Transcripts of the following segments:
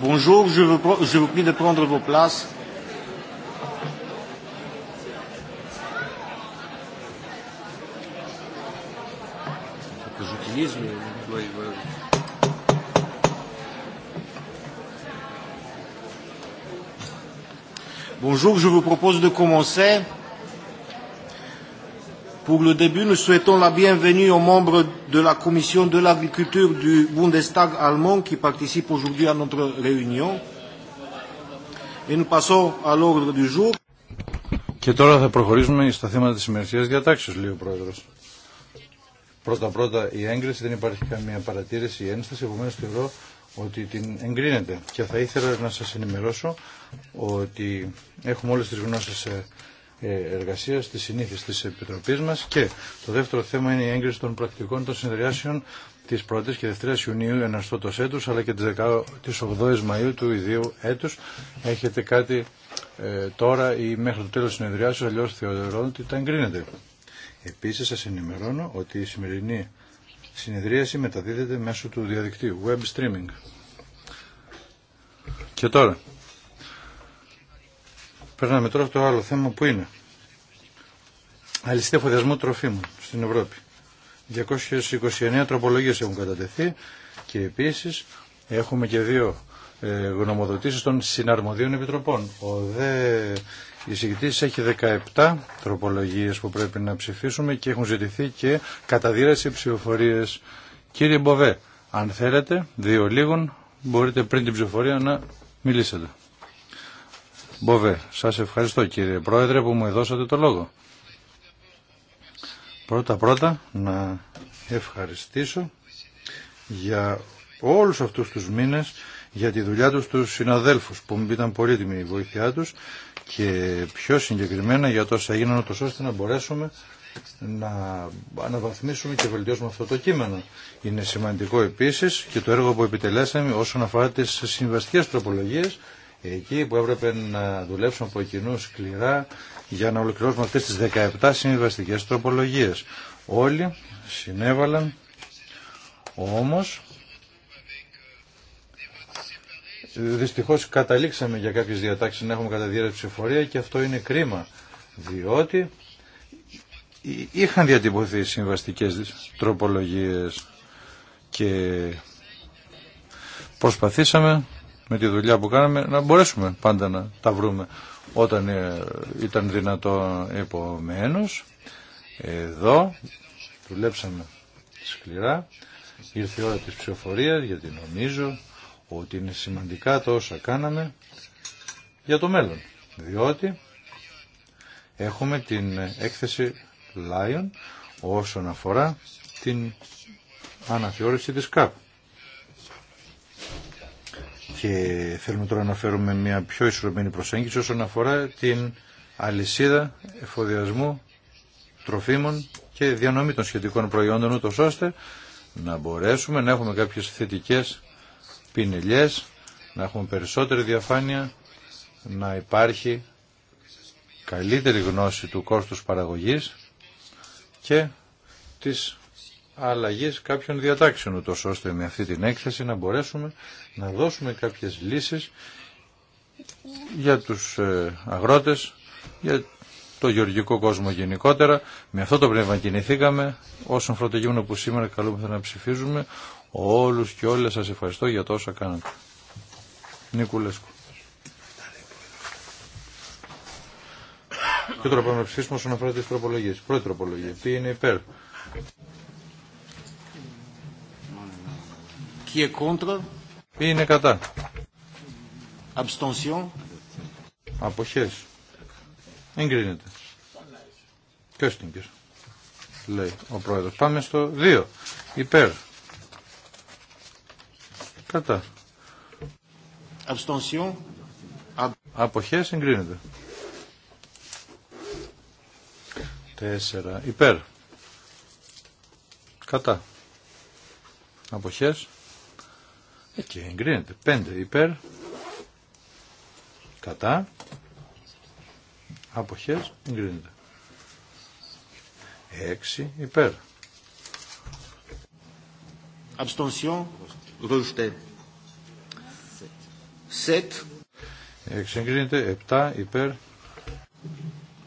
Bonjour, je vous, je vous prie de prendre vos places. Bonjour, je vous propose de commencer. Pour le début, nous souhaitons la bienvenue aux membres de la Commission de l'agriculture du Bundestag allemand qui participent aujourd'hui à notre réunion. Et nous passons à l'ordre du jour. Και τώρα θα προχωρήσουμε στα θέματα της ημερησίας διατάξεως, λέει ο Πρόεδρος. Πρώτα-πρώτα η έγκριση, δεν υπάρχει καμία παρατήρηση ή ένσταση, επομένως θεωρώ ότι την εγκρίνεται. Και θα ήθελα να σας ενημερώσω ότι έχουμε όλες τις γνώσεις ε, ε, εργασίας της συνήθεια της Επιτροπής μας και το δεύτερο θέμα είναι η έγκριση των πρακτικών των συνεδριάσεων της 1ης και 2ης Ιουνίου εναστότος έτου, αλλά και της 8 ης Μαΐου του ιδίου έτους. Έχετε κάτι ε, τώρα ή μέχρι το τέλος της συνεδριάσεως αλλιώς θεωρώ ότι τα εγκρίνεται. Επίσης σας ενημερώνω ότι η σημερινή συνεδρίαση μεταδίδεται μέσω του διαδικτύου, web streaming. Και τώρα, Περνάμε τώρα το άλλο θέμα που είναι Αλυστεί φοδιασμού τροφίμων στην Ευρώπη. 229 τροπολογίες έχουν κατατεθεί και επίσης έχουμε και δύο ε, γνωμοδοτήσεις των συναρμοδίων επιτροπών. Ο δε εισηγητή έχει 17 τροπολογίες που πρέπει να ψηφίσουμε και έχουν ζητηθεί και καταδίραση ψηφοφορίε. Κύριε Μποβέ, αν θέλετε, δύο λίγων, μπορείτε πριν την ψηφοφορία να μιλήσετε. Μπόβε, σας ευχαριστώ κύριε Πρόεδρε που μου δώσατε το λόγο. Πρώτα πρώτα να ευχαριστήσω για όλους αυτούς τους μήνες για τη δουλειά τους τους συναδέλφους που μου ήταν πολύτιμη η βοήθειά τους και πιο συγκεκριμένα για τόσα έγιναν ώστε να μπορέσουμε να αναβαθμίσουμε και βελτιώσουμε αυτό το κείμενο. Είναι σημαντικό επίσης και το έργο που επιτελέσαμε όσον αφορά τις συμβαστικές τροπολογίες εκεί που έπρεπε να δουλέψουν από κοινού σκληρά για να ολοκληρώσουμε αυτές τις 17 συμβαστικές τροπολογίες. Όλοι συνέβαλαν, όμως δυστυχώς καταλήξαμε για κάποιες διατάξεις να έχουμε καταδιέρευση φορεία ψηφορία και αυτό είναι κρίμα, διότι είχαν διατυπωθεί συμβαστικές τροπολογίες και προσπαθήσαμε με τη δουλειά που κάναμε να μπορέσουμε πάντα να τα βρούμε όταν ε, ήταν δυνατό επομένως εδώ δουλέψαμε σκληρά ήρθε η ώρα της ψηφοφορίας γιατί νομίζω ότι είναι σημαντικά το όσα κάναμε για το μέλλον διότι έχουμε την έκθεση Lion όσον αφορά την αναθεώρηση της ΚΑΠ και θέλουμε τώρα να φέρουμε μια πιο ισορροπημένη προσέγγιση όσον αφορά την αλυσίδα εφοδιασμού τροφίμων και διανομή των σχετικών προϊόντων ούτως ώστε να μπορέσουμε να έχουμε κάποιες θετικές πινελιές, να έχουμε περισσότερη διαφάνεια, να υπάρχει καλύτερη γνώση του κόστους παραγωγής και της αλλαγής κάποιων διατάξεων, ούτω ώστε με αυτή την έκθεση να μπορέσουμε να δώσουμε κάποιες λύσεις για τους ε, αγρότες, για το γεωργικό κόσμο γενικότερα. Με αυτό το πνεύμα κινηθήκαμε. Όσον φροντίζουμε που σήμερα καλούμεθα να ψηφίζουμε, όλους και όλες σας ευχαριστώ για το όσα κάνατε. Νικουλέσκου. Και τώρα πάμε να ψηφίσουμε όσον αφορά τις τροπολογίες. Πρώτη τροπολογία. Τι είναι υπέρ. Qui est contre? Ποιοι είναι κατά. Abstention. Αποχές. Εγκρίνεται. κύριο. Λέει ο πρόεδρος. Πάμε στο 2. Υπέρ. Κατά. Abstention. Αποχές εγκρίνεται. 4. Υπέρ. Κατά. Αποχές. Και εγκρίνεται. 5 υπέρ. Κατά. απόχέ, Εγκρίνεται. 6 υπέρ. Abstention. Rejeté. 7. 6 εγκρίνεται. 7 υπέρ.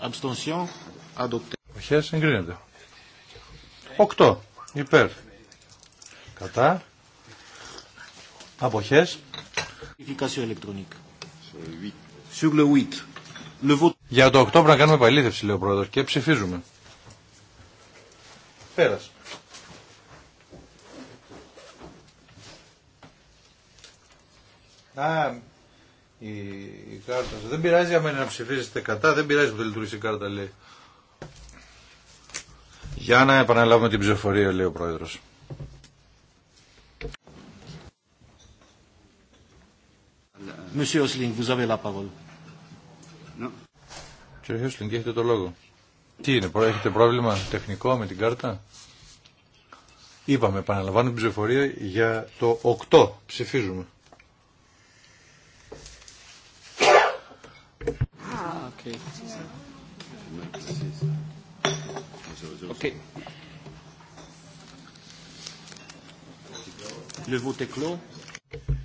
Abstention. Adopté. Εγκρίνεται. 8 υπέρ. Κατά Αποχές. Για το 8 να κάνουμε επαλήθευση, λέει ο πρόεδρος, και ψηφίζουμε. Πέρασε. Α, η, η κάρτα Δεν πειράζει για μένα να ψηφίζετε κατά, δεν πειράζει που δεν λειτουργήσει η κάρτα, λέει. Για να επαναλάβουμε την ψηφοφορία, λέει ο πρόεδρος. Κύριε Χέσλινγκ, έχετε το λόγο. Τι είναι, έχετε πρόβλημα τεχνικό με την κάρτα. Είπαμε, επαναλαμβάνω την ψηφοφορία για το 8 ψηφίζουμε. Ah,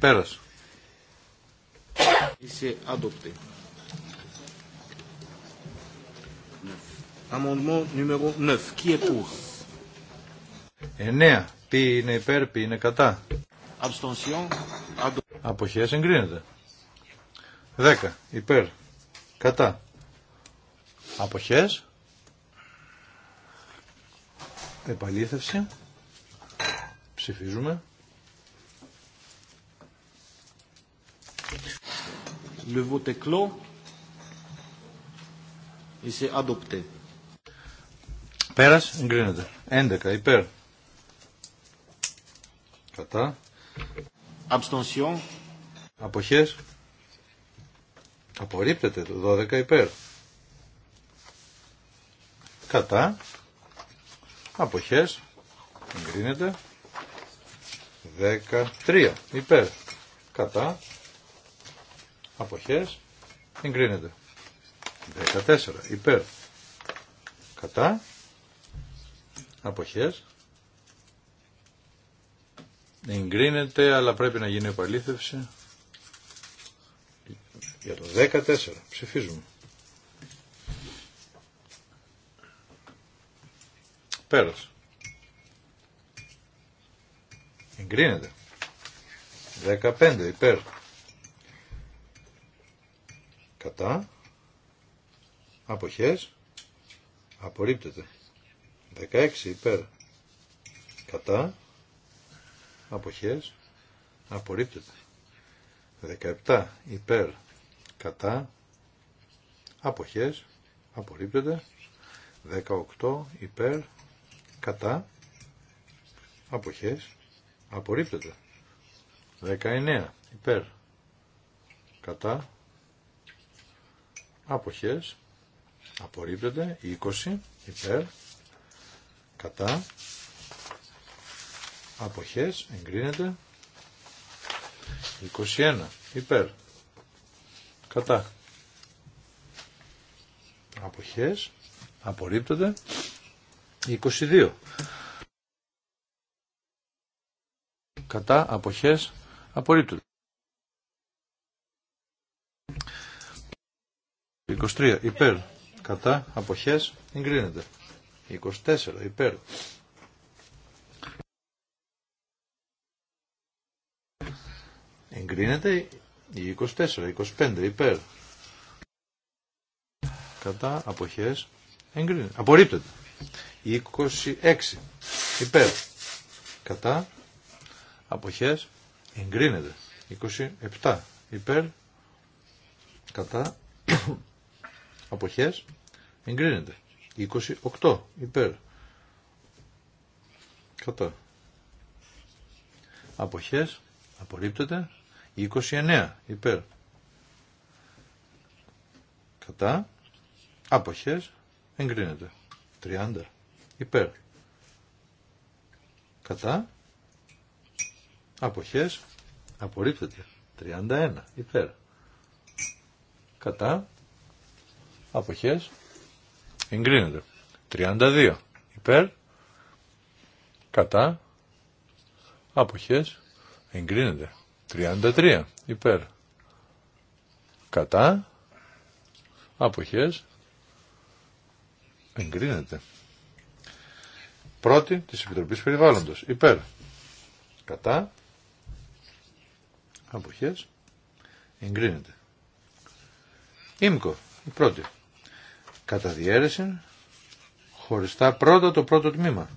Πέρασε. Είσαι adopté. Amendement numéro 9. Qui est pour? 9. Ποιοι είναι υπέρ, ποιοι είναι κατά. Abstention. Αποχές εγκρίνεται. 10. Υπέρ. Κατά. Αποχές. Επαλήθευση. Ψηφίζουμε. Le vote est clos. Et c'est adopté. εγκρίνεται. 11, υπέρ. Κατά. Abstention. Αποχές. Απορρίπτεται το 12 υπέρ. Κατά. Αποχές. Εγκρίνεται. 13 υπέρ. Κατά αποχές εγκρίνεται. 14 υπέρ κατά αποχές εγκρίνεται αλλά πρέπει να γίνει επαλήθευση για το 14 ψηφίζουμε. Πέρας. Εγκρίνεται. 15 υπέρ κατά αποχές απορρίπτεται 16 υπέρ κατά αποχές απορρίπτεται 17 υπέρ κατά αποχές απορρίπτεται 18 υπέρ κατά αποχές απορρίπτεται 19 υπέρ κατά αποχές απορρίπτονται 20 υπέρ κατά αποχές εγκρίνεται 21 υπέρ κατά αποχές απορρίπτονται 22 κατά αποχές απορρίπτουν. 23 υπέρ κατά αποχές εγκρίνεται. 24 υπέρ. Εγκρίνεται 24, 25 υπέρ. Κατά αποχές εγκρίνεται. Απορρίπτεται. 26 υπέρ. Κατά αποχές εγκρίνεται. 27 υπέρ. Κατά αποχές εγκρίνεται 28 υπέρ κατά αποχές απορρίπτεται 29 υπέρ κατά αποχές εγκρίνεται 30 υπέρ κατά αποχές απορρίπτεται 31 υπέρ κατά αποχές εγκρίνεται. 32 υπέρ κατά αποχές εγκρίνεται. 33 υπέρ κατά αποχές εγκρίνεται. Πρώτη της Επιτροπής Περιβάλλοντος υπέρ κατά αποχές εγκρίνεται. Ήμκο, η πρώτη κατά διέρεση χωριστά πρώτα το πρώτο τμήμα.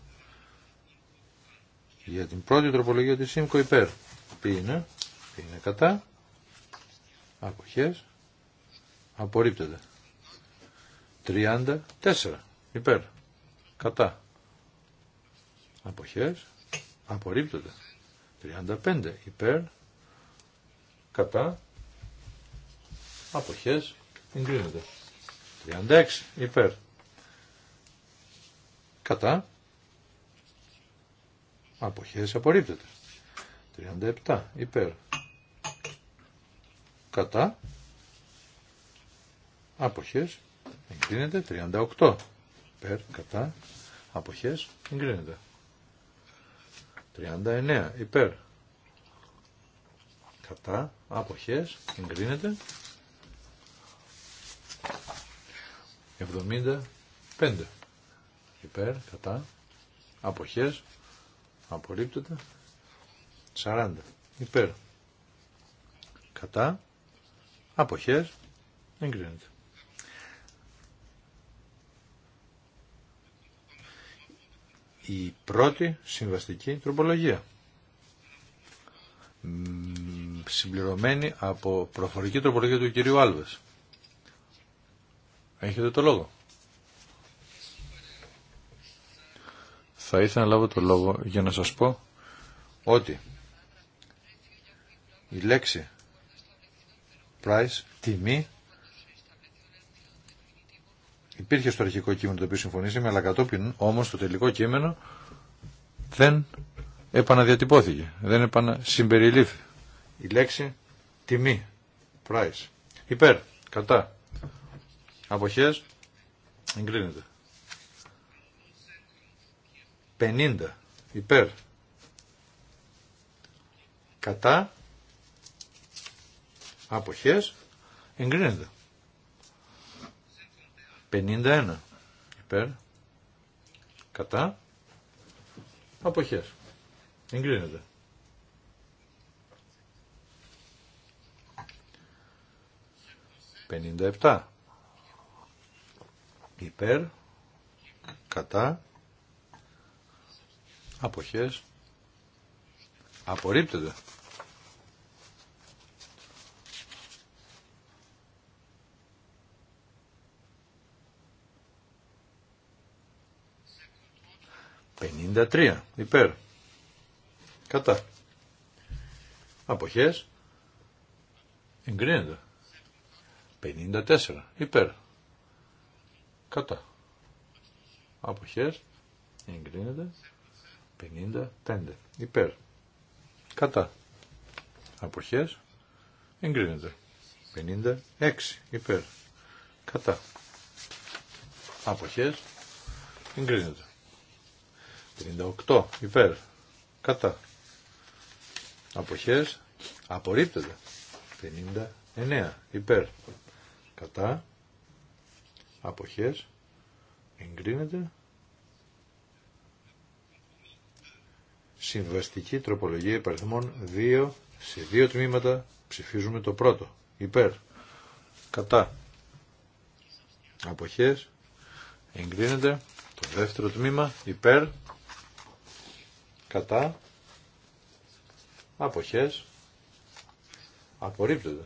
Για την πρώτη τροπολογία της ΣΥΜΚΟ υπέρ. Ποιοι είναι, είναι κατά, αποχές, απορρίπτεται. 34 υπέρ, κατά, αποχές, απορρίπτεται. 35 υπέρ, κατά, αποχές, εγκρίνεται. 36 υπέρ. Κατά. Αποχές απορρίπτεται. 37 υπέρ. Κατά. Αποχές εγκρίνεται. 38 υπέρ. Κατά. Αποχές εγκρίνεται. 39 υπέρ. Κατά. Αποχές εγκρίνεται. 75 υπέρ, κατά, αποχές, απορρίπτεται, 40 υπέρ, κατά, αποχές, εγκρίνεται. Η πρώτη συμβαστική τροπολογία συμπληρωμένη από προφορική τροπολογία του κυρίου Άλβες. Έχετε το λόγο. Θα ήθελα να λάβω το λόγο για να σας πω ότι η λέξη price, τιμή, υπήρχε στο αρχικό κείμενο το οποίο συμφωνήσαμε, αλλά κατόπιν όμως το τελικό κείμενο δεν επαναδιατυπώθηκε, δεν επανασυμπεριλήφθη. Η λέξη τιμή, price. Υπέρ, κατά, Αποχές. Εγκρίνεται. 50. Υπέρ. Κατά. Αποχές. Εγκρίνεται. 51. Υπέρ. Κατά. Αποχές. Εγκρίνεται. 57 υπέρ, κατά, αποχές, απορρίπτεται. Πενήντα τρία, υπέρ, κατά, αποχές, εγκρίνεται. Πενήντα τέσσερα, Υπέρ. Κατά. Αποχές. Εγκρίνεται. 55. Υπέρ. Κατά. Αποχές. Εγκρίνεται. 56. Υπέρ. Κατά. Αποχές. Εγκρίνεται. 58. Υπέρ. Κατά. Αποχές. Απορρίπτεται. 59. Υπέρ. Κατά αποχές εγκρίνεται συμβαστική τροπολογία υπαριθμών 2 σε δύο τμήματα ψηφίζουμε το πρώτο υπέρ κατά αποχές εγκρίνεται το δεύτερο τμήμα υπέρ κατά αποχές απορρίπτεται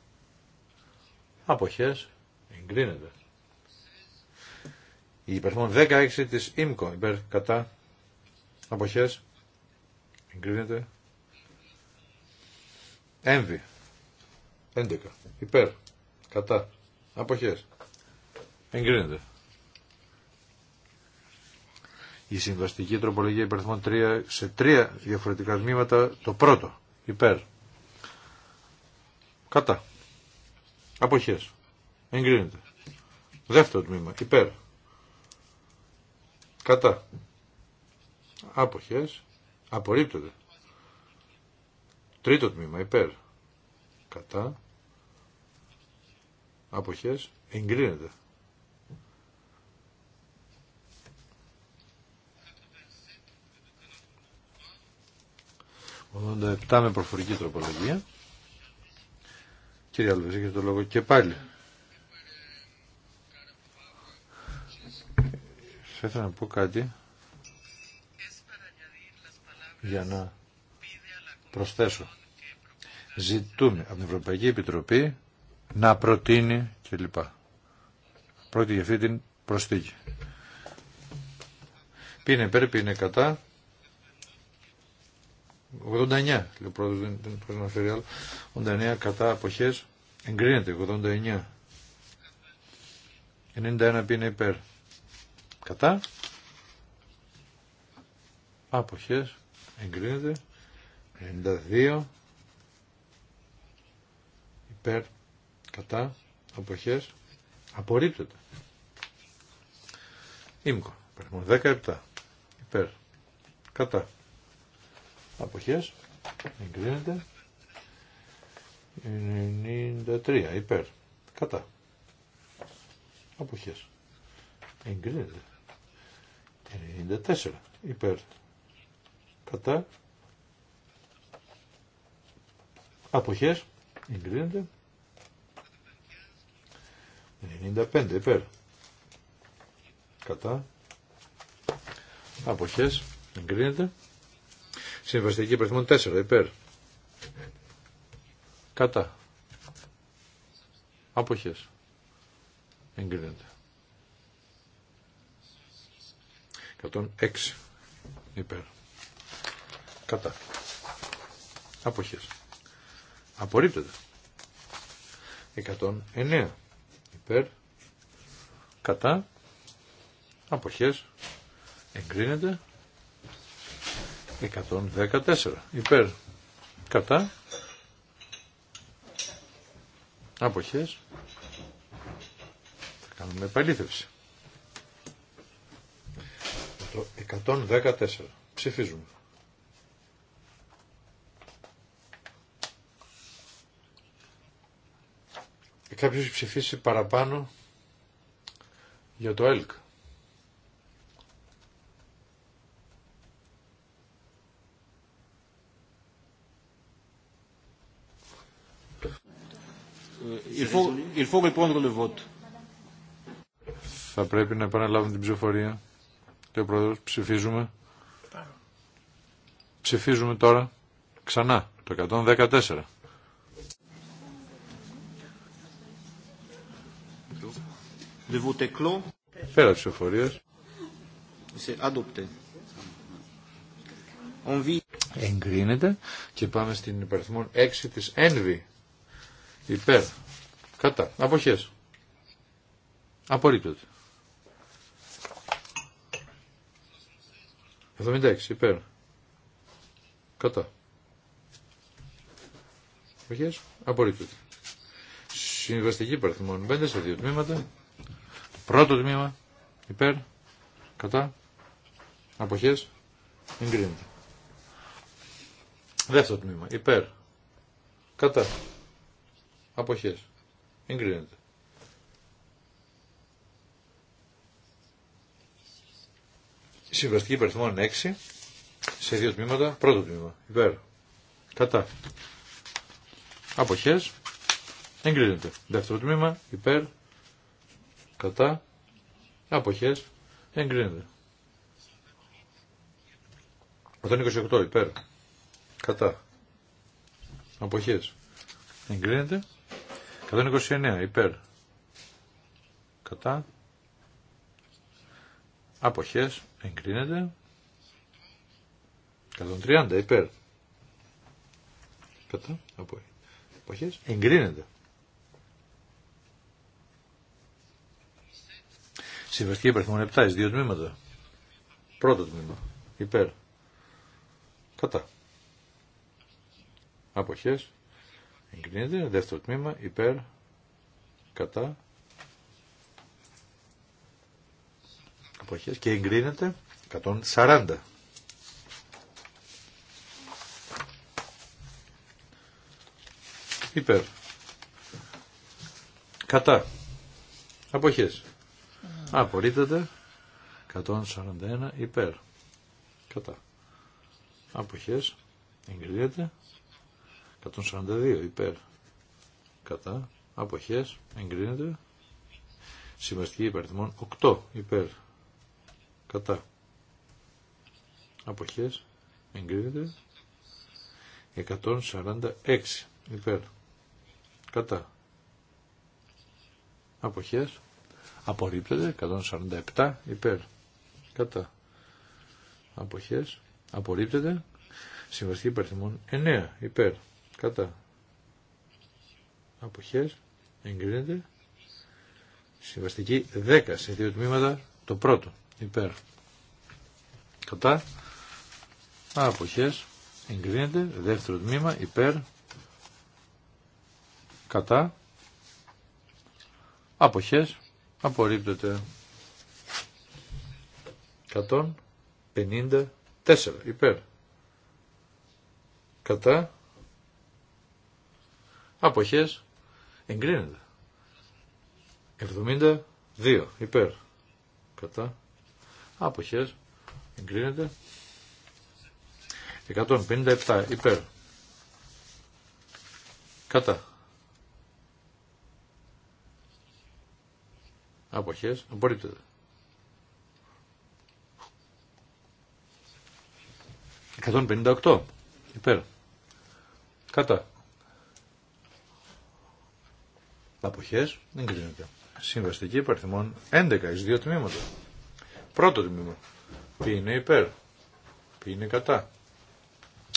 Αποχές. Εγκρίνεται. Η υπερθμόν 16 της ΙΜΚΟ. Υπερ κατά. Αποχές. Εγκρίνεται. Έμβη. 11. Υπέρ. Κατά. Αποχές. Εγκρίνεται. Η συμβαστική τροπολογία υπερθμών 3 σε τρία διαφορετικά τμήματα. Το πρώτο. Υπέρ. Κατά. Αποχές. Εγκρίνεται. Δεύτερο τμήμα. Υπέρ. Κατά. Αποχές. Απορρίπτονται. Τρίτο τμήμα. Υπέρ. Κατά. Αποχές. Εγκρίνεται. 87 με προφορική τροπολογία. Κύριε Αλβέζη, έχετε το λόγο και πάλι. Θα ήθελα να πω κάτι για να προσθέσω. Ζητούμε από την Ευρωπαϊκή Επιτροπή να προτείνει κλπ. Πρώτη για αυτή την προσθήκη. Ποιοι είναι υπέρ, ποιοι είναι κατά. 89, λέει ο πρόεδρος, δεν, άλλο. 89 κατά αποχές, εγκρίνεται, 89. 91 πει υπέρ. Κατά. Αποχές, εγκρίνεται. 92. Υπέρ, κατά, αποχές, απορρίπτεται. Ήμκο, 17. Υπέρ, κατά, αποχές εγκρίνεται 93 υπέρ κατά αποχές εγκρίνεται 94 υπέρ κατά αποχές εγκρίνεται 95 υπέρ κατά αποχές εγκρίνεται Συμβαστική υπερθυμών 4 υπέρ. Κατά. Αποχές. Εγκρίνεται. 106 υπέρ. Κατά. Αποχές. Απορρίπτεται. 109 υπέρ. Κατά. Αποχές. Εγκρίνεται. 114 υπέρ κατά αποχές θα κάνουμε επαλήθευση το 114 ψηφίζουμε κάποιος ψηφίσει παραπάνω για το ΕΛΚ Θα πρέπει να επαναλάβουμε την ψηφοφορία. ο Πρόεδρος, ψηφίζουμε. Ψηφίζουμε τώρα ξανά το 114. Le vote Πέρα Εγκρίνεται και πάμε στην υπαριθμό 6 της ΕΝΒΗ. Υπέρ. Κατά. Αποχές. Απορρίπτωτε. 76. Υπέρ. Κατά. Αποχές. Απορρίπτωτε. Συμβαστική παραθυμών 5 σε δύο τμήματα. Πρώτο τμήμα. Υπέρ. Κατά. Αποχές. Εγκρίνεται. Δεύτερο τμήμα. Υπέρ. Κατά. Αποχές. Εγκρίνεται. Συμβαστική είναι 6 σε δύο τμήματα. Πρώτο τμήμα. Υπέρ. Κατά. Αποχές. Εγκρίνεται. Δεύτερο τμήμα. Υπέρ. Κατά. Αποχές. Εγκρίνεται. 128. Υπέρ. Κατά. Αποχές. Εγκρίνεται. 129 υπέρ. Κατά. Αποχές εγκρίνεται. 130 υπέρ. Κατά. Αποχές εγκρίνεται. Συμβαστική υπερθυμών 7 εις δύο τμήματα. Πρώτο τμήμα. Υπέρ. Κατά. Αποχές εγκρίνεται. Δεύτερο τμήμα υπέρ κατά αποχές και εγκρίνεται 140. Υπέρ. Κατά. Αποχές. Απορρίπτεται. 141 υπέρ. Κατά. Αποχές. Εγκρίνεται. 142 υπέρ κατά αποχές εγκρίνεται συμβαστική υπαριθμών 8 υπέρ κατά αποχές εγκρίνεται 146 υπέρ κατά αποχές απορρίπτεται 147 υπέρ κατά αποχές απορρίπτεται συμβαστική υπαριθμών 9 υπέρ κατά αποχές εγκρίνεται συμβαστική 10 σε δύο τμήματα το πρώτο υπέρ κατά αποχές εγκρίνεται δεύτερο τμήμα υπέρ κατά αποχές απορρίπτεται 154 υπέρ κατά Αποχές. Εγκρίνεται. 72. Υπέρ. Κατά. Αποχές. Εγκρίνεται. 157. Υπέρ. Κατά. Αποχές. Απορρίπτεται. 158. Υπέρ. Κατά. Αποχές δεν κρίνεται. Συμβαστική υπαριθμών 11 εις δύο τμήματα. Πρώτο τμήμα. Ποιοι είναι υπέρ. Ποιοι είναι κατά.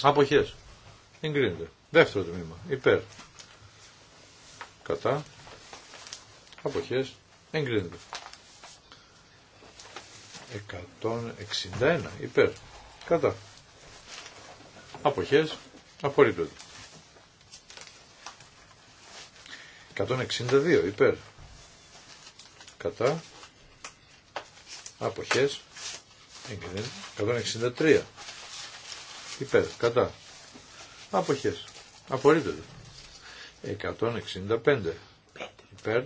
Αποχέ. Δεν κρίνεται. Δεύτερο τμήμα. Υπέρ. Κατά. Αποχές. Εγκρίνεται. 161. Υπέρ. Κατά. Αποχέ, Απορρίπτεται. 162 υπέρ κατά αποχές 163 υπέρ κατά αποχές απορρίπτεται 165 υπέρ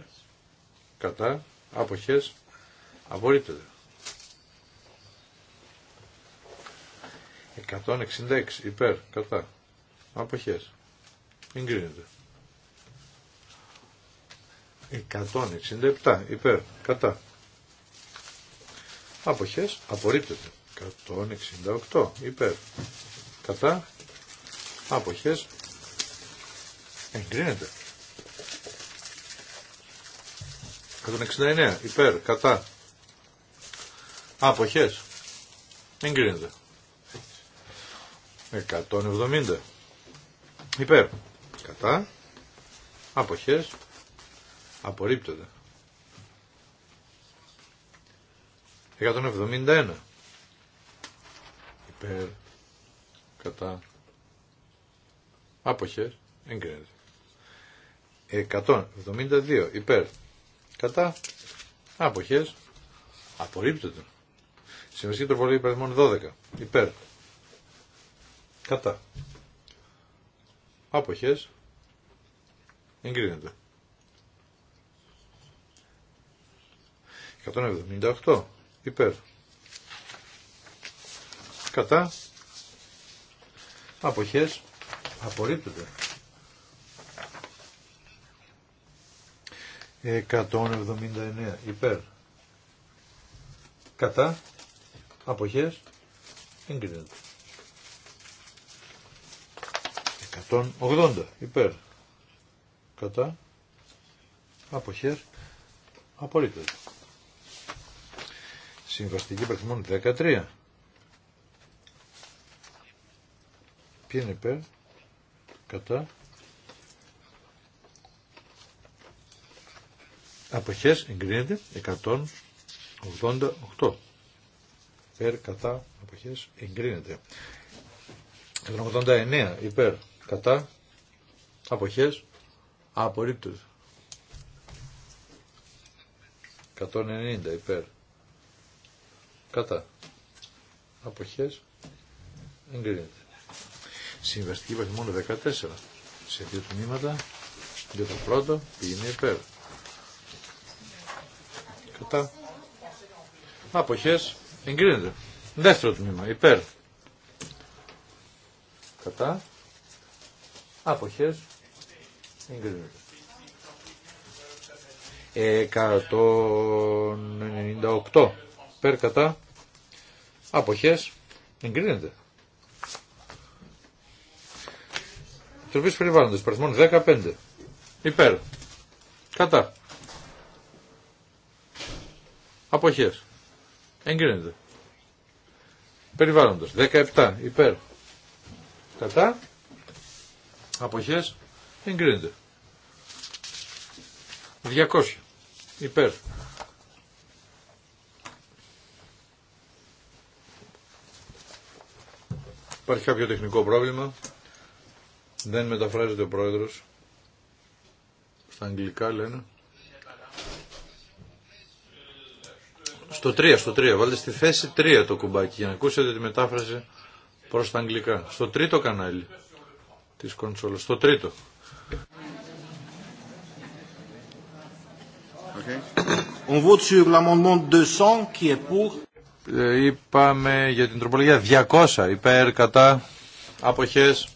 κατά αποχές απορρίπτεται 166 υπέρ κατά αποχές εγκρίνεται 167 υπέρ κατά αποχές απορρίπτεται 168 υπέρ κατά αποχές εγκρίνεται 169 υπέρ κατά αποχές εγκρίνεται 170 υπέρ κατά αποχές Απορρίπτονται. 171. Υπέρ. Κατά. Άποχες. Εγκρίνεται. 172. Υπέρ. Κατά. Άποχες. Απορρίπτονται. Συμβασική τροπολογία υπαριθμών 12. Υπέρ. Κατά. Άποχες. Εγκρίνεται. 178 υπέρ. Κατά. Αποχές. απορρίπτονται 179 υπέρ. Κατά. Αποχές. Εγκρίνεται. 180 υπέρ. Κατά. Αποχές. απορρίπτονται Συμβαστική υπερθυμών 13. Ποιο είναι υπέρ, κατά, αποχές εγκρίνεται 188. Υπέρ, κατά, αποχές εγκρίνεται. 189 υπέρ, κατά, αποχές απορρίπτωση. 190 υπέρ, κατά αποχές εγκρίνεται. Συμβαστική μόνο 14 σε δύο τμήματα για το πρώτο είναι υπέρ. Κατά αποχές εγκρίνεται. Δεύτερο τμήμα υπέρ. Κατά αποχές εγκρίνεται. 198 υπέρ κατά αποχές εγκρίνεται. Τροπής περιβάλλοντος, παριθμόν 15. Υπέρ. Κατά. Αποχές. Εγκρίνεται. Περιβάλλοντος, 17. Υπέρ. Κατά. Αποχές. Εγκρίνεται. 200. Υπέρ. Υπάρχει κάποιο τεχνικό πρόβλημα. Δεν μεταφράζεται ο πρόεδρος. Στα αγγλικά λένε. Στο 3, στο 3. Βάλτε στη θέση 3 το κουμπάκι για να ακούσετε τη μετάφραση προς τα αγγλικά. Στο τρίτο κανάλι της κονσόλας. Στο τρίτο. Okay. On vote sur l'amendement 200 qui est pour. Ε, είπαμε για την τροπολογία 200 υπέρ κατά αποχές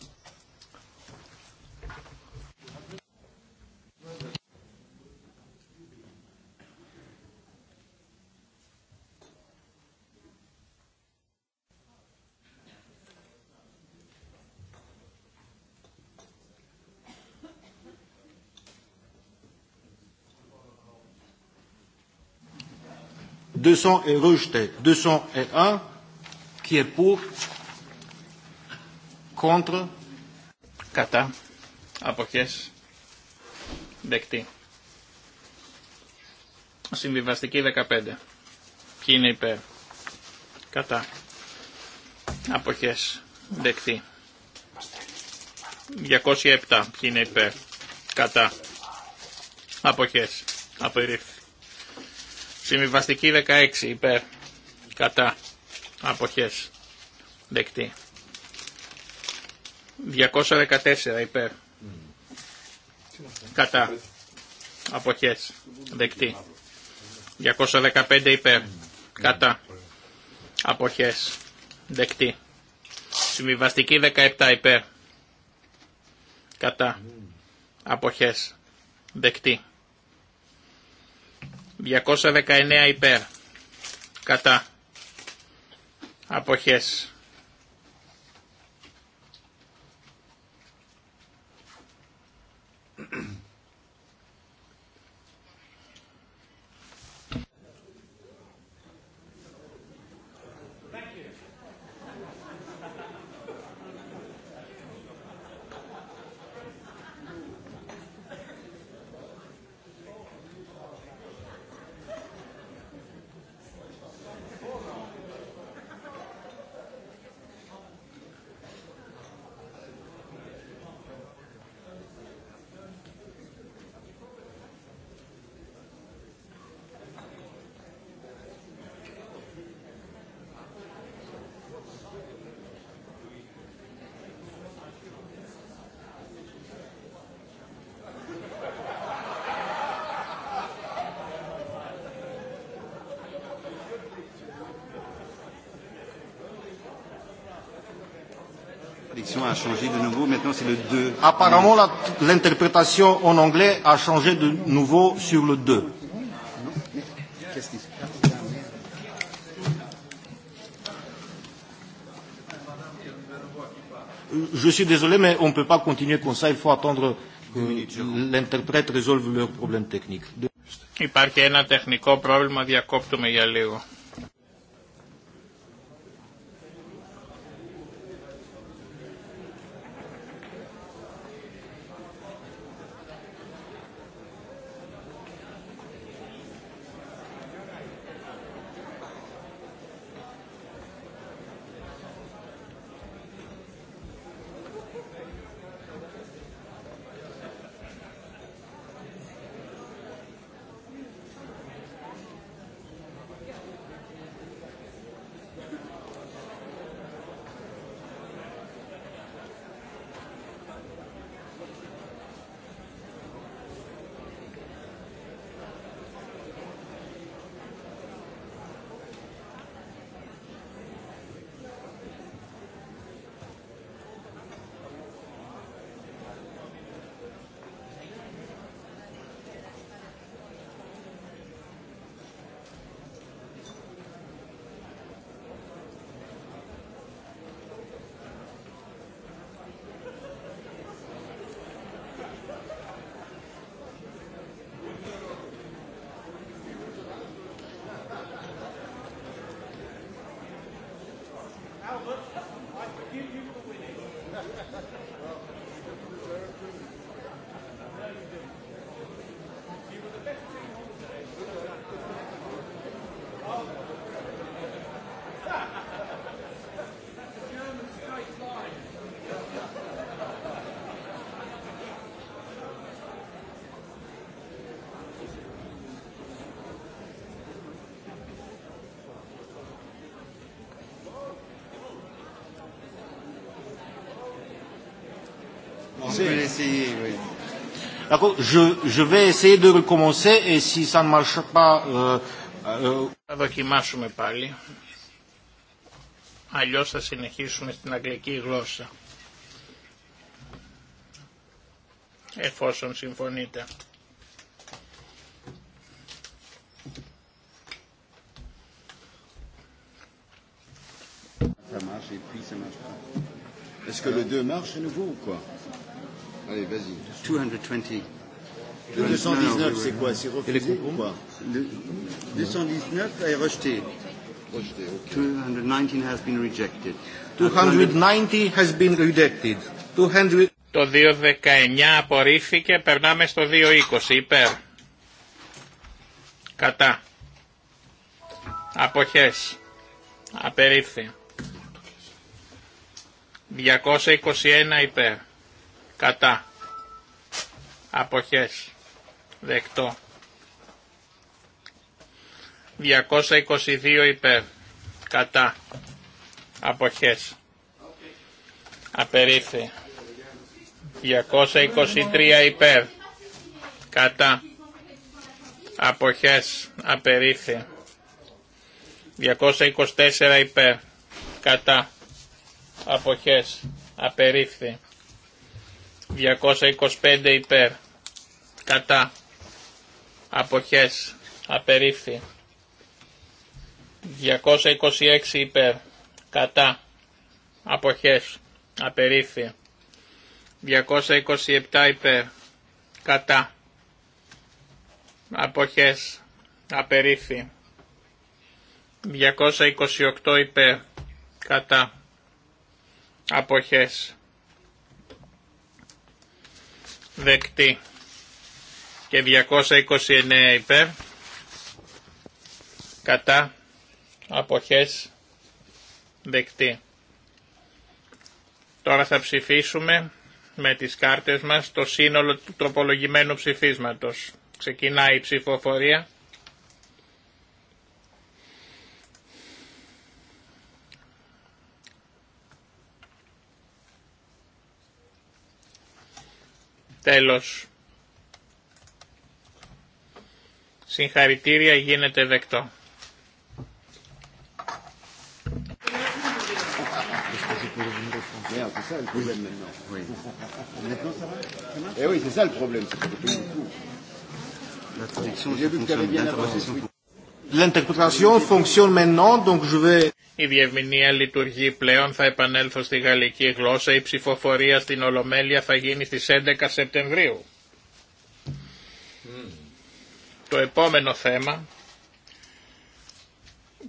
200 est 201 qui est pour, contre, κατά, αποχές, δεκτή. Συμβιβαστική 15. Ποιοι είναι υπέρ. Κατά. Αποχές. Δεκτή. 207. Ποιοι είναι υπέρ. Κατά. Αποχές. Απερίφθη. Συμβιβαστική 16 υπέρ κατά αποχές δεκτή. 214 υπέρ κατά αποχές δεκτή. 215 υπέρ κατά αποχές δεκτή. Συμβιβαστική 17 υπέρ κατά αποχές δεκτή. 219 υπέρ. Κατά. Αποχές. a changé de nouveau. Maintenant, c'est le 2. Apparemment, l'interprétation en anglais a changé de nouveau sur le 2. Je suis désolé, mais on ne peut pas continuer comme ça. Il faut attendre que l'interprète résolve leurs problèmes techniques. Υπάρχει ένα τεχνικό πρόβλημα, διακόπτουμε για λίγο. si, oui. D'accord, je, je vais essayer de recommencer et si ça ne marche pas... Euh, euh... πάλι. Αλλιώς θα συνεχίσουμε στην αγγλική γλώσσα. Εφόσον συμφωνείτε. Ça marche et puis ça marche pas. Est-ce que le 2 marche à nouveau ou quoi Allez, vas-y. 220. 219, c'est quoi C'est refusé quoi 219 est rejeté. 219 has been rejected. 290 has been rejected. 200... Το 219 απορρίφθηκε, περνάμε στο 220, υπέρ. Κατά. Αποχές. Απερίφθη. 221 υπέρ κατά αποχές δεκτό 222 υπέρ κατά αποχές απερίφθη 223 υπέρ κατά αποχές απερίφθη 224 υπέρ κατά αποχές απερίφθη 225 υπέρ. Κατά. Αποχές. Απερίφθη. 226 υπέρ. Κατά. Αποχές. Απερίφθη. 227 υπέρ. Κατά. Αποχές. Απερίφθη. 228 υπέρ. Κατά. Αποχές δεκτή και 229 υπέρ κατά αποχές δεκτή. Τώρα θα ψηφίσουμε με τις κάρτες μας το σύνολο του τροπολογημένου ψηφίσματος. Ξεκινάει η ψηφοφορία. Τέλος. Συγχαρητήρια γίνεται δεκτό. L'interprétation fonctionne maintenant, donc je vais... Η διευμηνία λειτουργεί πλέον, θα επανέλθω στη γαλλική γλώσσα, η ψηφοφορία στην Ολομέλεια θα γίνει στις 11 Σεπτεμβρίου. Mm. Το επόμενο θέμα,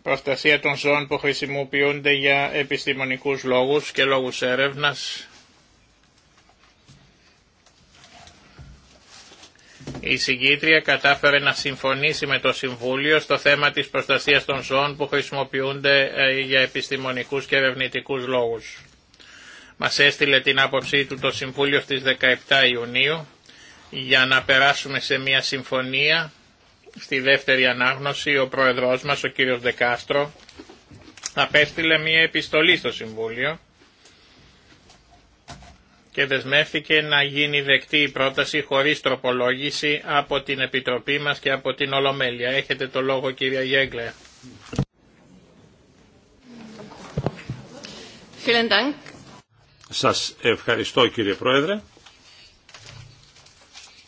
προστασία των ζώων που χρησιμοποιούνται για επιστημονικούς λόγους και λόγους έρευνας, Η συγκήτρια κατάφερε να συμφωνήσει με το Συμβούλιο στο θέμα της προστασίας των ζώων που χρησιμοποιούνται ε, για επιστημονικούς και ερευνητικού λόγους. Μας έστειλε την άποψή του το Συμβούλιο στις 17 Ιουνίου για να περάσουμε σε μια συμφωνία στη δεύτερη ανάγνωση ο πρόεδρός μας, ο κύριος Δεκάστρο, απέστειλε μια επιστολή στο Συμβούλιο και δεσμεύθηκε να γίνει δεκτή η πρόταση χωρίς τροπολόγηση από την Επιτροπή μας και από την Ολομέλεια. Έχετε το λόγο κυρία Γέγκλε. Σας ευχαριστώ κύριε Πρόεδρε,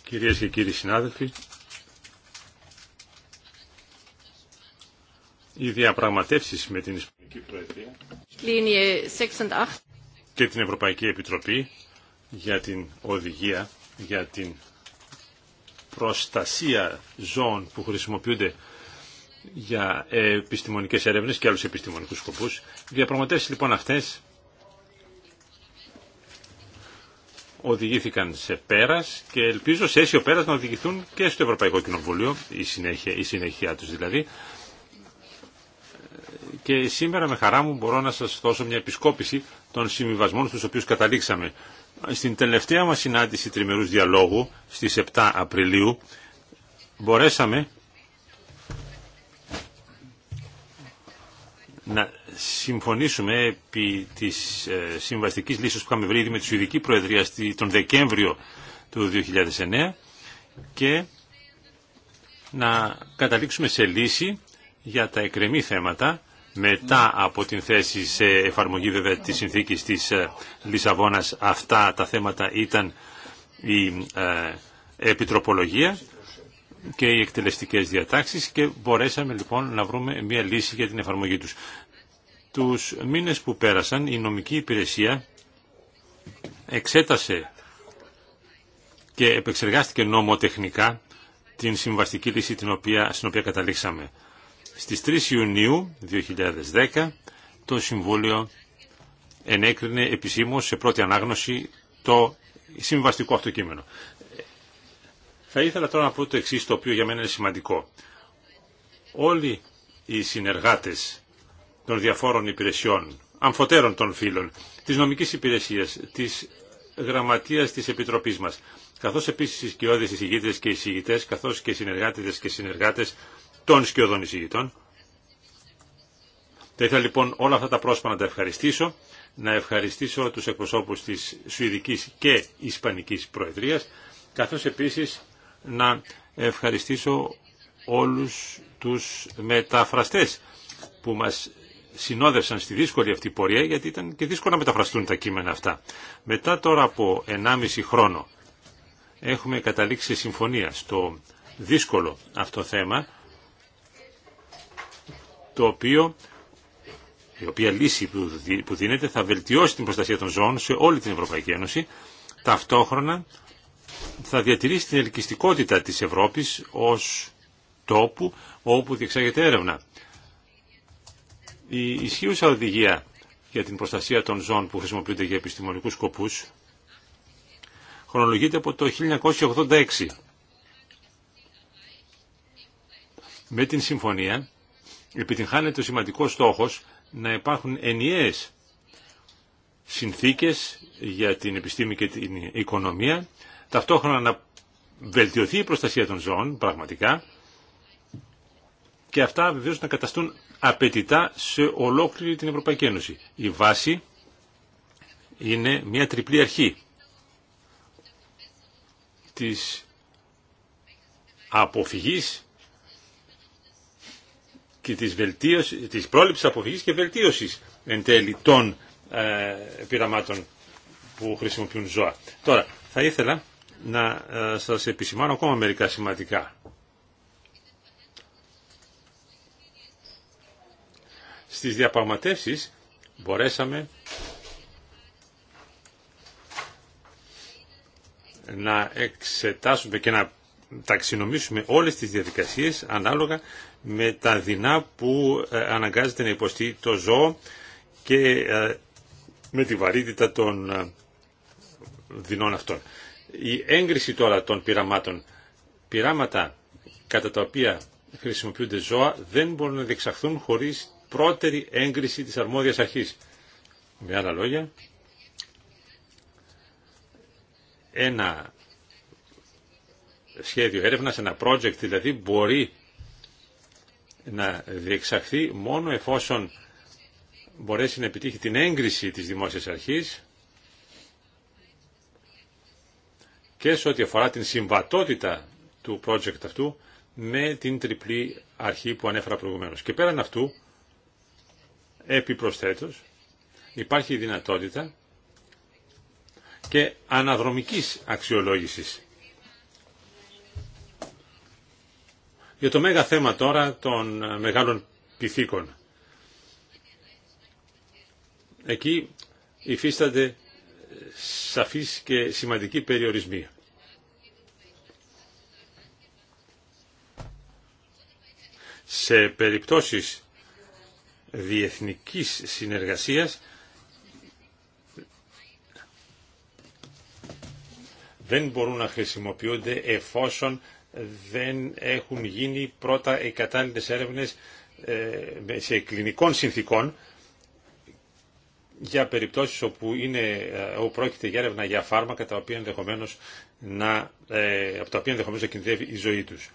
κυρίες και κύριοι συνάδελφοι. Οι διαπραγματεύσεις με την Ισπανική Προεδρία και την Ευρωπαϊκή Επιτροπή για την οδηγία, για την προστασία ζώων που χρησιμοποιούνται για επιστημονικές έρευνες και άλλους επιστημονικούς σκοπούς. Διαπραγματεύσεις λοιπόν αυτές οδηγήθηκαν σε πέρας και ελπίζω σε αίσιο πέρας να οδηγηθούν και στο Ευρωπαϊκό Κοινοβούλιο, η συνέχεια, η συνέχεια τους δηλαδή. Και σήμερα με χαρά μου μπορώ να σας δώσω μια επισκόπηση των συμβιβασμών στους οποίους καταλήξαμε στην τελευταία μας συνάντηση τριμερούς διαλόγου στις 7 Απριλίου μπορέσαμε να συμφωνήσουμε επί της ε, συμβαστικής λύσης που είχαμε βρει ήδη με τη Σουηδική Προεδρία τον Δεκέμβριο του 2009 και να καταλήξουμε σε λύση για τα εκρεμή θέματα μετά από την θέση σε εφαρμογή βέβαια της συνθήκης της ε, Λισαβόνας αυτά τα θέματα ήταν η ε, επιτροπολογία και οι εκτελεστικές διατάξεις και μπορέσαμε λοιπόν να βρούμε μια λύση για την εφαρμογή τους. Τους μήνες που πέρασαν η νομική υπηρεσία εξέτασε και επεξεργάστηκε νομοτεχνικά την συμβαστική λύση την στην οποία καταλήξαμε. Στις 3 Ιουνίου 2010 το Συμβούλιο ενέκρινε επισήμως σε πρώτη ανάγνωση το συμβαστικό αυτοκείμενο. Θα ήθελα τώρα να πω το εξής το οποίο για μένα είναι σημαντικό. Όλοι οι συνεργάτες των διαφόρων υπηρεσιών, αμφωτέρων των φίλων της νομικής υπηρεσίας, της γραμματείας της Επιτροπής μας, καθώς επίσης οι σκιώδεις και εισηγητές, καθώς και οι συνεργάτες και συνεργάτες των σκιωδών εισηγητών. Θα ήθελα λοιπόν όλα αυτά τα πρόσωπα να τα ευχαριστήσω, να ευχαριστήσω τους εκπροσώπους της Σουηδικής και Ισπανικής Προεδρίας, καθώς επίσης να ευχαριστήσω όλους τους μεταφραστές που μας συνόδευσαν στη δύσκολη αυτή πορεία, γιατί ήταν και δύσκολο να μεταφραστούν τα κείμενα αυτά. Μετά τώρα από 1,5 χρόνο έχουμε καταλήξει συμφωνία στο δύσκολο αυτό θέμα το οποίο, η οποία λύση που δίνεται θα βελτιώσει την προστασία των ζώων σε όλη την Ευρωπαϊκή Ένωση, ταυτόχρονα θα διατηρήσει την ελκυστικότητα της Ευρώπης ως τόπου όπου διεξάγεται έρευνα. Η ισχύουσα οδηγία για την προστασία των ζώων που χρησιμοποιούνται για επιστημονικούς σκοπούς χρονολογείται από το 1986 με την συμφωνία επιτυγχάνεται ο σημαντικός στόχος να υπάρχουν ενιαίες συνθήκες για την επιστήμη και την οικονομία, ταυτόχρονα να βελτιωθεί η προστασία των ζώων πραγματικά και αυτά βεβαίως να καταστούν απαιτητά σε ολόκληρη την Ευρωπαϊκή Ένωση. Η βάση είναι μια τριπλή αρχή της αποφυγής και της, βελτίωσης, της πρόληψης αποφυγής και βελτίωσης εν τέλει των ε, πειραμάτων που χρησιμοποιούν ζώα. Τώρα, θα ήθελα να ε, σας επισημάνω ακόμα μερικά σημαντικά. Στις διαπραγματεύσεις μπορέσαμε να εξετάσουμε και να ταξινομήσουμε όλες τις διαδικασίες ανάλογα με τα δεινά που ε, αναγκάζεται να υποστεί το ζώο και ε, με τη βαρύτητα των ε, δεινών αυτών. Η έγκριση τώρα των πειραμάτων, πειράματα κατά τα οποία χρησιμοποιούνται ζώα δεν μπορούν να διεξαχθούν χωρίς πρώτερη έγκριση της αρμόδιας αρχής. Με άλλα λόγια, ένα σχέδιο έρευνας, ένα project δηλαδή μπορεί να διεξαχθεί μόνο εφόσον μπορέσει να επιτύχει την έγκριση της δημόσιας αρχής και σε ό,τι αφορά την συμβατότητα του project αυτού με την τριπλή αρχή που ανέφερα προηγουμένως. Και πέραν αυτού, επιπροσθέτως, υπάρχει η δυνατότητα και αναδρομικής αξιολόγησης Για το μέγα θέμα τώρα των ε, μεγάλων πυθίκων. Εκεί υφίστανται ε, σαφείς και σημαντικοί περιορισμοί. Σε περιπτώσεις διεθνικής συνεργασίας δεν μπορούν να χρησιμοποιούνται εφόσον δεν έχουν γίνει πρώτα οι κατάλληλες έρευνες ε, σε κλινικών συνθήκων για περιπτώσεις όπου, είναι, ε, όπου πρόκειται για έρευνα για φάρμακα τα οποία ενδεχομένως να, ε, από τα οποία ενδεχομένως να κινδυνεύει η ζωή τους.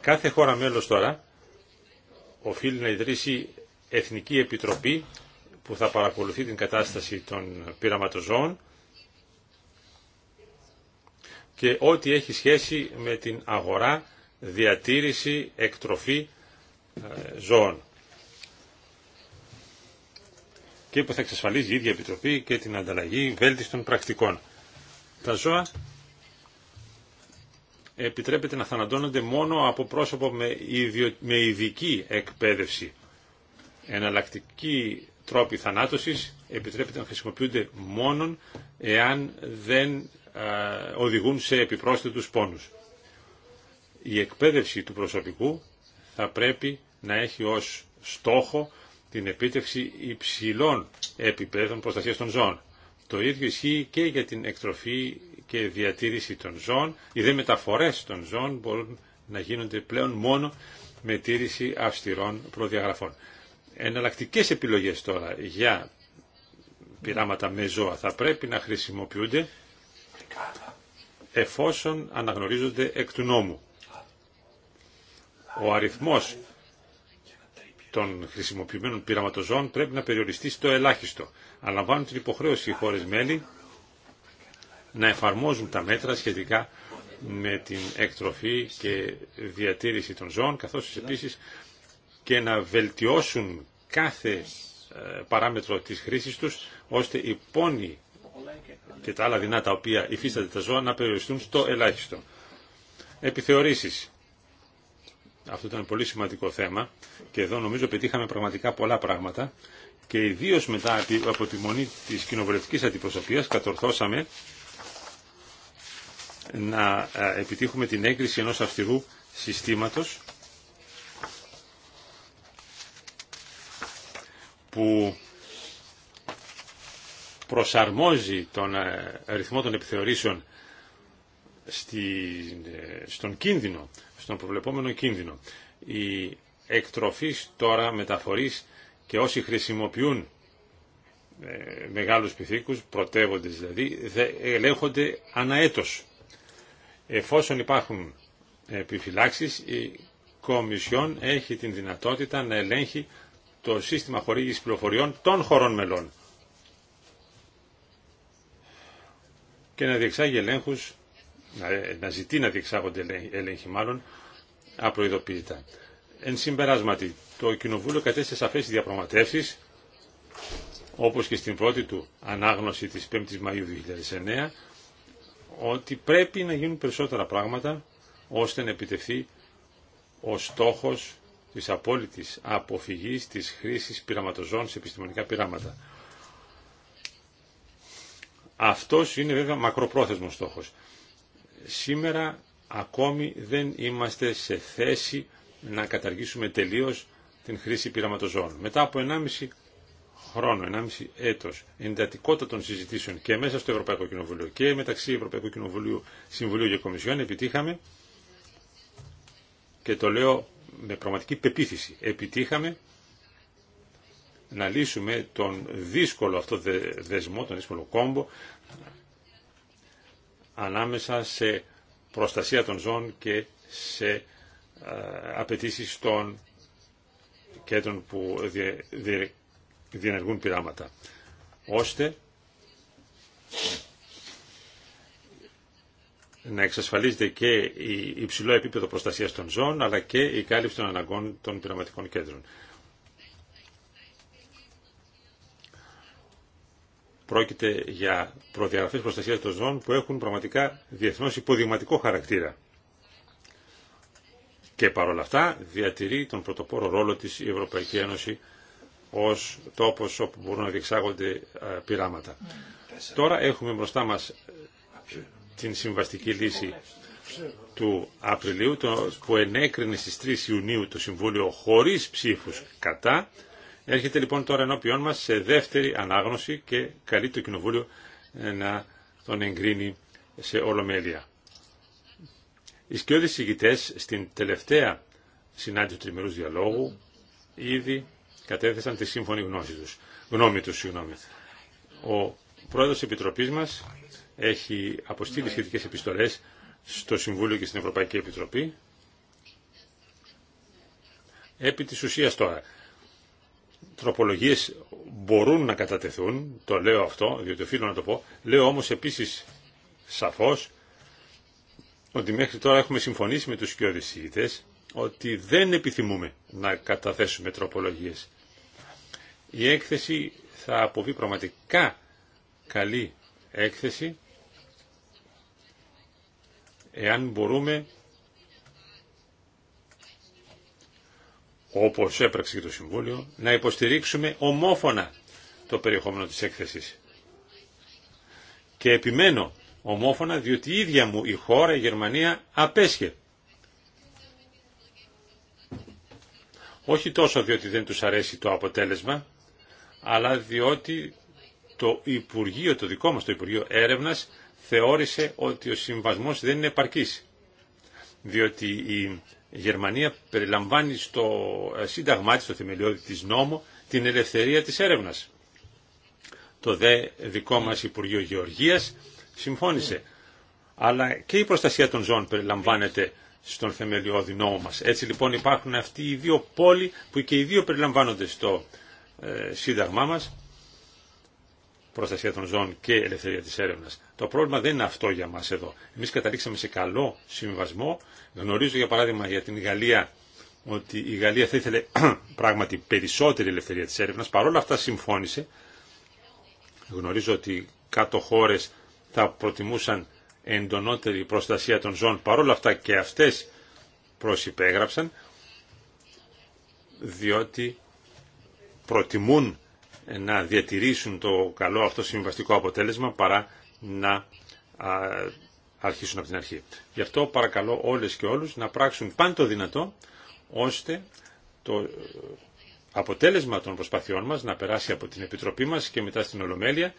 Κάθε χώρα μέλος τώρα οφείλει να ιδρύσει Εθνική Επιτροπή που θα παρακολουθεί την κατάσταση των πειραματοζώων και ό,τι έχει σχέση με την αγορά, διατήρηση, εκτροφή ε, ζώων και που θα εξασφαλίζει η ίδια Επιτροπή και την ανταλλαγή βέλτιστων πρακτικών. Τα ζώα επιτρέπεται να θανατώνονται μόνο από πρόσωπο με, ειδική εκπαίδευση. Εναλλακτικοί τρόποι θανάτωσης επιτρέπεται να χρησιμοποιούνται μόνον εάν δεν ε, οδηγούν σε επιπρόσθετους πόνους. Η εκπαίδευση του προσωπικού θα πρέπει να έχει ως στόχο την επίτευξη υψηλών επίπεδων προστασίας των ζώων. Το ίδιο ισχύει και για την εκτροφή και διατήρηση των ζώων. Οι δε μεταφορές των ζώων μπορούν να γίνονται πλέον μόνο με τήρηση αυστηρών προδιαγραφών. Εναλλακτικές επιλογές τώρα για πειράματα με ζώα θα πρέπει να χρησιμοποιούνται εφόσον αναγνωρίζονται εκ του νόμου. Ο αριθμός των χρησιμοποιημένων πειραματοζών πρέπει να περιοριστεί στο ελάχιστο. Αναλαμβάνουν την υποχρέωση οι χώρες μέλη να εφαρμόζουν τα μέτρα σχετικά με την εκτροφή και διατήρηση των ζώων, καθώς επίσης και να βελτιώσουν κάθε ε, παράμετρο της χρήσης τους, ώστε οι πόνοι και τα άλλα δεινά τα οποία υφίσταται τα ζώα να περιοριστούν στο ελάχιστο. Επιθεωρήσεις. Αυτό ήταν πολύ σημαντικό θέμα και εδώ νομίζω πετύχαμε πραγματικά πολλά πράγματα και ιδίω μετά από τη μονή της κοινοβουλευτικής αντιπροσωπείας κατορθώσαμε να επιτύχουμε την έγκριση ενός αυστηρού συστήματος που προσαρμόζει τον αριθμό ε, των επιθεωρήσεων ε, στον κίνδυνο, στον προβλεπόμενο κίνδυνο. Οι εκτροφείς τώρα μεταφορείς και όσοι χρησιμοποιούν ε, μεγάλους πυθίκους, πρωτεύοντες δηλαδή, ελέγχονται αναέτος. Εφόσον υπάρχουν επιφυλάξεις, η Κομισιόν έχει την δυνατότητα να ελέγχει το σύστημα χορήγησης πληροφοριών των χωρών μελών. και να διεξάγει ελέγχου, να ζητεί να διεξάγονται έλεγχοι μάλλον, απροειδοποιητά. Εν συμπεράσματι, το Κοινοβούλιο κατέστησε σαφέ οι διαπραγματεύσεις, όπως και στην πρώτη του ανάγνωση τη 5 η Μαου 2009, ότι πρέπει να γίνουν περισσότερα πράγματα ώστε να επιτευθεί ο στόχος της απόλυτης αποφυγής της χρήσης πειραματοζών σε επιστημονικά πειράματα. Αυτός είναι βέβαια μακροπρόθεσμος στόχος. Σήμερα ακόμη δεν είμαστε σε θέση να καταργήσουμε τελείως την χρήση πειραματοζώων. Μετά από 1,5 χρόνο, 1,5 έτος εντατικότητα των συζητήσεων και μέσα στο Ευρωπαϊκό Κοινοβουλίο και μεταξύ Ευρωπαϊκού Κοινοβουλίου, Συμβουλίου και Κομισιόν επιτύχαμε και το λέω με πραγματική πεποίθηση, επιτύχαμε να λύσουμε τον δύσκολο αυτό δεσμό, τον δύσκολο κόμπο ανάμεσα σε προστασία των ζώων και σε ε, απαιτήσει των κέντρων που διενεργούν πειράματα. Ώστε να εξασφαλίζεται και η υψηλό επίπεδο προστασίας των ζώων αλλά και η κάλυψη των αναγκών των πειραματικών κέντρων. Πρόκειται για προδιαγραφέ προστασία των ζώων που έχουν πραγματικά διεθνώ υποδειγματικό χαρακτήρα. Και παρόλα αυτά διατηρεί τον πρωτοπόρο ρόλο της η Ευρωπαϊκή Ένωση ως τόπος όπου μπορούν να διεξάγονται πειράματα. Τώρα έχουμε μπροστά μας ε, την συμβαστική λύση του Απριλίου που ενέκρινε στις 3 Ιουνίου το Συμβούλιο χωρίς ψήφους κατά Έρχεται λοιπόν τώρα ενώπιόν μας σε δεύτερη ανάγνωση και καλεί το Κοινοβούλιο ε, να τον εγκρίνει σε ολομέλεια. Οι σκιώδεις ηγητές στην τελευταία συνάντηση του τριμερούς διαλόγου ήδη κατέθεσαν τη σύμφωνη γνώση τους, γνώμη τους. Ο πρόεδρος της Επιτροπής μας έχει αποστείλει σχετικέ επιστολές στο Συμβούλιο και στην Ευρωπαϊκή Επιτροπή. Επί της ουσίας τώρα, Τροπολογίε μπορούν να κατατεθούν, το λέω αυτό, διότι οφείλω να το πω, λέω όμως επίσης σαφώς ότι μέχρι τώρα έχουμε συμφωνήσει με τους κοιοδησίτες ότι δεν επιθυμούμε να καταθέσουμε τροπολογίες. Η έκθεση θα αποβεί πραγματικά καλή έκθεση εάν μπορούμε όπως έπραξε και το Συμβούλιο, να υποστηρίξουμε ομόφωνα το περιεχόμενο της έκθεσης. Και επιμένω ομόφωνα διότι η ίδια μου η χώρα, η Γερμανία, απέσχε. Όχι τόσο διότι δεν τους αρέσει το αποτέλεσμα, αλλά διότι το Υπουργείο, το δικό μας το Υπουργείο Έρευνας, θεώρησε ότι ο συμβασμός δεν είναι επαρκής. Διότι η η Γερμανία περιλαμβάνει στο ε, σύνταγμά της, στο θεμελιώδη της νόμου, την ελευθερία της έρευνας. Το δε δικό μας Υπουργείο Γεωργίας συμφώνησε. Αλλά και η προστασία των ζώων περιλαμβάνεται στον θεμελιώδη νόμο μας. Έτσι λοιπόν υπάρχουν αυτοί οι δύο πόλοι που και οι δύο περιλαμβάνονται στο ε, σύνταγμά μας προστασία των ζώων και ελευθερία της έρευνας. Το πρόβλημα δεν είναι αυτό για μας εδώ. Εμείς καταλήξαμε σε καλό συμβασμό. Γνωρίζω για παράδειγμα για την Γαλλία ότι η Γαλλία θα ήθελε πράγματι περισσότερη ελευθερία της έρευνας. Παρ' όλα αυτά συμφώνησε. Γνωρίζω ότι κάτω χώρε θα προτιμούσαν εντονότερη προστασία των ζώων. Παρ' όλα αυτά και αυτές προσυπέγραψαν διότι προτιμούν να διατηρήσουν το καλό αυτό συμβαστικό αποτέλεσμα παρά να αρχίσουν από την αρχή. Γι' αυτό παρακαλώ όλες και όλους να πράξουν πάντο δυνατό ώστε το αποτέλεσμα των προσπαθειών μας να περάσει από την Επιτροπή μας και μετά στην Ολομέλεια.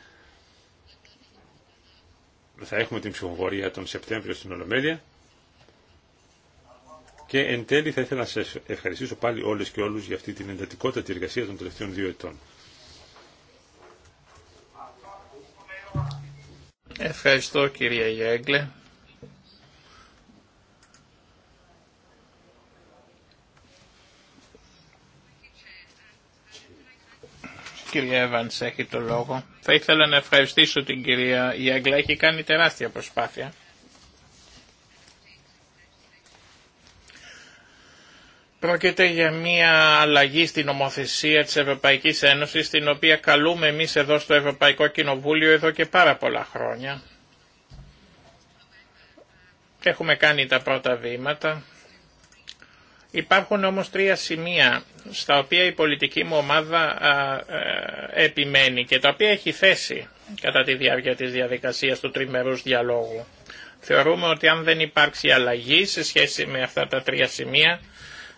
Θα έχουμε την ψηφοφορία τον Σεπτέμβριο στην Ολομέλεια. Και εν τέλει θα ήθελα να σας ευχαριστήσω πάλι όλες και όλους για αυτή την εντατικότητα της εργασία των τελευταίων δύο ετών. Ευχαριστώ κυρία Γιέγκλε. Κυρία Εύανς έχει το λόγο. Θα ήθελα να ευχαριστήσω την κυρία Γιέγκλε Έχει κάνει τεράστια προσπάθεια Πρόκειται για μια αλλαγή στην νομοθεσία της Ευρωπαϊκής Ένωσης, την οποία καλούμε εμείς εδώ στο Ευρωπαϊκό Κοινοβούλιο εδώ και πάρα πολλά χρόνια. Έχουμε κάνει τα πρώτα βήματα. Υπάρχουν όμως τρία σημεία στα οποία η πολιτική μου ομάδα επιμένει και τα οποία έχει θέσει κατά τη διάρκεια της διαδικασίας του τριμερούς διαλόγου. Θεωρούμε ότι αν δεν υπάρξει αλλαγή σε σχέση με αυτά τα τρία σημεία,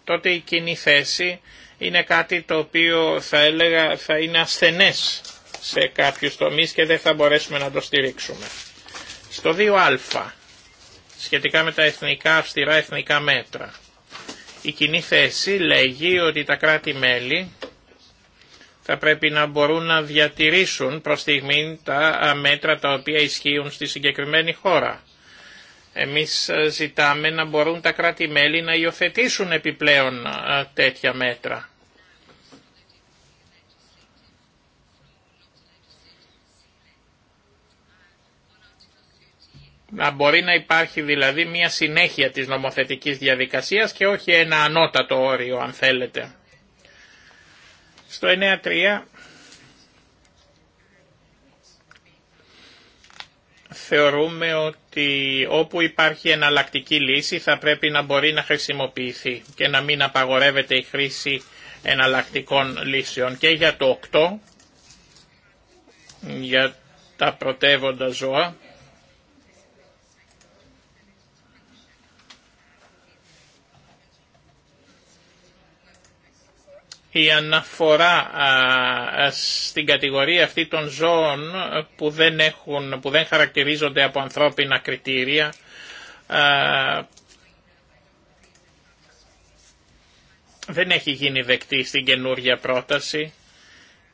τότε η κοινή θέση είναι κάτι το οποίο θα έλεγα θα είναι ασθενές σε κάποιους τομείς και δεν θα μπορέσουμε να το στηρίξουμε. Στο 2α, σχετικά με τα εθνικά αυστηρά εθνικά μέτρα, η κοινή θέση λέγει ότι τα κράτη-μέλη θα πρέπει να μπορούν να διατηρήσουν προς στιγμή τα μέτρα τα οποία ισχύουν στη συγκεκριμένη χώρα. Εμείς ε, ζητάμε να μπορούν τα κράτη-μέλη να υιοθετήσουν επιπλέον ε, τέτοια μέτρα. Να μπορεί να υπάρχει δηλαδή μια συνέχεια της νομοθετικής διαδικασίας και όχι ένα ανώτατο όριο αν θέλετε. Στο 9.3 θεωρούμε ότι όπου υπάρχει εναλλακτική λύση θα πρέπει να μπορεί να χρησιμοποιηθεί και να μην απαγορεύεται η χρήση εναλλακτικών λύσεων. Και για το 8, για τα πρωτεύοντα ζώα, η αναφορά στην κατηγορία αυτή των ζώων που δεν, έχουν, που δεν χαρακτηρίζονται από ανθρώπινα κριτήρια δεν έχει γίνει δεκτή στην καινούργια πρόταση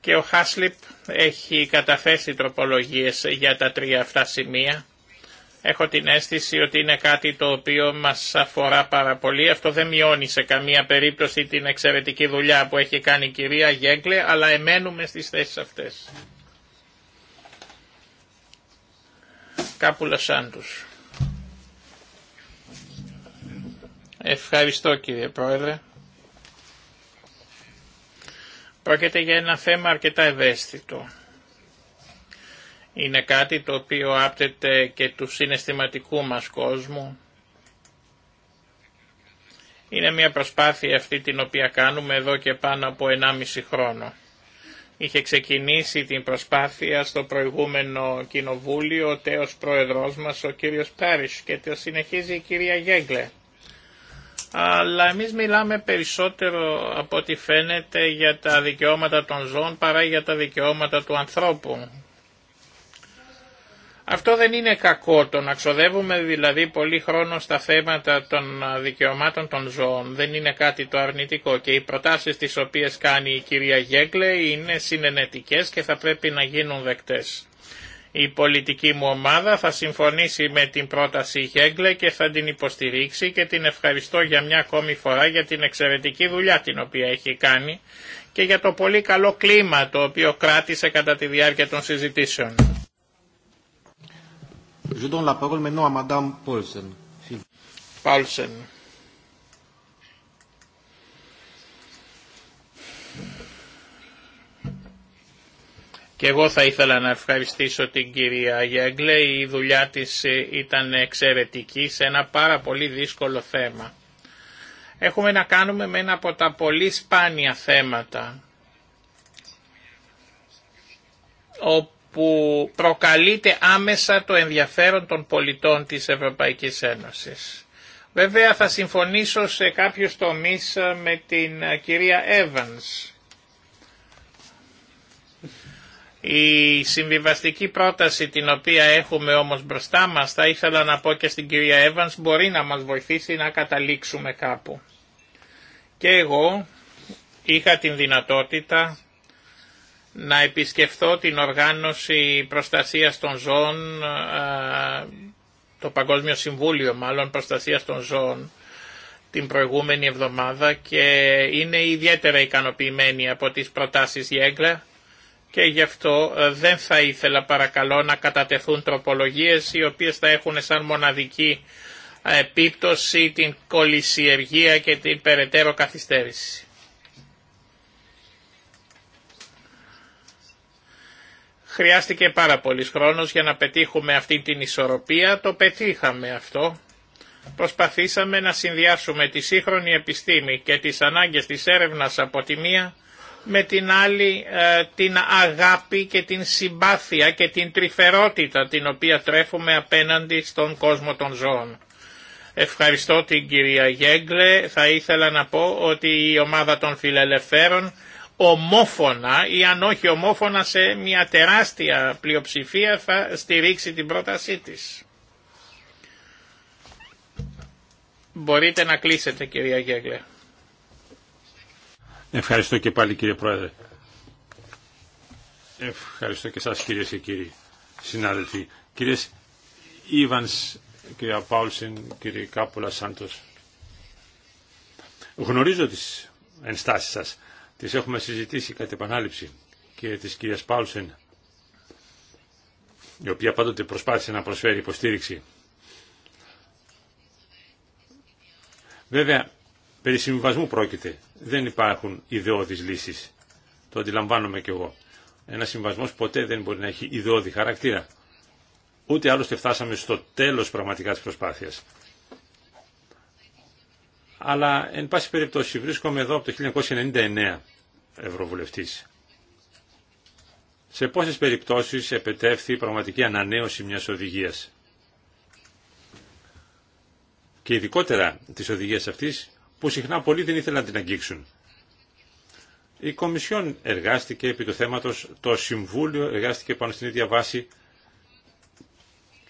και ο Χάσλιπ έχει καταθέσει τροπολογίες για τα τρία αυτά σημεία Έχω την αίσθηση ότι είναι κάτι το οποίο μας αφορά πάρα πολύ. Αυτό δεν μειώνει σε καμία περίπτωση την εξαιρετική δουλειά που έχει κάνει η κυρία Γέγκλε, αλλά εμένουμε στις θέσεις αυτές. Κάπουλα Σάντους. Ευχαριστώ κύριε Πρόεδρε. Πρόκειται για ένα θέμα αρκετά ευαίσθητο είναι κάτι το οποίο άπτεται και του συναισθηματικού μας κόσμου. Είναι μια προσπάθεια αυτή την οποία κάνουμε εδώ και πάνω από 1,5 χρόνο. Είχε ξεκινήσει την προσπάθεια στο προηγούμενο κοινοβούλιο ο τέος πρόεδρός μας ο κύριος Πάρις και το συνεχίζει η κυρία Γέγκλε. Αλλά εμείς μιλάμε περισσότερο από ό,τι φαίνεται για τα δικαιώματα των ζώων παρά για τα δικαιώματα του ανθρώπου αυτό δεν είναι κακό το να ξοδεύουμε δηλαδή πολύ χρόνο στα θέματα των δικαιωμάτων των ζώων. Δεν είναι κάτι το αρνητικό και οι προτάσεις τις οποίες κάνει η κυρία Γέγκλε είναι συνενετικές και θα πρέπει να γίνουν δεκτές. Η πολιτική μου ομάδα θα συμφωνήσει με την πρόταση Γέγκλε και θα την υποστηρίξει και την ευχαριστώ για μια ακόμη φορά για την εξαιρετική δουλειά την οποία έχει κάνει και για το πολύ καλό κλίμα το οποίο κράτησε κατά τη διάρκεια των συζητήσεων. Je donne la parole maintenant à Και εγώ θα ήθελα να ευχαριστήσω την κυρία Γέγκλε. Η δουλειά της ε, ήταν εξαιρετική σε ένα πάρα πολύ δύσκολο θέμα. Έχουμε να κάνουμε με ένα από τα πολύ σπάνια θέματα, που προκαλείται άμεσα το ενδιαφέρον των πολιτών της Ευρωπαϊκής Ένωσης. Βέβαια θα συμφωνήσω σε κάποιους τομείς ε, με την ε, κυρία Evans. Η συμβιβαστική πρόταση την οποία έχουμε όμως μπροστά μας, θα ήθελα να πω και στην κυρία Evans, μπορεί να μας βοηθήσει να καταλήξουμε κάπου. Και εγώ είχα την δυνατότητα να επισκεφθώ την οργάνωση προστασίας των ζώων, το Παγκόσμιο Συμβούλιο μάλλον προστασίας των ζώων, την προηγούμενη εβδομάδα και είναι ιδιαίτερα ικανοποιημένη από τις προτάσεις Γέγκλα και γι' αυτό δεν θα ήθελα παρακαλώ να κατατεθούν τροπολογίες οι οποίες θα έχουν σαν μοναδική επίπτωση την κολυσιεργία και την περαιτέρω καθυστέρηση. Χρειάστηκε πάρα πολύ χρόνο για να πετύχουμε αυτή την ισορροπία, το πετύχαμε αυτό. Προσπαθήσαμε να συνδυάσουμε τη σύγχρονη επιστήμη και τις ανάγκες της έρευνας από τη μία με την άλλη ε, την αγάπη και την συμπάθεια και την τρυφερότητα την οποία τρέφουμε απέναντι στον κόσμο των ζώων. Ευχαριστώ την κυρία Γέγκλε. Θα ήθελα να πω ότι η ομάδα των φιλελευθέρων ομόφωνα ή αν όχι ομόφωνα σε μια τεράστια πλειοψηφία θα στηρίξει την πρότασή της. Μπορείτε να κλείσετε κυρία Γέγλε. Ευχαριστώ και πάλι κύριε Πρόεδρε. Ευχαριστώ και σας κυρίες και κύριοι συνάδελφοι. Κυρίες Ήβανς, κυρία Πάουλσεν, κύριε Κάπουλα Σάντος. Γνωρίζω τις ενστάσεις σας Τις έχουμε συζητήσει κατ' επανάληψη και της κυρίας Πάουλσεν, η οποία πάντοτε προσπάθησε να προσφέρει υποστήριξη. Βέβαια, περί συμβιβασμού πρόκειται. Δεν υπάρχουν ιδεώδεις λύσεις. Το αντιλαμβάνομαι κι εγώ. Ένα συμβασμό ποτέ δεν μπορεί να έχει ιδεώδη χαρακτήρα. Ούτε άλλωστε φτάσαμε στο τέλος πραγματικά της προσπάθειας. Αλλά, εν πάση περιπτώσει, βρίσκομαι εδώ από το 1999 ευρωβουλευτής. Σε πόσες περιπτώσεις επετεύθη η πραγματική ανανέωση μιας οδηγίας. Και ειδικότερα τις οδηγίες αυτής, που συχνά πολλοί δεν ήθελαν να την αγγίξουν. Η Κομισιόν εργάστηκε επί του θέματος, το Συμβούλιο εργάστηκε πάνω στην ίδια βάση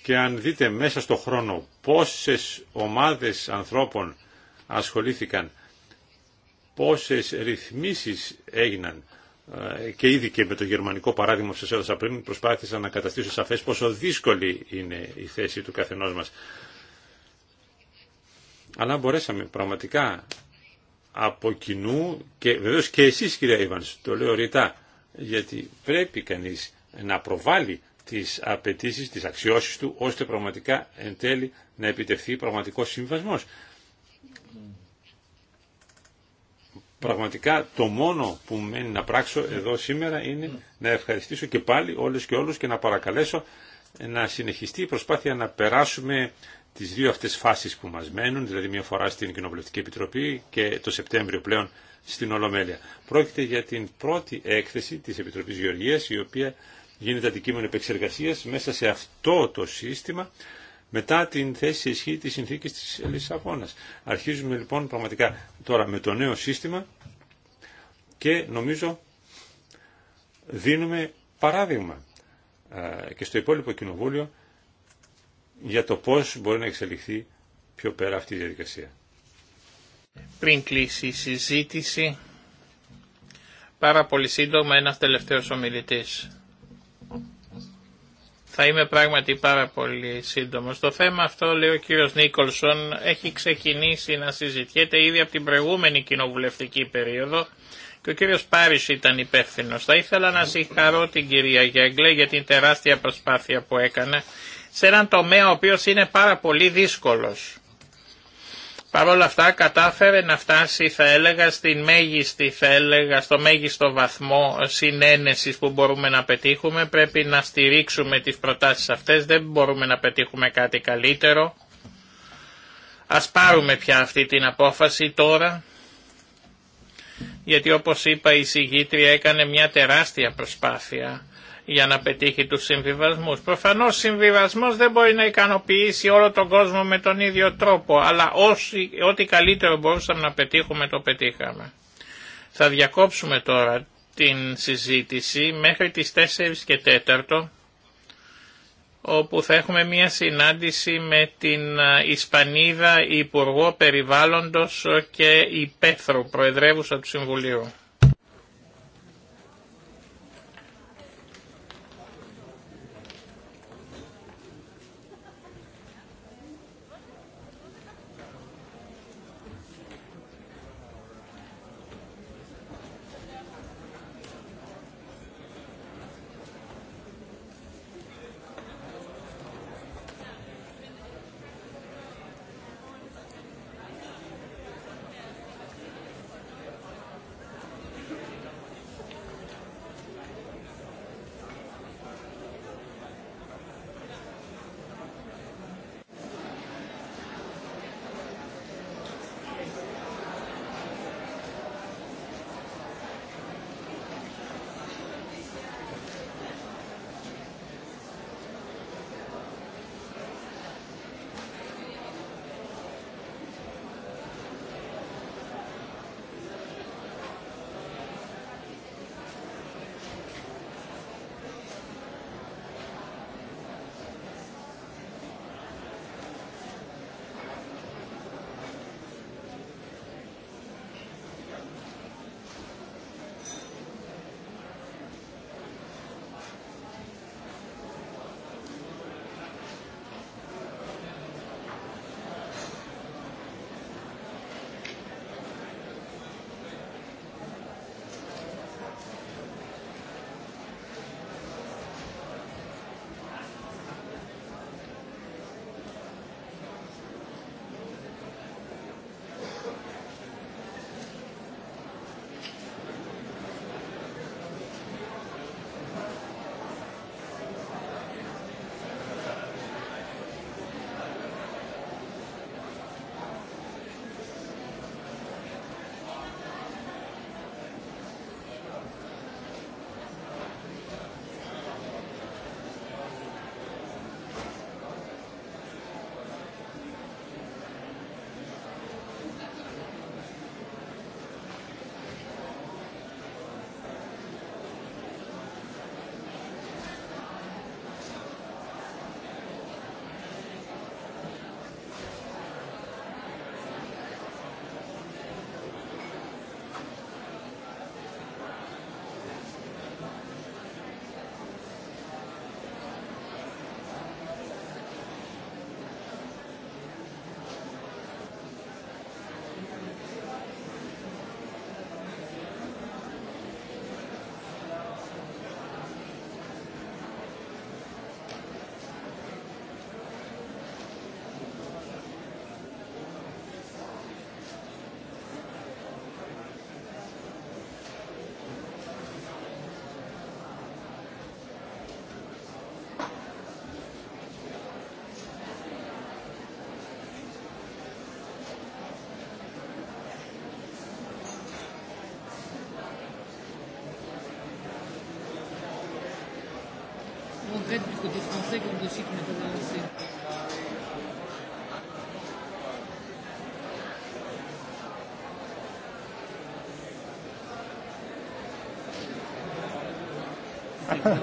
και αν δείτε μέσα στο χρόνο πόσες ομάδες ανθρώπων ασχολήθηκαν, πόσες ρυθμίσεις έγιναν ε, και ήδη και με το γερμανικό παράδειγμα που σας έδωσα πριν προσπάθησα να καταστήσω σαφές πόσο δύσκολη είναι η θέση του καθενός μας. Αλλά μπορέσαμε πραγματικά από κοινού και βεβαίως και εσείς κυρία Ιβανς, το λέω ρητά, γιατί πρέπει κανείς να προβάλλει τις απαιτήσει, τις αξιώσεις του, ώστε πραγματικά εν τέλει να επιτευχθεί πραγματικός συμβασμός. πραγματικά το μόνο που μένει να πράξω εδώ σήμερα είναι ναι. να ευχαριστήσω και πάλι όλες και όλους και να παρακαλέσω να συνεχιστεί η προσπάθεια να περάσουμε τις δύο αυτές φάσεις που μας μένουν, δηλαδή μια φορά στην Κοινοβουλευτική Επιτροπή και το Σεπτέμβριο πλέον στην Ολομέλεια. Πρόκειται για την πρώτη έκθεση της Επιτροπής Γεωργίας, η οποία γίνεται αντικείμενο επεξεργασίας μέσα σε αυτό το σύστημα μετά την θέση ισχύ της συνθήκης της Λισαβόνας. Αρχίζουμε λοιπόν πραγματικά τώρα με το νέο σύστημα και νομίζω δίνουμε παράδειγμα ε, και στο υπόλοιπο κοινοβούλιο για το πώς μπορεί να εξελιχθεί πιο πέρα αυτή η διαδικασία. Πριν κλείσει η συζήτηση, πάρα πολύ σύντομα ένας τελευταίος ομιλητής. Θα είμαι πράγματι πάρα πολύ σύντομο. Το θέμα αυτό, λέει ο κύριος Νίκολσον, έχει ξεκινήσει να συζητιέται ήδη από την προηγούμενη κοινοβουλευτική περίοδο και ο κύριος Πάρη ήταν υπεύθυνο. Θα ήθελα να συγχαρώ την κυρία Γέγκλε για την τεράστια προσπάθεια που έκανε σε έναν τομέα ο οποίο είναι πάρα πολύ δύσκολο. Παρ' όλα αυτά κατάφερε να φτάσει θα έλεγα στην μέγιστη, θα έλεγα, στο μέγιστο βαθμό συνένεσης που μπορούμε να πετύχουμε. Πρέπει να στηρίξουμε τις προτάσεις αυτές, δεν μπορούμε να πετύχουμε κάτι καλύτερο. Ας πάρουμε πια αυτή την απόφαση τώρα, γιατί όπως είπα η συγγήτρια έκανε μια τεράστια προσπάθεια για να πετύχει τους συμβιβασμούς. Προφανώς συμβιβασμός δεν μπορεί να ικανοποιήσει όλο τον κόσμο με τον ίδιο τρόπο, αλλά όσοι, ό,τι καλύτερο μπορούσαμε να πετύχουμε το πετύχαμε. Θα διακόψουμε τώρα την συζήτηση μέχρι τις 4 και 4 όπου θα έχουμε μία συνάντηση με την ε, Ισπανίδα Υπουργό Περιβάλλοντος και Υπέθρου, Προεδρεύουσα του Συμβουλίου. χ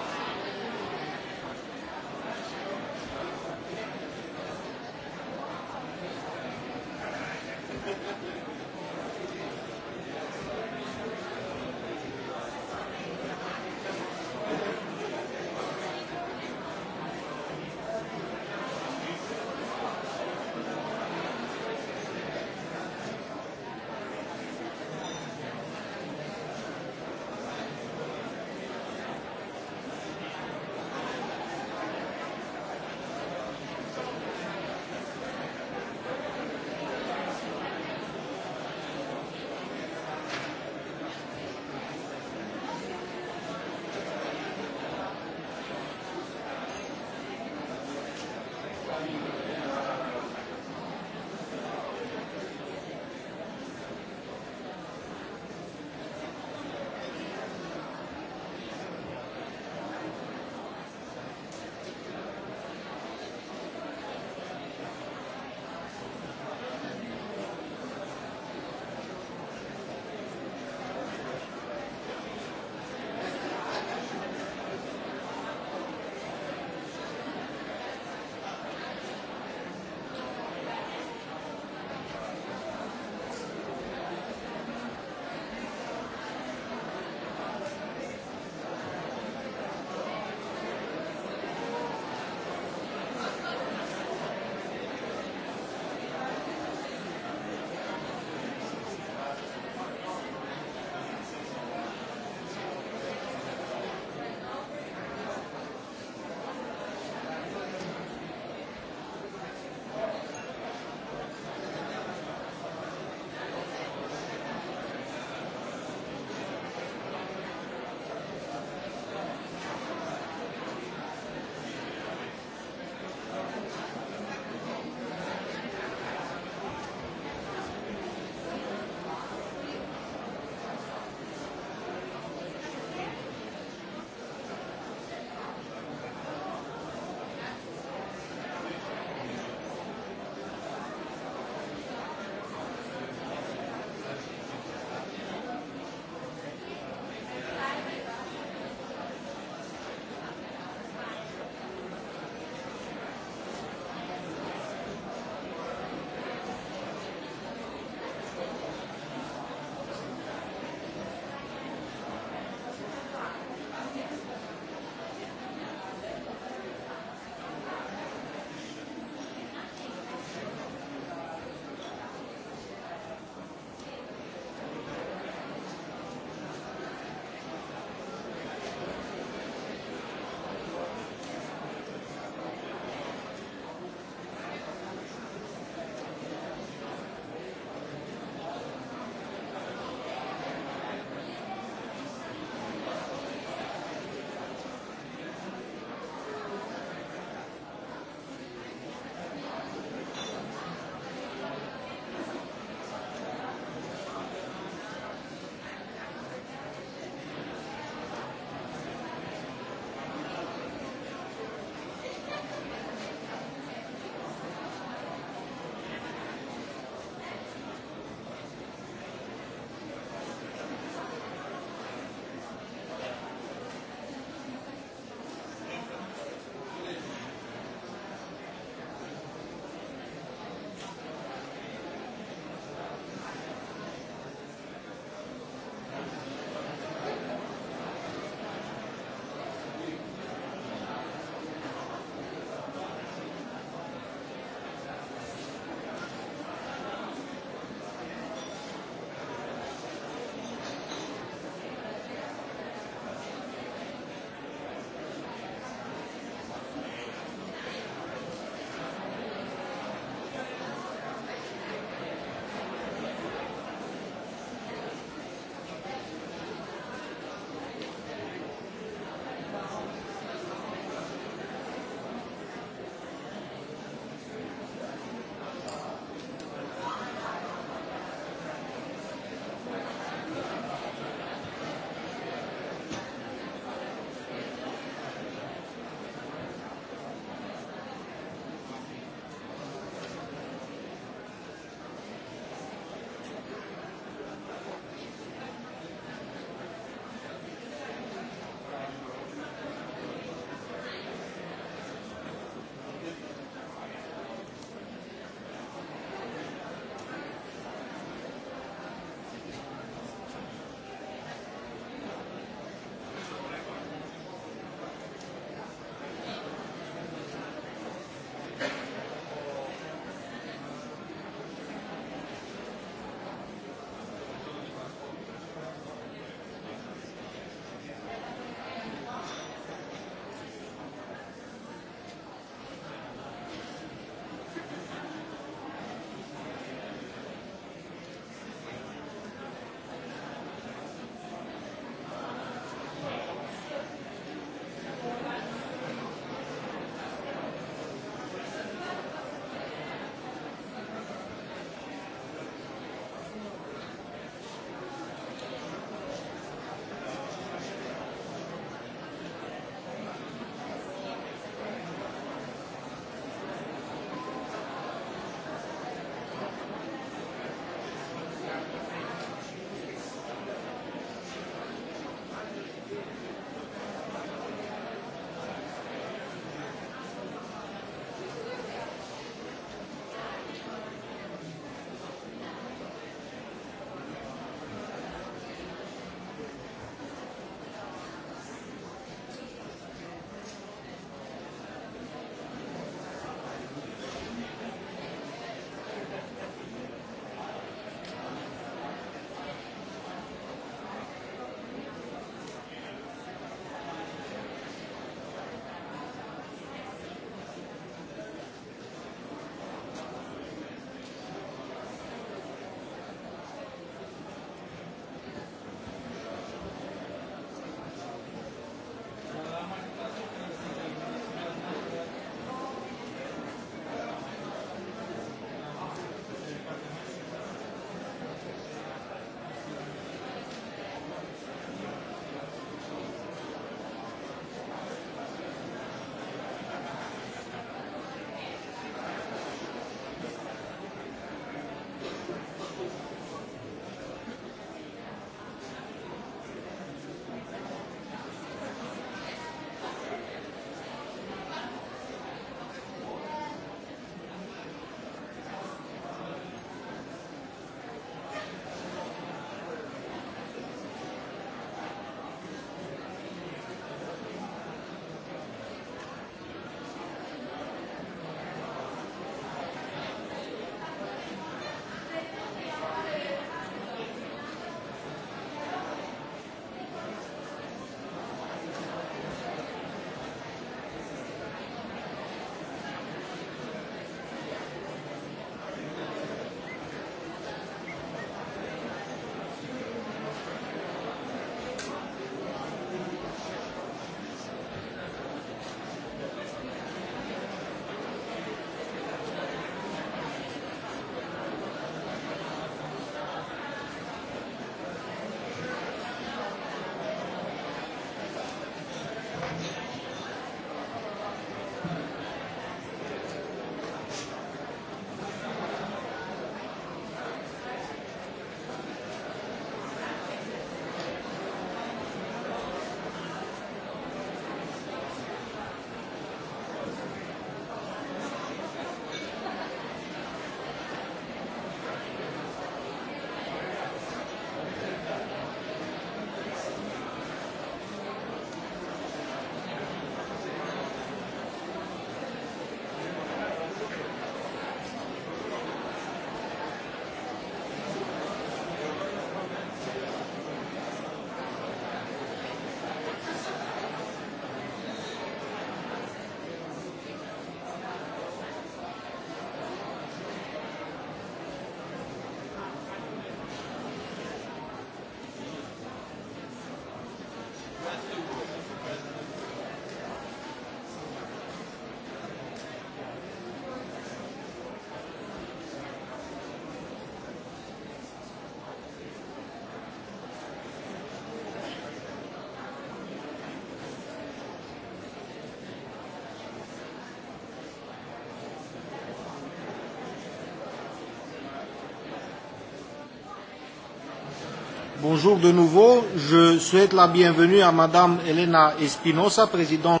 Bonjour de nouveau. Je souhaite la bienvenue à Madame Elena Espinosa, présidente.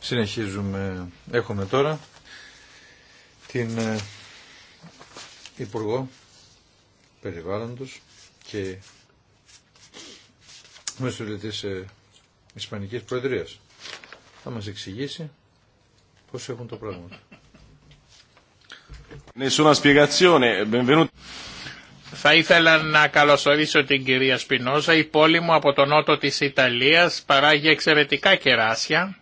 Συνεχίζουμε. Έχουμε τώρα την ε, Υπουργό Περιβάλλοντος και μέσω της ε, Ισπανικής Προεδρίας. Θα μας εξηγήσει πώς έχουν το πράγμα. Nessuna spiegazione, benvenuti. Θα ήθελα να καλωσορίσω την κυρία Σπινόζα. Η πόλη μου από τον νότο της Ιταλίας παράγει εξαιρετικά κεράσια.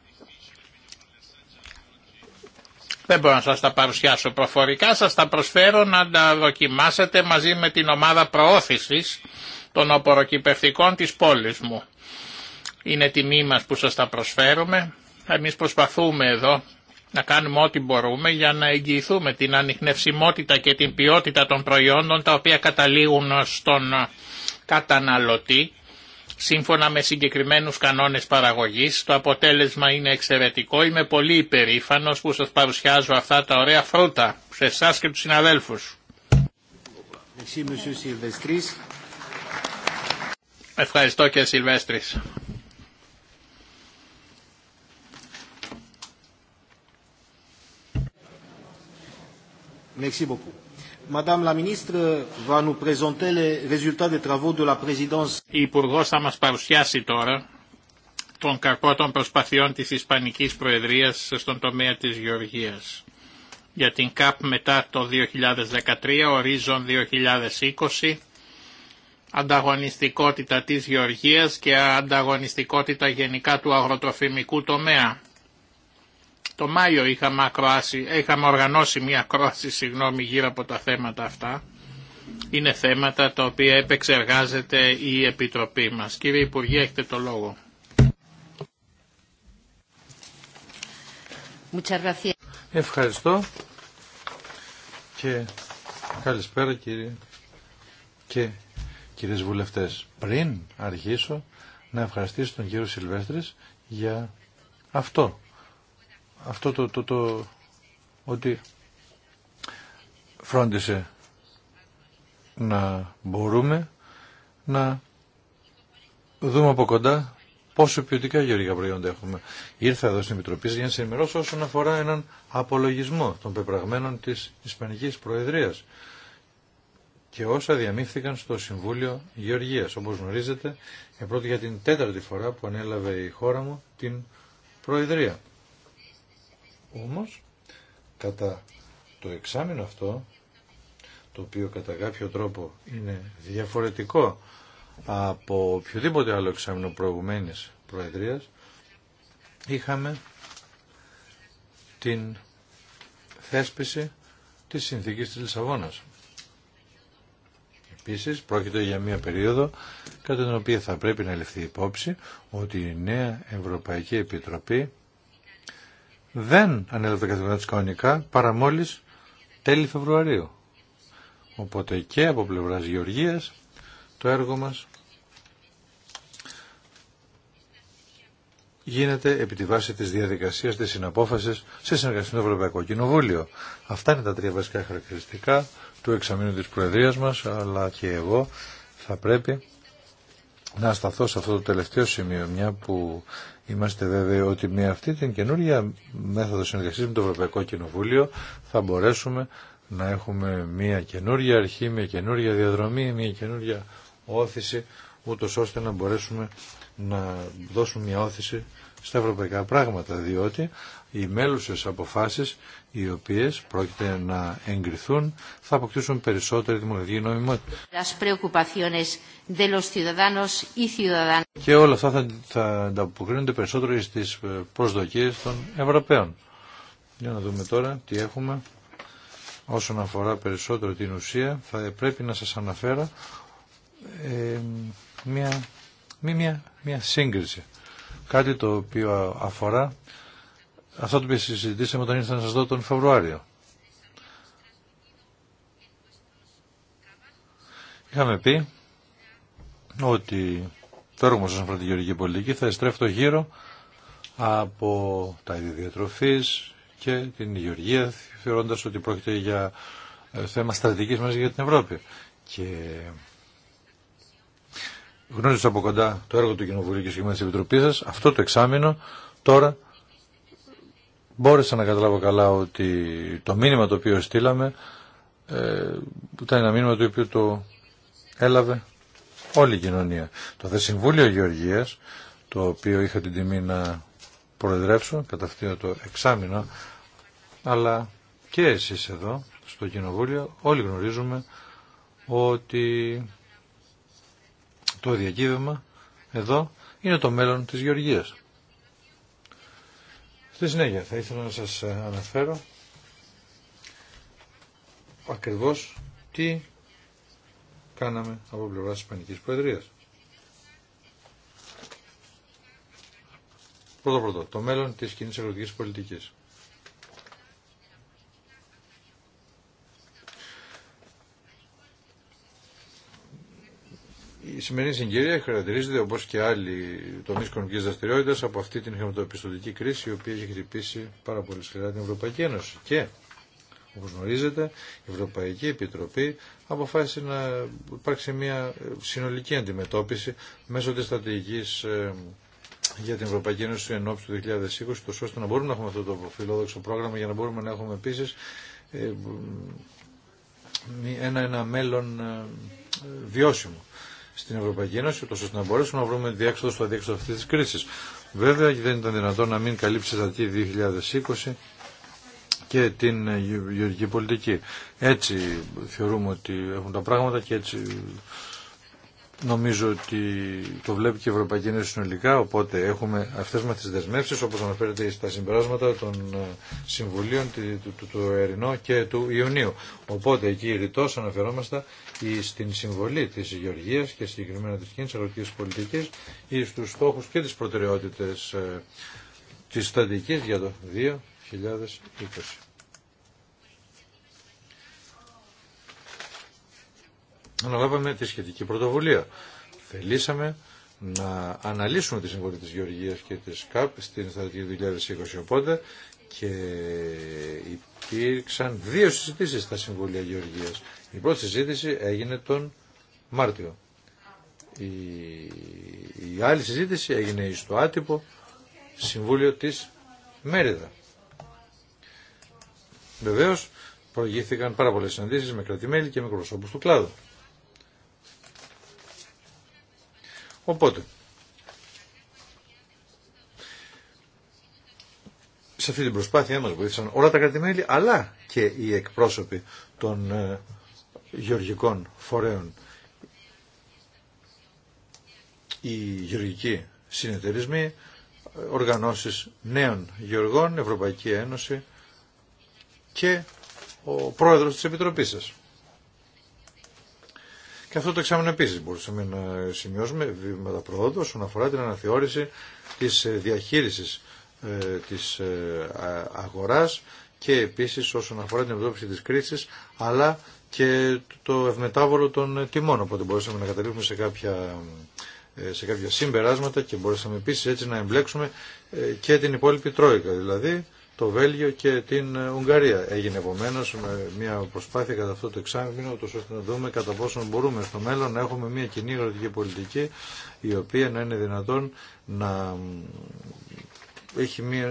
Δεν μπορώ να σας τα παρουσιάσω προφορικά, σας τα προσφέρω να τα δοκιμάσετε μαζί με την ομάδα προώθησης των οποροκυπευτικών της πόλης μου. Είναι τιμή μας που σας τα προσφέρουμε. Εμείς προσπαθούμε εδώ να κάνουμε ό,τι μπορούμε για να εγγυηθούμε την ανιχνευσιμότητα και την ποιότητα των προϊόντων τα οποία καταλήγουν στον καταναλωτή σύμφωνα με συγκεκριμένους κανόνες παραγωγής. Το αποτέλεσμα είναι εξαιρετικό. Είμαι πολύ υπερήφανος που σας παρουσιάζω αυτά τα ωραία φρούτα σε εσά και τους συναδέλφους. Ευχαριστώ και Σιλβέστρης. Merci beaucoup. Η Υπουργό θα μας παρουσιάσει τώρα τον καρπό των προσπαθειών της Ισπανικής Προεδρίας στον τομέα της Γεωργίας. Για την ΚΑΠ μετά το 2013, ορίζον 2020, ανταγωνιστικότητα της Γεωργίας και ανταγωνιστικότητα γενικά του αγροτροφημικού τομέα. Το Μάιο είχαμε, είχαμε οργανώσει μια ακρόαση συγγνώμη, γύρω από τα θέματα αυτά. Είναι θέματα τα οποία επεξεργάζεται η Επιτροπή μας. Κύριε Υπουργέ, έχετε το λόγο. Ευχαριστώ και καλησπέρα κύριε και κυρίες βουλευτές. Πριν αρχίσω να ευχαριστήσω τον κύριο Σιλβέστρης για αυτό αυτό το, το, ότι φρόντισε να μπορούμε να δούμε από κοντά πόσο ποιοτικά γεωργικά προϊόντα έχουμε. Ήρθα εδώ στην Επιτροπή για να σε όσον αφορά έναν απολογισμό των πεπραγμένων της Ισπανικής Προεδρίας και όσα διαμήφθηκαν στο Συμβούλιο Γεωργίας. Όπως γνωρίζετε, πρώτη για την τέταρτη φορά που ανέλαβε η χώρα μου την Προεδρία. Όμως, κατά το εξάμεινο αυτό, το οποίο κατά κάποιο τρόπο είναι διαφορετικό από οποιοδήποτε άλλο εξάμεινο προηγουμένης προεδρίας, είχαμε την θέσπιση της συνθήκης της Λισαβόνας. Επίσης, πρόκειται για μια περίοδο κατά την οποία θα πρέπει να ληφθεί υπόψη ότι η νέα Ευρωπαϊκή Επιτροπή δεν ανέλαβε καθημερινά καθημερινό της κανονικά παρά μόλις τέλη Φεβρουαρίου. Οπότε και από πλευράς Γεωργίας το έργο μας γίνεται επί τη βάση της διαδικασίας της συναπόφασης σε συνεργασία με το Ευρωπαϊκό Κοινοβούλιο. Αυτά είναι τα τρία βασικά χαρακτηριστικά του εξαμήνου της Προεδρίας μας, αλλά και εγώ θα πρέπει να σταθώ σε αυτό το τελευταίο σημείο, μια που Είμαστε βέβαιοι ότι με αυτή την καινούργια μέθοδο συνεργασίας με το Ευρωπαϊκό Κοινοβούλιο θα μπορέσουμε να έχουμε μια καινούργια αρχή, μια καινούργια διαδρομή, μια καινούργια όθηση, ούτως ώστε να μπορέσουμε να δώσουμε μια όθηση στα ευρωπαϊκά πράγματα, διότι οι μέλουσες αποφάσεις οι οποίες πρόκειται να εγκριθούν θα αποκτήσουν περισσότερη δημοκρατική νομιμότητα. Και όλα αυτά θα, θα ανταποκρίνονται περισσότερο στις ε, προσδοκίες των Ευρωπαίων. Για να δούμε τώρα τι έχουμε όσον αφορά περισσότερο την ουσία. Θα πρέπει να σας αναφέρω ε, μια, μια, μια σύγκριση. Κάτι το οποίο αφορά αυτό το οποίο συζητήσαμε όταν ήρθα να σας δω τον Φεβρουάριο. Είχαμε πει ότι το έργο μας όσον αφορά πολιτική θα εστρέφει γύρω από τα διατροφής και την υγειοργία θεωρώντας ότι πρόκειται για ε, θέμα στρατηγικής μας για την Ευρώπη. Και γνώρισα από κοντά το έργο του Κοινοβουλίου και τη της Επιτροπής αυτό το εξάμεινο τώρα μπόρεσα να καταλάβω καλά ότι το μήνυμα το οποίο στείλαμε ε, ήταν ένα μήνυμα το οποίο το έλαβε όλη η κοινωνία. Το Δε Συμβούλιο Γεωργίας, το οποίο είχα την τιμή να προεδρεύσω κατά το εξάμεινο, αλλά και εσείς εδώ στο Κοινοβούλιο όλοι γνωρίζουμε ότι το διακύβευμα εδώ είναι το μέλλον της Γεωργίας. Στη συνέχεια θα ήθελα να σας ε, αναφέρω ακριβώς τι κάναμε από πλευρά της Ισπανικής Προεδρίας. Πρώτο πρώτο, το μέλλον της κοινής αγροτικής πολιτικής. η σημερινή συγκυρία χαρακτηρίζεται όπως και άλλοι τομείς οικονομική δραστηριότητας από αυτή την χρηματοπιστωτική κρίση η οποία έχει χτυπήσει πάρα πολύ σκληρά την Ευρωπαϊκή Ένωση. Και όπως γνωρίζετε η Ευρωπαϊκή Επιτροπή αποφάσισε να υπάρξει μια ε, συνολική αντιμετώπιση μέσω της στρατηγικής ε, για την Ευρωπαϊκή Ένωση εν του 2020 ώστε να μπορούμε να έχουμε αυτό το φιλόδοξο πρόγραμμα για να μπορούμε να έχουμε επίση ε, ένα, ένα μέλλον βιώσιμο στην Ευρωπαϊκή Ένωση, τόσο ώστε να μπορέσουμε να βρούμε διέξοδο στο αδιέξοδο αυτή τη κρίση. Βέβαια δεν ήταν δυνατόν να μην καλύψει τα 2020 και την ε, γεωργική πολιτική. Έτσι θεωρούμε ότι έχουν τα πράγματα και έτσι Νομίζω ότι το βλέπει και η Ευρωπαϊκή Ένωση συνολικά, οπότε έχουμε αυτές μας τις δεσμεύσεις, όπως αναφέρεται στα συμπεράσματα των ε, Συμβουλίων του, του, του και του Ιουνίου. Οπότε εκεί ρητός αναφερόμαστε στην συμβολή της Γεωργίας και συγκεκριμένα της κοινής αγροτικής πολιτικής ή στους στόχους και τις προτεραιότητες ε, της στατικής για το 2020. αναλάβαμε τη σχετική πρωτοβουλία. Θελήσαμε να αναλύσουμε τη συμβολή της Γεωργίας και της ΚΑΠ στην στρατηγική 2020 οπότε και υπήρξαν δύο συζητήσεις στα Συμβούλια Γεωργίας. Η πρώτη συζήτηση έγινε τον Μάρτιο. Η, η άλλη συζήτηση έγινε στο άτυπο Συμβούλιο της Μέριδα. Βεβαίως προηγήθηκαν πάρα πολλές συναντήσεις με κρατημέλη και με του κλάδου. Οπότε, σε αυτή την προσπάθειά μας βοήθησαν όλα τα κρατημέλη, αλλά και οι εκπρόσωποι των ε, γεωργικών φορέων. Οι γεωργικοί συνεταιρισμοί, οργανώσεις νέων γεωργών, Ευρωπαϊκή Ένωση και ο πρόεδρος της Επιτροπής σας. Και αυτό το εξάμεινο επίση μπορούσαμε να σημειώσουμε βήματα προόδου όσον αφορά την αναθεώρηση τη ε, διαχείριση ε, τη ε, αγορά και επίση όσον αφορά την αντιμετώπιση τη κρίση αλλά και το ευμετάβολο των τιμών. Οπότε μπορούσαμε να καταλήξουμε σε κάποια σε κάποια συμπεράσματα και μπορούσαμε επίσης έτσι να εμπλέξουμε και την υπόλοιπη Τρόικα. Δηλαδή το Βέλγιο και την ε, Ουγγαρία. Έγινε επομένω μια προσπάθεια κατά αυτό το εξάμεινο, ώστε να δούμε κατά πόσο μπορούμε στο μέλλον να έχουμε μια κοινή αγροτική πολιτική, η οποία να είναι δυνατόν να έχει μια,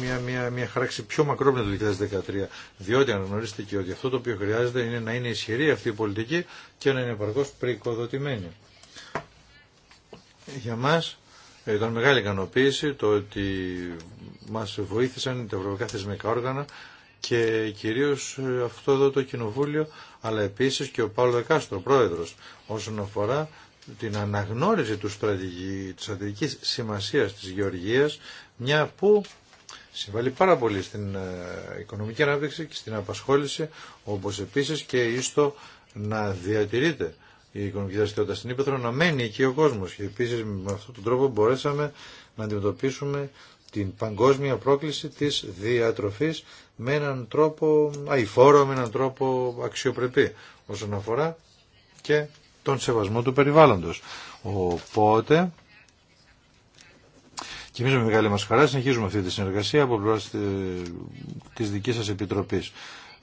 μια, μια, μια χάραξη πιο μακρόπνοια το 2013. Διότι αναγνωρίζετε και ότι αυτό το οποίο χρειάζεται είναι να είναι ισχυρή αυτή η πολιτική και να είναι επαρκώ προοικοδοτημένη. Για μας ε, ήταν μεγάλη ικανοποίηση το ότι μας βοήθησαν τα ευρωπαϊκά θεσμικά όργανα και κυρίως ε, αυτό εδώ το κοινοβούλιο, αλλά επίσης και ο Παύλο Δεκάστρο, πρόεδρος, όσον αφορά την αναγνώριση του στρατηγική, της στρατηγικής σημασίας της γεωργίας, μια που συμβάλλει πάρα πολύ στην ε, οικονομική ανάπτυξη και στην απασχόληση, όπως επίσης και ίστο να διατηρείται η οικονομική δραστηριότητα στην Ήπεθρο να μένει και ο κόσμος. Και επίσης με αυτόν τον τρόπο μπορέσαμε να αντιμετωπίσουμε την παγκόσμια πρόκληση της διατροφής με έναν τρόπο αηφόρο, με έναν τρόπο αξιοπρεπή όσον αφορά και τον σεβασμό του περιβάλλοντος. Οπότε, και εμείς με μεγάλη μας χαρά συνεχίζουμε αυτή τη συνεργασία από πλευρά της δικής σας επιτροπής.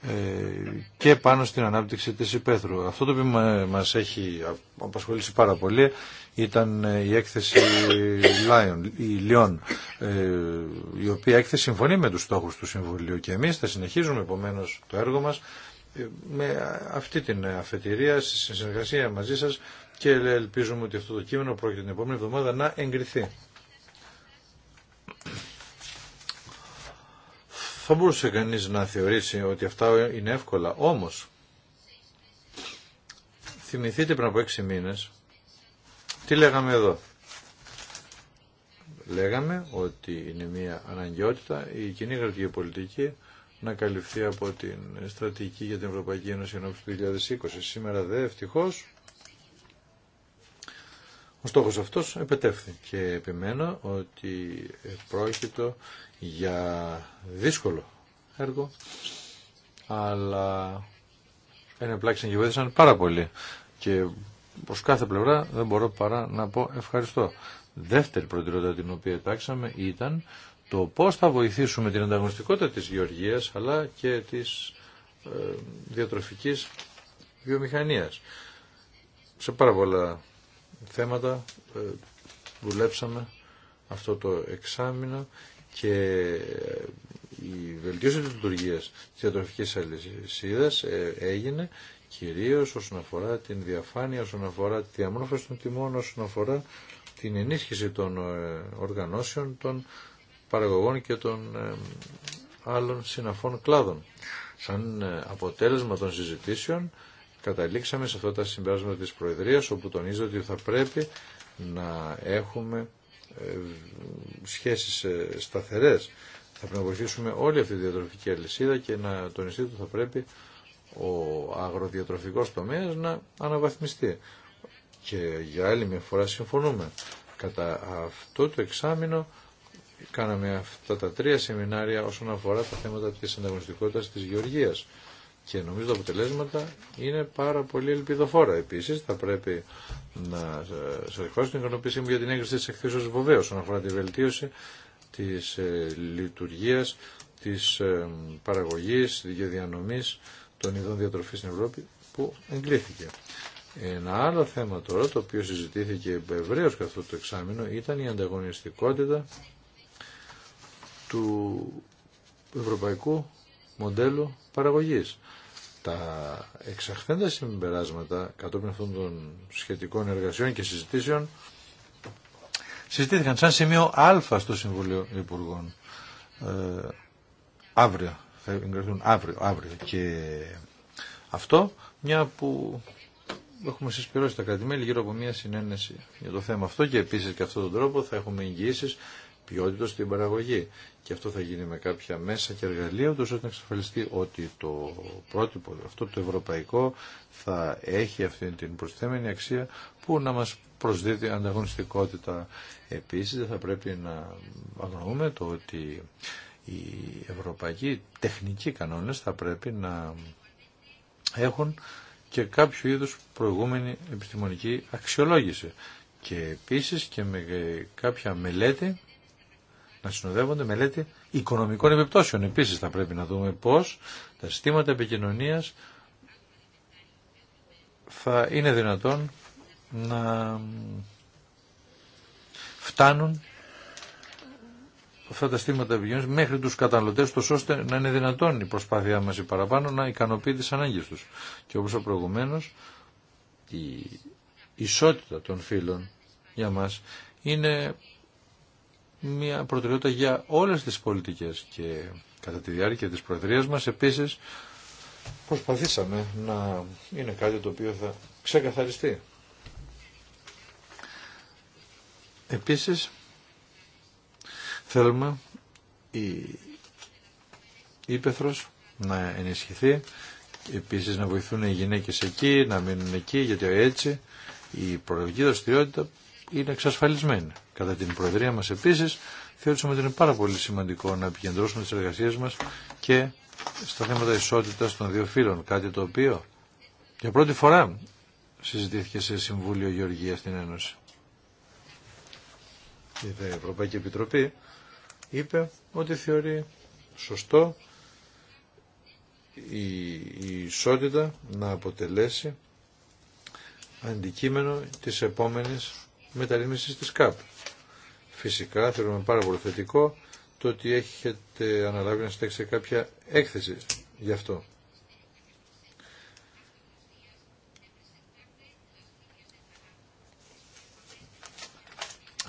Ε, και πάνω στην ανάπτυξη της υπαίθρου. Αυτό το οποίο μας έχει απασχολήσει πάρα πολύ ήταν ε, η έκθεση Lion, η Lyon, ε, η οποία έκθεση συμφωνεί με τους στόχους του Συμβουλίου και εμείς θα συνεχίζουμε επομένω το έργο μας με αυτή την αφετηρία, στη συνεργασία μαζί σας και ελπίζουμε ότι αυτό το κείμενο πρόκειται την επόμενη εβδομάδα να εγκριθεί. Θα μπορούσε κανείς να θεωρήσει ότι αυτά είναι εύκολα. Όμως, θυμηθείτε πριν από έξι μήνες, τι λέγαμε εδώ. Λέγαμε ότι είναι μια αναγκαιότητα η κοινή γραφική πολιτική να καλυφθεί από την στρατηγική για την Ευρωπαϊκή Ένωση ενώπιση του 2020. Σήμερα δε ευτυχώς ο στόχος αυτός επετεύχθη και επιμένω ότι πρόκειτο για δύσκολο έργο, αλλά ενεπλάξαν και βοήθησαν πάρα πολύ και προς κάθε πλευρά δεν μπορώ παρά να πω ευχαριστώ. Δεύτερη προτεραιότητα την οποία τάξαμε ήταν το πώς θα βοηθήσουμε την ανταγωνιστικότητα της γεωργίας αλλά και της ε, διατροφικής βιομηχανίας. Σε πάρα πολλά θέματα ε, δουλέψαμε αυτό το εξάμεινο και η βελτίωση της λειτουργίας της διατροφικής αλυσίδας ε, έγινε κυρίως όσον αφορά την διαφάνεια, όσον αφορά τη διαμόρφωση των τιμών, όσον αφορά την ενίσχυση των ε, οργανώσεων, των παραγωγών και των ε, άλλων συναφών κλάδων. Σαν αποτέλεσμα των συζητήσεων καταλήξαμε σε αυτά τα συμπεράσματα της Προεδρίας όπου τονίζω ότι θα πρέπει να έχουμε ε, σχέσεις ε, σταθερές. Θα πρέπει να βοηθήσουμε όλη αυτή τη διατροφική αλυσίδα και να τονιστεί ότι θα πρέπει ο αγροδιατροφικός τομέας να αναβαθμιστεί. Και για άλλη μια φορά συμφωνούμε. Κατά αυτό το εξάμεινο κάναμε αυτά τα τρία σεμινάρια όσον αφορά τα θέματα της ανταγωνιστικότητας της γεωργίας και νομίζω τα αποτελέσματα είναι πάρα πολύ ελπιδοφόρα. Επίση, θα πρέπει να σα εκφράσω την ικανοποίησή μου για την έγκριση τη εκθέσεω βεβαίω όσον αφορά τη βελτίωση τη ε, λειτουργία, τη ε, παραγωγή, και διανομή των ειδών διατροφή στην Ευρώπη που εγκλήθηκε. Ένα άλλο θέμα τώρα το οποίο συζητήθηκε ευρέω καθ' αυτό το εξάμεινο ήταν η ανταγωνιστικότητα του ευρωπαϊκού μοντέλου παραγωγής. Τα εξαχθέντα συμπεράσματα κατόπιν αυτών των σχετικών εργασιών και συζητήσεων συζητήθηκαν σαν σημείο α στο Συμβουλίο Υπουργών ε, αύριο. Θα εγκριθούν αύριο, Και αυτό μια που έχουμε συσπηρώσει τα κρατημέλη γύρω από μια συνένεση για το θέμα αυτό και επίσης και αυτόν τον τρόπο θα έχουμε εγγυήσεις ποιότητα στην παραγωγή. Και αυτό θα γίνει με κάποια μέσα και εργαλεία, ούτως ώστε να εξασφαλιστεί ότι το πρότυπο αυτό το ευρωπαϊκό θα έχει αυτή την προσθέμενη αξία που να μας προσδίδει ανταγωνιστικότητα. Επίσης θα πρέπει να αγνοούμε το ότι οι ευρωπαϊκοί τεχνικοί κανόνες θα πρέπει να έχουν και κάποιο είδους προηγούμενη επιστημονική αξιολόγηση και επίσης και με κάποια μελέτη να συνοδεύονται μελέτη οικονομικών επιπτώσεων. Επίσης θα πρέπει να δούμε πώς τα συστήματα επικοινωνίας θα είναι δυνατόν να φτάνουν αυτά τα στήματα επικοινωνίας μέχρι τους καταναλωτές τους ώστε να είναι δυνατόν η προσπάθειά μας η παραπάνω να ικανοποιεί τις ανάγκες τους. Και όπως ο προηγουμένος η ισότητα των φίλων για μας είναι μια προτεραιότητα για όλες τις πολιτικές και κατά τη διάρκεια της προεδρίας μας επίσης προσπαθήσαμε να είναι κάτι το οποίο θα ξεκαθαριστεί. Επίσης θέλουμε η Ήπεθρος να ενισχυθεί επίσης να βοηθούν οι γυναίκες εκεί, να μείνουν εκεί γιατί έτσι η προεδρική δραστηριότητα είναι εξασφαλισμένη. Κατά την Προεδρία μας επίσης θεωρήσαμε ότι είναι πάρα πολύ σημαντικό να επικεντρώσουμε τις εργασίες μας και στα θέματα ισότητας των δύο φύλων, κάτι το οποίο για πρώτη φορά συζητήθηκε σε Συμβούλιο Γεωργίας στην Ένωση. Η Ευρωπαϊκή Επιτροπή είπε ότι θεωρεί σωστό η, ισότητα να αποτελέσει αντικείμενο της επόμενης μεταρρύθμισης της ΚΑΠ. Φυσικά θεωρούμε πάρα πολύ θετικό το ότι έχετε αναλάβει να στέξετε κάποια έκθεση γι' αυτό.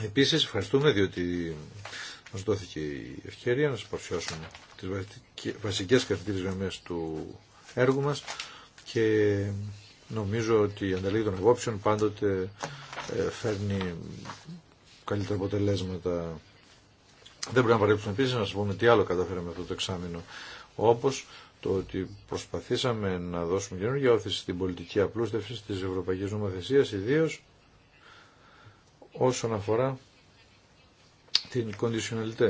Επίσης ευχαριστούμε διότι μας δόθηκε η ευκαιρία να σας παρουσιάσουμε τις βασικές καθητήρες γραμμές του έργου μας και νομίζω ότι η ανταλλαγή των απόψεων πάντοτε ε, φέρνει καλύτερα αποτελέσματα. Δεν πρέπει να παρέψουμε επίση να σα πούμε τι άλλο καταφέραμε αυτό το εξάμεινο. Όπω το ότι προσπαθήσαμε να δώσουμε καινούργια όθηση στην πολιτική απλούστευση τη Ευρωπαϊκή Νομοθεσία, ιδίω όσον αφορά την conditionalité.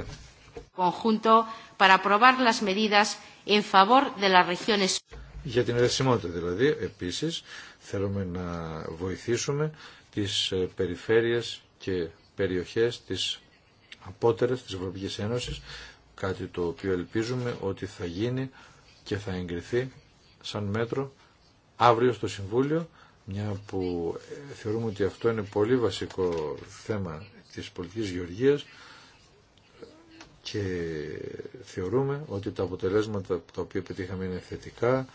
Conjunto para aprobar las medidas en favor de las regiones. Για την ερεσιμότητα δηλαδή, επίσης, θέλουμε να βοηθήσουμε τις ε, περιφέρειες και περιοχές της απότερες της Ευρωπαϊκής Ένωσης, κάτι το οποίο ελπίζουμε ότι θα γίνει και θα εγκριθεί σαν μέτρο αύριο στο Συμβούλιο, μια που ε, θεωρούμε ότι αυτό είναι πολύ βασικό θέμα της πολιτικής γεωργίας και θεωρούμε ότι τα αποτελέσματα τα οποία πετύχαμε είναι θετικά,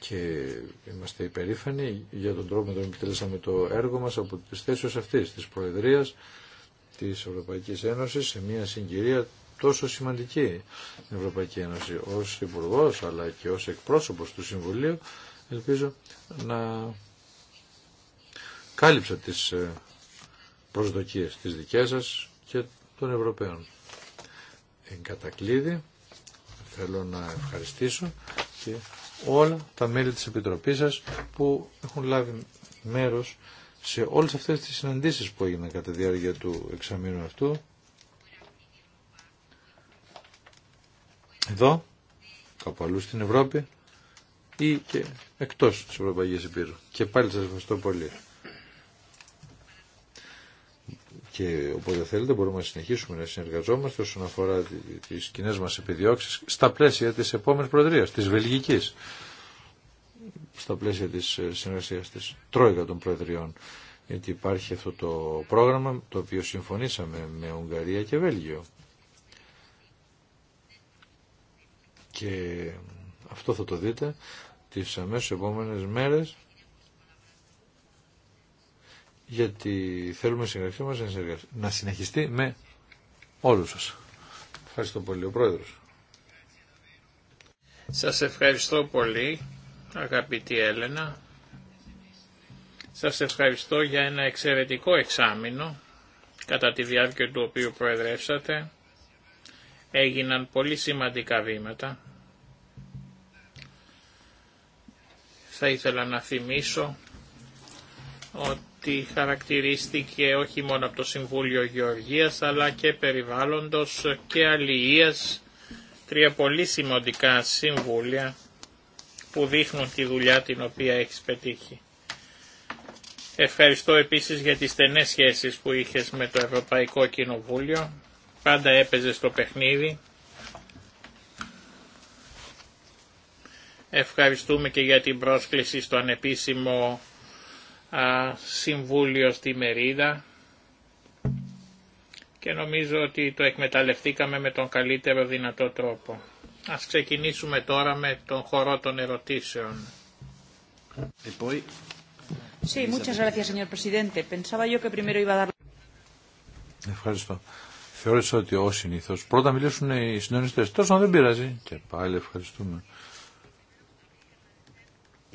και είμαστε υπερήφανοι για τον τρόπο με τον επιτέλεσαμε το έργο μας από τις θέσεις αυτής της Προεδρίας της Ευρωπαϊκής Ένωσης σε μια συγκυρία τόσο σημαντική στην Ευρωπαϊκή Ένωση ως υπουργό, αλλά και ως εκπρόσωπος του Συμβουλίου ελπίζω να κάλυψα τις ε, προσδοκίες της δικές σας και των Ευρωπαίων. Εν θέλω να ευχαριστήσω όλα τα μέλη της Επιτροπής σας που έχουν λάβει μέρος σε όλες αυτές τις συναντήσεις που έγιναν κατά τη διάρκεια του εξαμήνου αυτού. Εδώ, κάπου αλλού στην Ευρώπη ή και εκτός της Ευρωπαϊκής Επίρου. Και πάλι σας ευχαριστώ πολύ. Και οπότε θέλετε μπορούμε να συνεχίσουμε να συνεργαζόμαστε όσον αφορά τις κοινέ μας επιδιώξεις στα πλαίσια της επόμενης Προεδρίας, της Βελγικής, στα πλαίσια της ε, συνεργασίας της Τρόικα των Προεδριών. Γιατί υπάρχει αυτό το πρόγραμμα το οποίο συμφωνήσαμε με Ουγγαρία και Βέλγιο. Και αυτό θα το δείτε τις αμέσως επόμενες μέρες γιατί θέλουμε η συνεργασία μας να συνεχιστεί με όλους σας. Ευχαριστώ πολύ ο Πρόεδρος. Σας ευχαριστώ πολύ αγαπητή Έλενα. Σας ευχαριστώ για ένα εξαιρετικό εξάμεινο κατά τη διάρκεια του οποίου προεδρεύσατε. Έγιναν πολύ σημαντικά βήματα. Θα ήθελα να θυμίσω ότι ότι χαρακτηρίστηκε όχι μόνο από το Συμβούλιο Γεωργίας αλλά και περιβάλλοντος και αλληλείας τρία πολύ σημαντικά συμβούλια που δείχνουν τη δουλειά την οποία έχει πετύχει. Ευχαριστώ επίσης για τις στενές σχέσεις που είχες με το Ευρωπαϊκό Κοινοβούλιο. Πάντα έπαιζε στο παιχνίδι. Ευχαριστούμε και για την πρόσκληση στο ανεπίσημο α συμβούλιο στη Μερίδα και νομίζω ότι το εκμεταλλευτήκαμε με τον καλύτερο δυνατό τρόπο. Ας ξεκινήσουμε τώρα με τον χορό των ερωτήσεων. Ευχαριστώ. Θεώρησα ότι ω συνήθω πρώτα μιλήσουν οι συντονιστέ. Τόσο δεν πειράζει. Και πάλι ευχαριστούμε.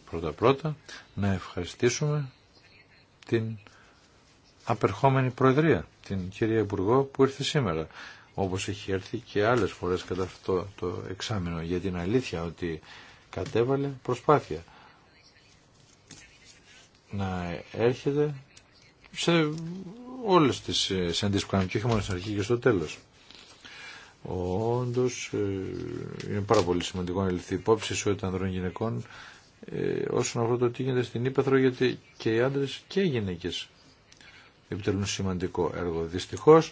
Πρώτα-πρώτα να ευχαριστήσουμε την απερχόμενη Προεδρία, την κυρία Υπουργό που ήρθε σήμερα, όπως έχει έρθει και άλλες φορές κατά αυτό το εξάμεινο, για την αλήθεια ότι κατέβαλε προσπάθεια να έρχεται σε όλες τις ε, συναντήσεις που κάνουμε και όχι μόνο στην αρχή και στο τέλος. όντως ε, είναι πάρα πολύ σημαντικό να ληφθεί υπόψη ισότητα ανδρών γυναικών ε, όσον αφορά το τι γίνεται στην Ήπεθρο γιατί και οι άντρε και οι γυναίκε επιτελούν σημαντικό έργο. Δυστυχώ.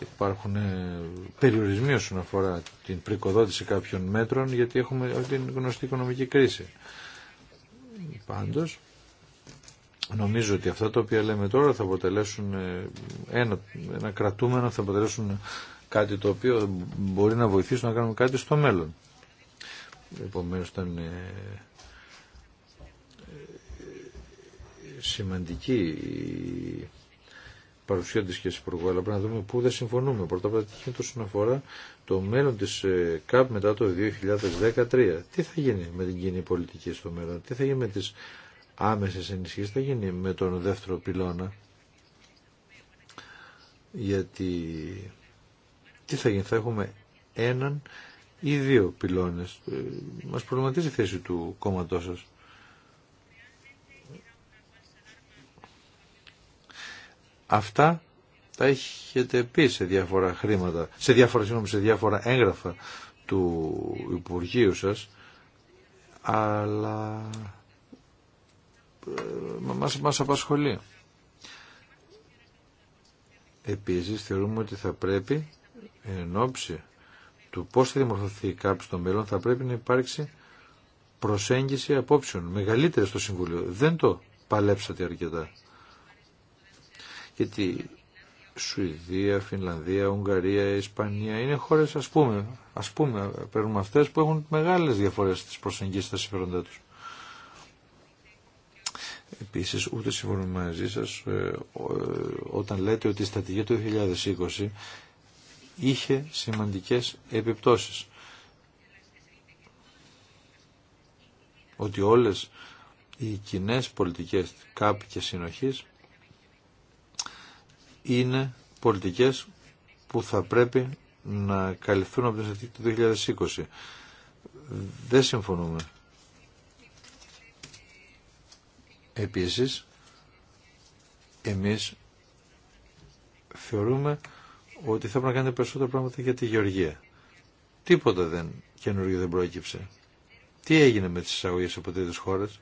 υπάρχουν ε, περιορισμοί όσον αφορά την πρικοδότηση κάποιων μέτρων γιατί έχουμε την γνωστή οικονομική κρίση. Πάντως νομίζω ότι αυτά τα οποία λέμε τώρα θα αποτελέσουν ε, ένα, ένα κρατούμενο, θα αποτελέσουν κάτι το οποίο μπορεί να βοηθήσουν να κάνουμε κάτι στο μέλλον. Επομένως ήταν σημαντική παρουσία της και Υπουργού, αλλά πρέπει να δούμε πού δεν συμφωνούμε. Πρώτα απ' όλα τι όσον αφορά το μέλλον της ε, ΚΑΠ μετά το 2013. Τι θα γίνει με την κοινή πολιτική στο μέλλον, τι θα γίνει με τις άμεσες ενισχύσεις, τι θα γίνει με τον δεύτερο πυλώνα. Γιατί τι θα γίνει, θα έχουμε έναν ή δύο πυλώνες. Ε, μας προβληματίζει η θέση του κόμματός σας. Αυτά τα έχετε πει σε διάφορα χρήματα, σε διάφορα, διάφορα έγγραφα του Υπουργείου σας, αλλά ε, μας, απασχολεί. Επίσης θεωρούμε ότι θα πρέπει εν ώψη του πώς θα δημορφωθεί κάποιος στο μέλλον θα πρέπει να υπάρξει προσέγγιση απόψεων μεγαλύτερη στο Συμβουλίο. Δεν το παλέψατε αρκετά γιατί Σουηδία, Φινλανδία, Ουγγαρία, Ισπανία είναι χώρες ας πούμε, ας πούμε παίρνουμε που έχουν μεγάλες διαφορές στις προσεγγίσει στα συμφέροντά του. Επίσης ούτε συμφωνούμε μαζί σας ε, ε, όταν λέτε ότι η στρατηγία του 2020 είχε σημαντικές επιπτώσεις. Ότι όλες οι κοινέ πολιτικές ΚΑΠ και συνοχής είναι πολιτικές που θα πρέπει να καλυφθούν από την αρχή του 2020. Δεν συμφωνούμε. Επίσης, εμείς θεωρούμε ότι θα πρέπει να κάνετε περισσότερα πράγματα για τη γεωργία. Τίποτα δεν καινούργιο δεν πρόκυψε. Τι έγινε με τις εισαγωγές από τρίτες χώρες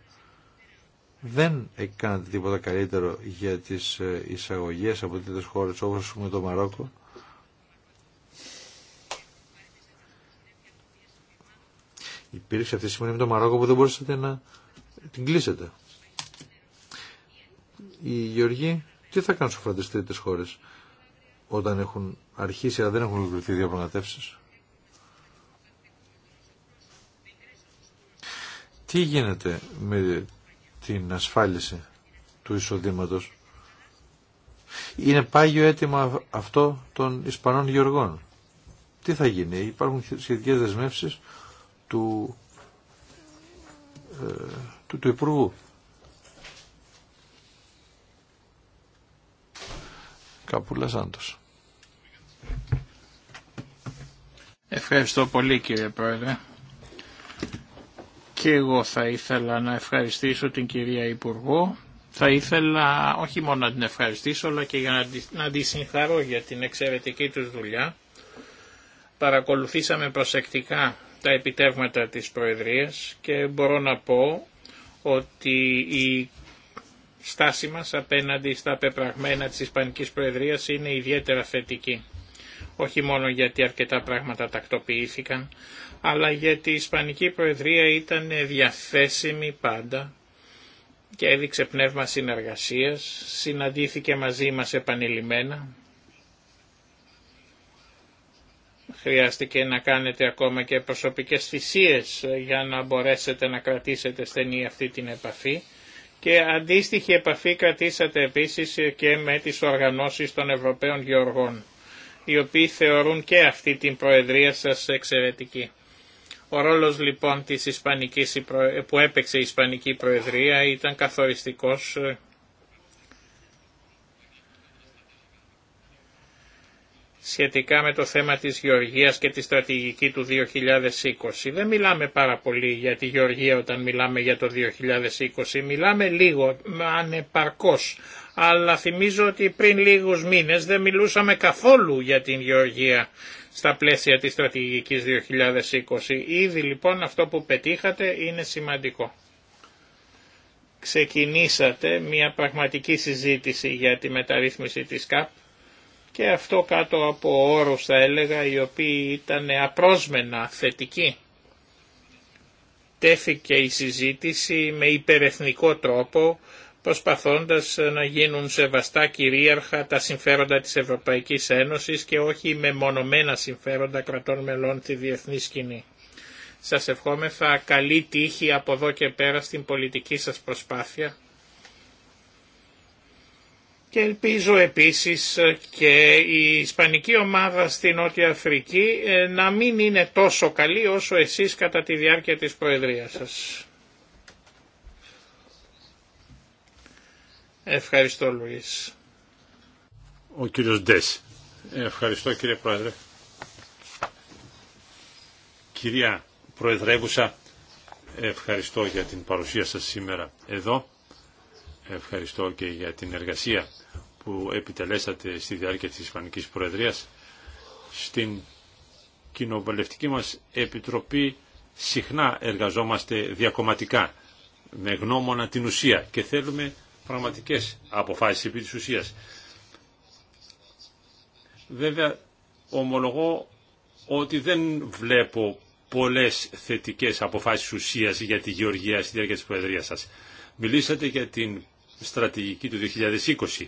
δεν έκανατε τίποτα καλύτερο για τις ε, εισαγωγές από τέτοιες χώρες όπως με το Μαρόκο. Υπήρξε αυτή η συμφωνία με το Μαρόκο που δεν μπορούσατε να την κλείσετε. Οι Γεωργοί τι θα κάνουν σε τις χώρες όταν έχουν αρχίσει αλλά δεν έχουν ολοκληρωθεί διαπραγματεύσεις. Τι γίνεται με την ασφάλιση του εισοδήματος. Είναι πάγιο αίτημα αυτό των Ισπανών γεωργών. Τι θα γίνει, υπάρχουν σχετικές δεσμεύσεις του, ε, του, του Υπουργού. Καπούλα Ευχαριστώ πολύ κύριε Πρόεδρε. Και εγώ θα ήθελα να ευχαριστήσω την κυρία Υπουργό. Θα ήθελα όχι μόνο να την ευχαριστήσω αλλά και για να τη συγχαρώ για την εξαιρετική τους δουλειά. Παρακολουθήσαμε προσεκτικά τα επιτεύγματα της Προεδρίας και μπορώ να πω ότι η στάση μας απέναντι στα πεπραγμένα της Ισπανικής Προεδρίας είναι ιδιαίτερα θετική. Όχι μόνο γιατί αρκετά πράγματα τακτοποιήθηκαν, αλλά γιατί η Ισπανική Προεδρία ήταν διαθέσιμη πάντα και έδειξε πνεύμα συνεργασίας, συναντήθηκε μαζί μας επανειλημμένα. Χρειάστηκε να κάνετε ακόμα και προσωπικές θυσίες για να μπορέσετε να κρατήσετε στενή αυτή την επαφή και αντίστοιχη επαφή κρατήσατε επίσης και με τις οργανώσεις των Ευρωπαίων Γεωργών οι οποίοι θεωρούν και αυτή την Προεδρία σας εξαιρετική. Ο ρόλος λοιπόν της Ισπανικής, που έπαιξε η Ισπανική Προεδρία ήταν καθοριστικός ε, σχετικά με το θέμα της γεωργίας και τη στρατηγική του 2020. Δεν μιλάμε πάρα πολύ για τη γεωργία όταν μιλάμε για το 2020. Μιλάμε λίγο, ανεπαρκώς. Αλλά θυμίζω ότι πριν λίγους μήνες δεν μιλούσαμε καθόλου για την γεωργία στα πλαίσια της στρατηγικής 2020. Ήδη λοιπόν αυτό που πετύχατε είναι σημαντικό. Ξεκινήσατε μια πραγματική συζήτηση για τη μεταρρύθμιση της ΚΑΠ και αυτό κάτω από όρους θα έλεγα οι οποίοι ήταν απρόσμενα θετικοί. Τέθηκε η συζήτηση με υπερεθνικό τρόπο προσπαθώντας να γίνουν σεβαστά κυρίαρχα τα συμφέροντα της Ευρωπαϊκής Ένωσης και όχι με μονομένα συμφέροντα κρατών μελών τη διεθνή σκηνή. Σας ευχόμεθα καλή τύχη από εδώ και πέρα στην πολιτική σας προσπάθεια και ελπίζω επίσης και η Ισπανική ομάδα στην Νότια Αφρική ε, να μην είναι τόσο καλή όσο εσείς κατά τη διάρκεια της Προεδρίας σας. Ευχαριστώ Λουίς. Ο κύριος Ντες. Ευχαριστώ κύριε Πρόεδρε. Κυρία Προεδρεύουσα, ευχαριστώ για την παρουσία σας σήμερα εδώ. Ευχαριστώ και για την εργασία που επιτελέσατε στη διάρκεια της Ισπανικής Προεδρίας στην κοινοβουλευτική μας επιτροπή συχνά εργαζόμαστε διακομματικά με γνώμονα την ουσία και θέλουμε πραγματικές αποφάσεις επί της ουσίας. Βέβαια ομολογώ ότι δεν βλέπω πολλές θετικές αποφάσεις ουσίας για τη γεωργία στη διάρκεια της Προεδρίας σας. Μιλήσατε για την στρατηγική του 2020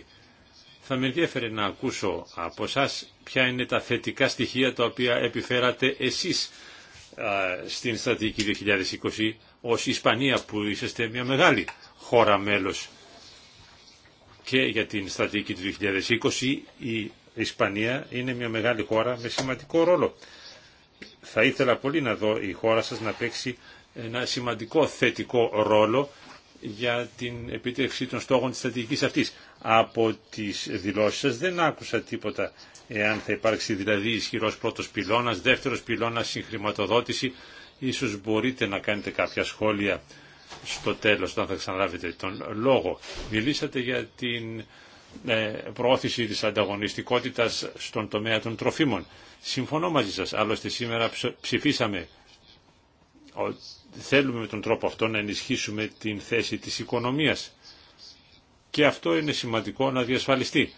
θα με ενδιέφερε να ακούσω από εσά ποια είναι τα θετικά στοιχεία τα οποία επιφέρατε εσείς στην στρατηγική 2020 ως Ισπανία που είσαστε μια μεγάλη χώρα μέλος και για την στρατηγική του 2020 η Ισπανία είναι μια μεγάλη χώρα με σημαντικό ρόλο. Θα ήθελα πολύ να δω η χώρα σας να παίξει ένα σημαντικό θετικό ρόλο για την επίτευξη των στόχων της στρατηγικής αυτής. Από τις δηλώσεις σας δεν άκουσα τίποτα εάν θα υπάρξει δηλαδή ισχυρός πρώτος πυλώνας, δεύτερος πυλώνας, συγχρηματοδότηση. Ίσως μπορείτε να κάνετε κάποια σχόλια στο τέλος όταν θα ξαναλάβετε τον λόγο. Μιλήσατε για την ε, προώθηση της ανταγωνιστικότητας στον τομέα των τροφίμων. Συμφωνώ μαζί σας. Άλλωστε σήμερα ψηφίσαμε θέλουμε με τον τρόπο αυτό να ενισχύσουμε την θέση της οικονομίας. Και αυτό είναι σημαντικό να διασφαλιστεί.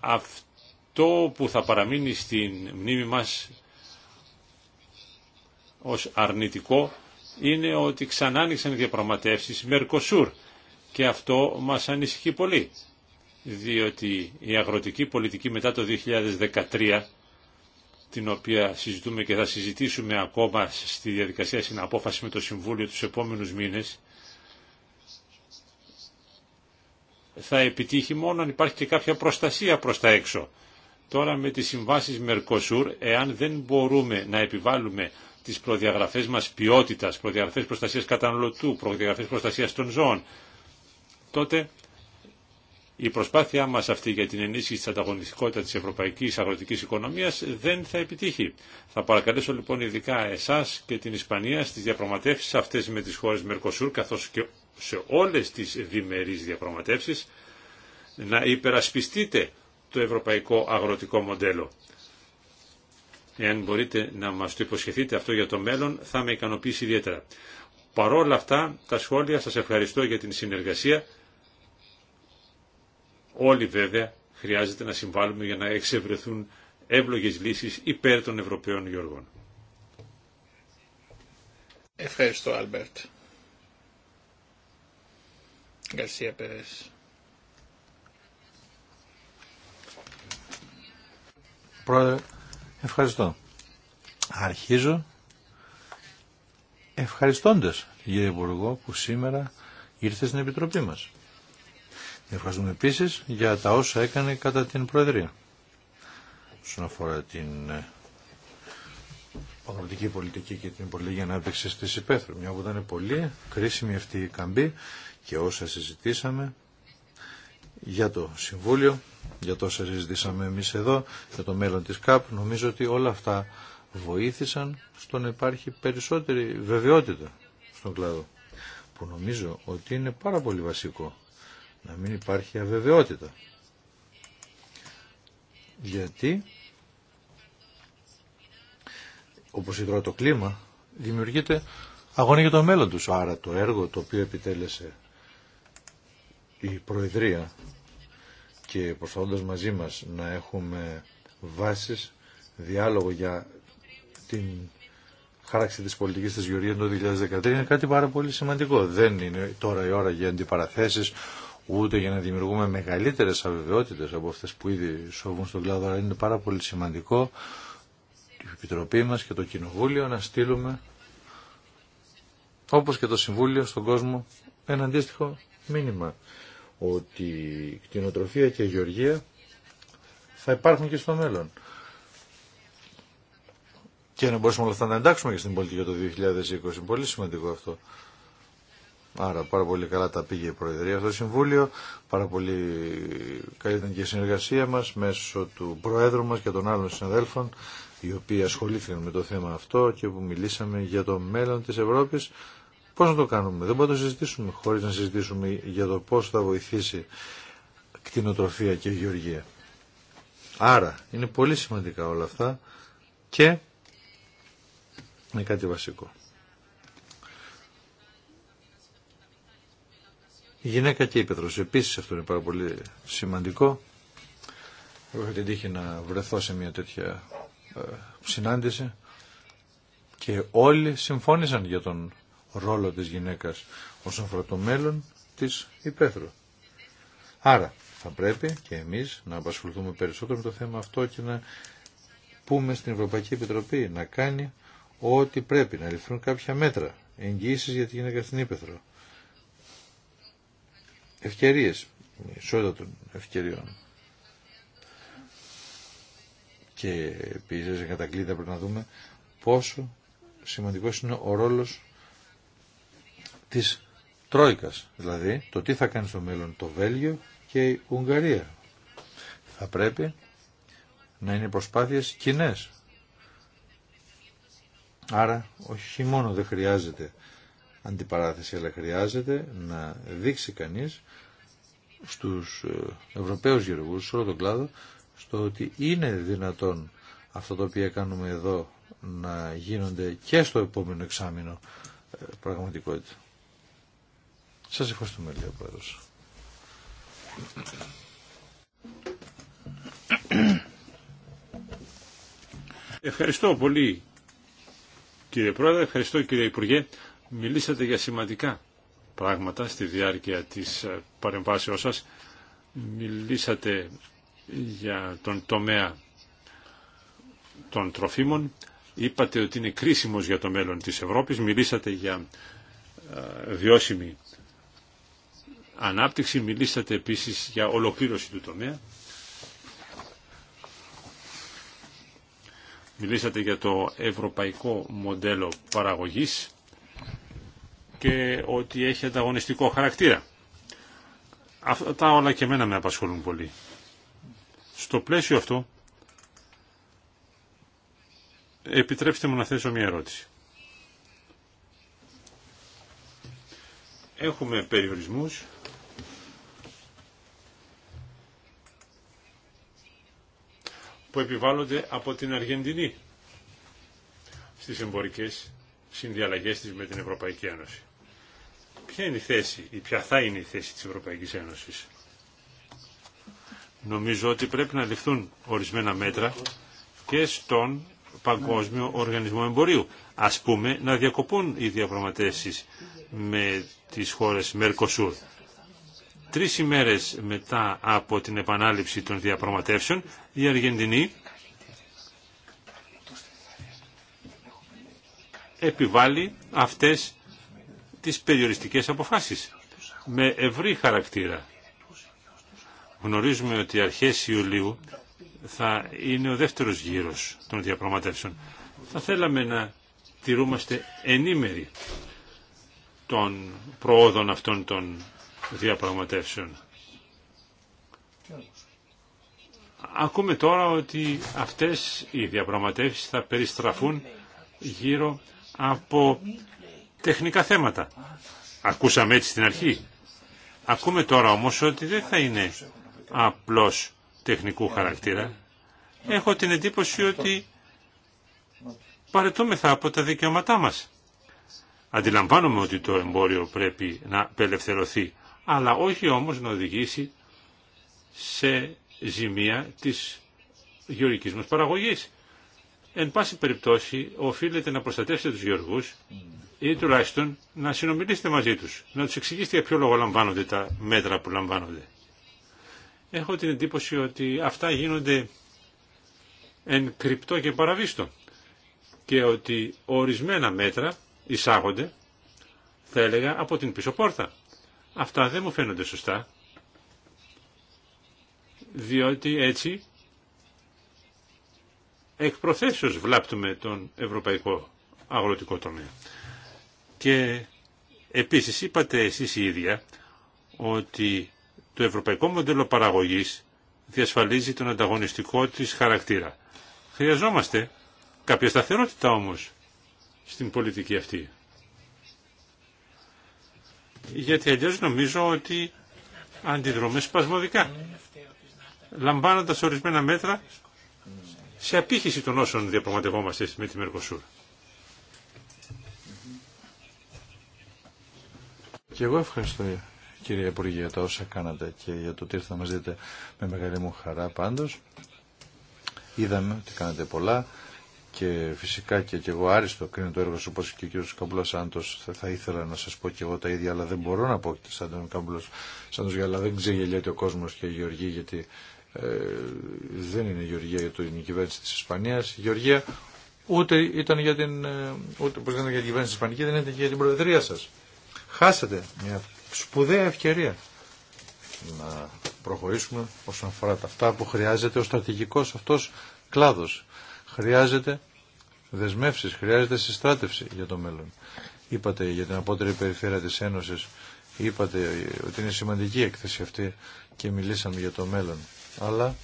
Αυτό που θα παραμείνει στην μνήμη μας ως αρνητικό είναι ότι ξανά άνοιξαν οι διαπραγματεύσεις Μερκοσούρ και αυτό μας ανησυχεί πολύ διότι η αγροτική πολιτική μετά το 2013 την οποία συζητούμε και θα συζητήσουμε ακόμα στη διαδικασία συναπόφαση με το Συμβούλιο τους επόμενους μήνες, θα επιτύχει μόνο αν υπάρχει και κάποια προστασία προς τα έξω. Τώρα με τις συμβάσεις Mercosur, εάν δεν μπορούμε να επιβάλλουμε τις προδιαγραφές μας ποιότητας, προδιαγραφές προστασίας καταναλωτού, προδιαγραφές προστασίας των ζώων, τότε η προσπάθειά μας αυτή για την ενίσχυση της ανταγωνιστικότητας της ευρωπαϊκής αγροτικής οικονομίας δεν θα επιτύχει. Θα παρακαλέσω λοιπόν ειδικά εσάς και την Ισπανία στις διαπραγματεύσει αυτές με τις χώρες Μερκοσούρ καθώς και σε όλες τις διμερείς διαπραγματεύσει, να υπερασπιστείτε το ευρωπαϊκό αγροτικό μοντέλο. Εάν μπορείτε να μας το υποσχεθείτε αυτό για το μέλλον θα με ικανοποιήσει ιδιαίτερα. Παρόλα αυτά τα σχόλια σας ευχαριστώ για την συνεργασία Όλοι βέβαια χρειάζεται να συμβάλλουμε για να εξευρεθούν εύλογες λύσεις υπέρ των Ευρωπαίων Γεωργών. Ευχαριστώ, Άλμπερτ. Γκαρσία Περές. Πρόεδρε, ευχαριστώ. Αρχίζω ευχαριστώντας, κύριε Υπουργό, που σήμερα ήρθε στην Επιτροπή μας. Ευχαριστούμε επίση για τα όσα έκανε κατά την Προεδρία. Όσον αφορά την ε, παγωτική πολιτική και την πολιτική ανάπτυξη τη υπαίθρου. Μια που ήταν πολύ κρίσιμη αυτή η καμπή και όσα συζητήσαμε για το Συμβούλιο, για το όσα συζητήσαμε εμεί εδώ, για το μέλλον της ΚΑΠ, νομίζω ότι όλα αυτά βοήθησαν στο να υπάρχει περισσότερη βεβαιότητα στον κλάδο, που νομίζω ότι είναι πάρα πολύ βασικό να μην υπάρχει αβεβαιότητα. Γιατί, όπως υδρώ το κλίμα, δημιουργείται αγώνια για το μέλλον τους. Άρα το έργο το οποίο επιτέλεσε η Προεδρία και προσπαθώντας μαζί μας να έχουμε βάσεις, διάλογο για την χάραξη της πολιτικής της Γεωργίας το 2013 είναι κάτι πάρα πολύ σημαντικό. Δεν είναι τώρα η ώρα για αντιπαραθέσεις, ούτε για να δημιουργούμε μεγαλύτερες αβεβαιότητες από αυτές που ήδη σοβούν στον κλάδο, είναι πάρα πολύ σημαντικό η Επιτροπή μας και το Κοινοβούλιο να στείλουμε, όπως και το Συμβούλιο στον κόσμο, ένα αντίστοιχο μήνυμα ότι η κτηνοτροφία και η γεωργία θα υπάρχουν και στο μέλλον. Και να μπορέσουμε όλα αυτά να εντάξουμε και στην πολιτική για το 2020. Πολύ σημαντικό αυτό. Άρα πάρα πολύ καλά τα πήγε η Προεδρία στο Συμβούλιο, πάρα πολύ καλή ήταν και η συνεργασία μας μέσω του Προέδρου μας και των άλλων συναδέλφων οι οποίοι ασχολήθηκαν με το θέμα αυτό και που μιλήσαμε για το μέλλον της Ευρώπης. Πώς να το κάνουμε, δεν μπορούμε να το συζητήσουμε χωρίς να συζητήσουμε για το πώς θα βοηθήσει κτηνοτροφία και γεωργία. Άρα είναι πολύ σημαντικά όλα αυτά και είναι κάτι βασικό. Η γυναίκα και η πέτρος. Επίσης αυτό είναι πάρα πολύ σημαντικό. Εγώ είχα την τύχη να βρεθώ σε μια τέτοια ε, συνάντηση και όλοι συμφώνησαν για τον ρόλο της γυναίκας όσον αφορά το μέλλον της υπαίθρου. Άρα θα πρέπει και εμείς να απασχοληθούμε περισσότερο με το θέμα αυτό και να πούμε στην Ευρωπαϊκή Επιτροπή να κάνει ό,τι πρέπει, να ληφθούν κάποια μέτρα, εγγύησεις για τη γυναίκα στην Ήπεθρο ευκαιρίες, ισότητα των ευκαιριών. Και επίση κατά κατακλείδα πρέπει να δούμε πόσο σημαντικός είναι ο ρόλος της Τρόικας, δηλαδή το τι θα κάνει στο μέλλον το Βέλγιο και η Ουγγαρία. Θα πρέπει να είναι προσπάθειες κοινέ. Άρα όχι μόνο δεν χρειάζεται αντιπαράθεση, αλλά χρειάζεται να δείξει κανείς στους ε, Ευρωπαίους γεωργούς, σε όλο τον κλάδο, στο ότι είναι δυνατόν αυτό το οποίο κάνουμε εδώ να γίνονται και στο επόμενο εξάμεινο ε, πραγματικότητα. Σας ευχαριστούμε, λίγο Ευχαριστώ πολύ κύριε Πρόεδρε, ευχαριστώ κύριε Υπουργέ. Μιλήσατε για σημαντικά πράγματα στη διάρκεια της ε, παρεμβάσεώς σας. Μιλήσατε για τον τομέα των τροφίμων, είπατε ότι είναι κρίσιμος για το μέλλον της Ευρώπης, μιλήσατε για ε, βιώσιμη ανάπτυξη, μιλήσατε επίσης για ολοκλήρωση του τομέα. Μιλήσατε για το ευρωπαϊκό μοντέλο παραγωγής και ότι έχει ανταγωνιστικό χαρακτήρα. Αυτά όλα και εμένα με απασχολούν πολύ. Στο πλαίσιο αυτό, επιτρέψτε μου να θέσω μια ερώτηση. Έχουμε περιορισμούς. που επιβάλλονται από την Αργεντινή στις εμπορικές συνδιαλλαγές της με την Ευρωπαϊκή Ένωση ποια είναι η θέση ή ποια θα είναι η θέση της Ευρωπαϊκής Ένωσης. Νομίζω ότι πρέπει να ληφθούν ορισμένα μέτρα και στον Παγκόσμιο Οργανισμό Εμπορίου. Ας πούμε να διακοπούν οι διαπραγματεύσεις με τις χώρες Μερκοσούρ. Τρεις ημέρες μετά από την επανάληψη των διαπραγματεύσεων, η Αργεντινή επιβάλλει αυτές τις περιοριστικές αποφάσεις με ευρύ χαρακτήρα. Γνωρίζουμε ότι αρχές Ιουλίου θα είναι ο δεύτερος γύρος των διαπραγματεύσεων. Θα θέλαμε να τηρούμαστε ενήμεροι των προόδων αυτών των διαπραγματεύσεων. Ακούμε τώρα ότι αυτές οι διαπραγματεύσεις θα περιστραφούν γύρω από τεχνικά θέματα. Ακούσαμε έτσι στην αρχή. Ακούμε τώρα όμως ότι δεν θα είναι απλώς τεχνικού χαρακτήρα. Έχω την εντύπωση ότι παρετούμεθα από τα δικαιώματά μας. Αντιλαμβάνομαι ότι το εμπόριο πρέπει να απελευθερωθεί, αλλά όχι όμως να οδηγήσει σε ζημία της γεωρικής μας παραγωγής. Εν πάση περιπτώσει, οφείλετε να προστατεύσετε τους γεωργούς ή τουλάχιστον να συνομιλήσετε μαζί τους, να τους εξηγήσετε για ποιο λόγο λαμβάνονται τα μέτρα που λαμβάνονται. Έχω την εντύπωση ότι αυτά γίνονται εν κρυπτό και παραβίστο και ότι ορισμένα μέτρα εισάγονται, θα έλεγα, από την πίσω πόρτα. Αυτά δεν μου φαίνονται σωστά, διότι έτσι εκ προθέσεως βλάπτουμε τον ευρωπαϊκό αγροτικό τομέα. Και επίσης είπατε εσείς η ίδια ότι το ευρωπαϊκό μοντέλο παραγωγής διασφαλίζει τον ανταγωνιστικό της χαρακτήρα. Χρειαζόμαστε κάποια σταθερότητα όμως στην πολιτική αυτή. Γιατί αλλιώς νομίζω ότι αντιδρούμε σπασμωδικά. Λαμβάνοντας ορισμένα μέτρα σε απήχηση των όσων διαπραγματευόμαστε με τη Μερκοσούρ. Και εγώ ευχαριστώ κύριε Υπουργέ για τα όσα κάνατε και για το τι ήρθατε να μας δείτε με μεγάλη μου χαρά πάντως. Είδαμε ότι κάνατε πολλά και φυσικά και, και εγώ άριστο κρίνω το έργο σου όπως και ο κύριος Καμπούλας Σάντος θα, ήθελα να σας πω και εγώ τα ίδια αλλά δεν μπορώ να πω και σαν τον Καμπούλας Σάντος αλλά δεν ξεγελιέται ο κόσμος και η Γεωργή γιατί ε, δεν είναι η Γεωργία για την κυβέρνηση της Ισπανίας. Η Γεωργία ούτε ήταν για την, ε, ούτε, πώς ήταν για την κυβέρνηση της Ισπανικής, δεν ήταν για την προεδρία σας. Χάσατε μια σπουδαία ευκαιρία να προχωρήσουμε όσον αφορά τα αυτά που χρειάζεται ο στρατηγικός αυτός κλάδος. Χρειάζεται δεσμεύσεις, χρειάζεται συστράτευση για το μέλλον. Είπατε για την απότερη περιφέρεια της Ένωσης, είπατε ότι είναι σημαντική η έκθεση αυτή και μιλήσαμε για το μέλλον αλλά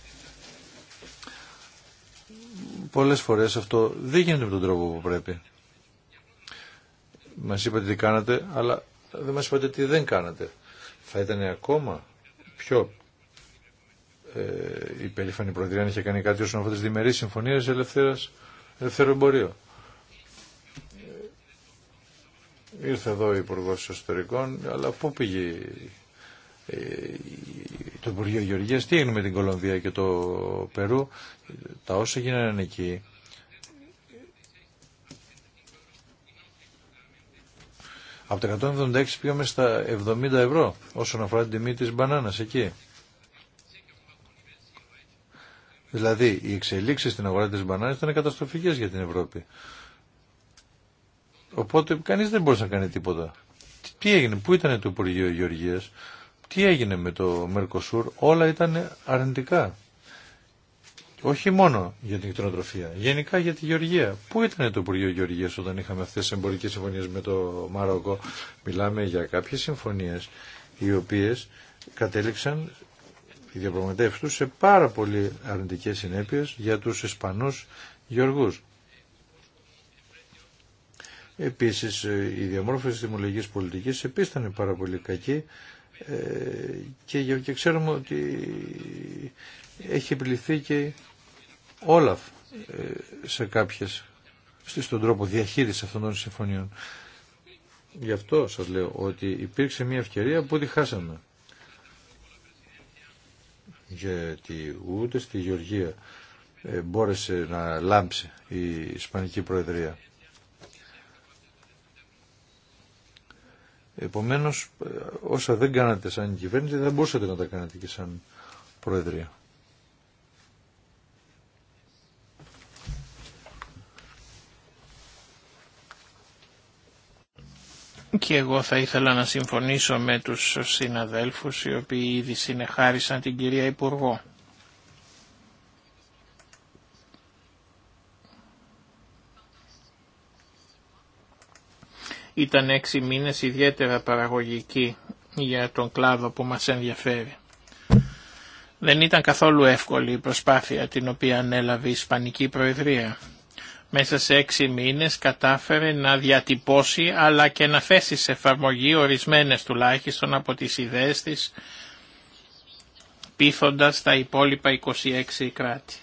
πολλές φορές αυτό δεν γίνεται με τον τρόπο που πρέπει. Μας είπατε τι κάνατε, αλλά δεν μας είπατε τι δεν κάνατε. Θα ήταν ακόμα πιο ε, υπερήφανη Προεδρία αν είχε κάνει κάτι όσον αφορά τις διμερείς συμφωνίες ελευθέρας, ελευθερό εμπορίο. Ε, ήρθε εδώ ο Υπουργό Εσωτερικών, αλλά πού πήγε ε, το Υπουργείο Γεωργία, τι έγινε με την Κολομβία και το Περού, τα όσα γίνανε εκεί. Από τα 176 πήγαμε στα 70 ευρώ όσον αφορά την τιμή της μπανάνας εκεί. Δηλαδή οι εξελίξεις στην αγορά της μπανάνας ήταν καταστροφικές για την Ευρώπη. Οπότε κανείς δεν μπορούσε να κάνει τίποτα. Τι έγινε, πού ήταν το Υπουργείο Γεωργίας, τι έγινε με το Μερκοσούρ, όλα ήταν αρνητικά. Όχι μόνο για την κτηνοτροφία, γενικά για τη Γεωργία. Πού ήταν το Υπουργείο Γεωργία όταν είχαμε αυτέ τι εμπορικέ συμφωνίε με το Μαρόκο. Μιλάμε για κάποιε συμφωνίε οι οποίε κατέληξαν οι διαπραγματεύσει του σε πάρα πολύ αρνητικέ συνέπειε για του Ισπανού Γεωργού. Επίση, η διαμόρφωση τη τιμολογική πολιτική επίση ήταν πάρα πολύ κακή ε, και, και ξέρουμε ότι έχει επιληθεί και Όλαφ ε, σε κάποιες στον τρόπο διαχείρισης αυτών των συμφωνιών. Γι' αυτό σας λέω ότι υπήρξε μια ευκαιρία που τη χάσαμε. Γιατί ούτε στη Γεωργία ε, μπόρεσε να λάμψει η Ισπανική Προεδρία. Επομένως, ε, όσα δεν κάνατε σαν κυβέρνηση, δεν μπορούσατε να τα κάνετε και σαν Προεδρία. Και εγώ θα ήθελα να συμφωνήσω με τους συναδέλφους οι οποίοι ήδη συνεχάρισαν την κυρία Υπουργό. Ήταν έξι μήνες ιδιαίτερα παραγωγική για τον κλάδο που μας ενδιαφέρει. Δεν ήταν καθόλου εύκολη η προσπάθεια την οποία ανέλαβε η Ισπανική Προεδρία. Μέσα σε έξι μήνες κατάφερε να διατυπώσει αλλά και να θέσει σε εφαρμογή ορισμένες τουλάχιστον από τις ιδέες της πείθοντας τα υπόλοιπα 26 κράτη.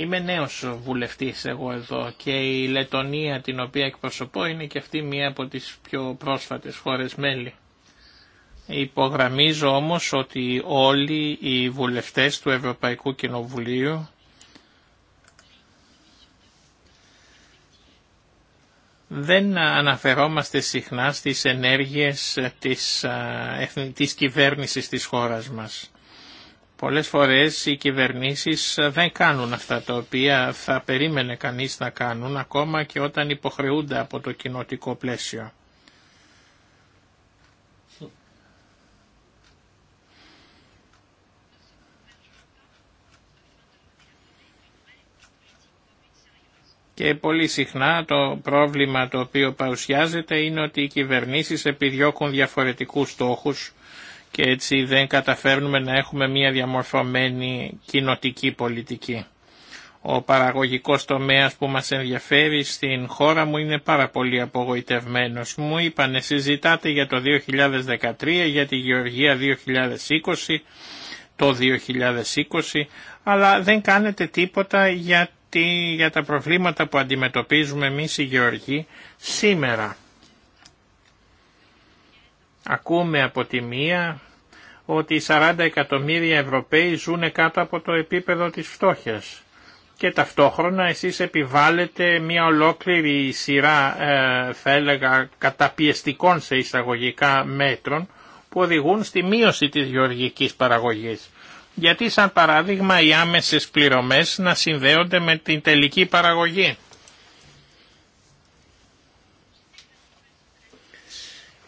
Είμαι νέος βουλευτής εγώ εδώ και η Λετωνία την οποία εκπροσωπώ είναι και αυτή μία από τις πιο πρόσφατες χώρες μέλη. Υπογραμμίζω όμως ότι όλοι οι βουλευτές του Ευρωπαϊκού Κοινοβουλίου δεν αναφερόμαστε συχνά στις ενέργειες της, ε, της κυβέρνησης της χώρας μας. Πολλές φορές οι κυβερνήσεις δεν κάνουν αυτά τα οποία θα περίμενε κανείς να κάνουν ακόμα και όταν υποχρεούνται από το κοινοτικό πλαίσιο. Και πολύ συχνά το πρόβλημα το οποίο παρουσιάζεται είναι ότι οι κυβερνήσεις επιδιώκουν διαφορετικούς στόχους και έτσι δεν καταφέρνουμε να έχουμε μια διαμορφωμένη κοινοτική πολιτική. Ο παραγωγικός τομέας που μας ενδιαφέρει στην χώρα μου είναι πάρα πολύ απογοητευμένος. Μου είπανε συζητάτε για το 2013, για τη Γεωργία 2020, το 2020, αλλά δεν κάνετε τίποτα για, για τα προβλήματα που αντιμετωπίζουμε εμείς οι Γεωργοί σήμερα. Ακούμε από τη μία ότι 40 εκατομμύρια Ευρωπαίοι ζουν κάτω από το επίπεδο της φτώχειας και ταυτόχρονα εσείς επιβάλλετε μια ολόκληρη σειρά, ε, θα έλεγα, καταπιεστικών σε εισαγωγικά μέτρων που οδηγούν στη μείωση της γεωργικής παραγωγής. Γιατί σαν παράδειγμα οι άμεσες πληρωμές να συνδέονται με την τελική παραγωγή.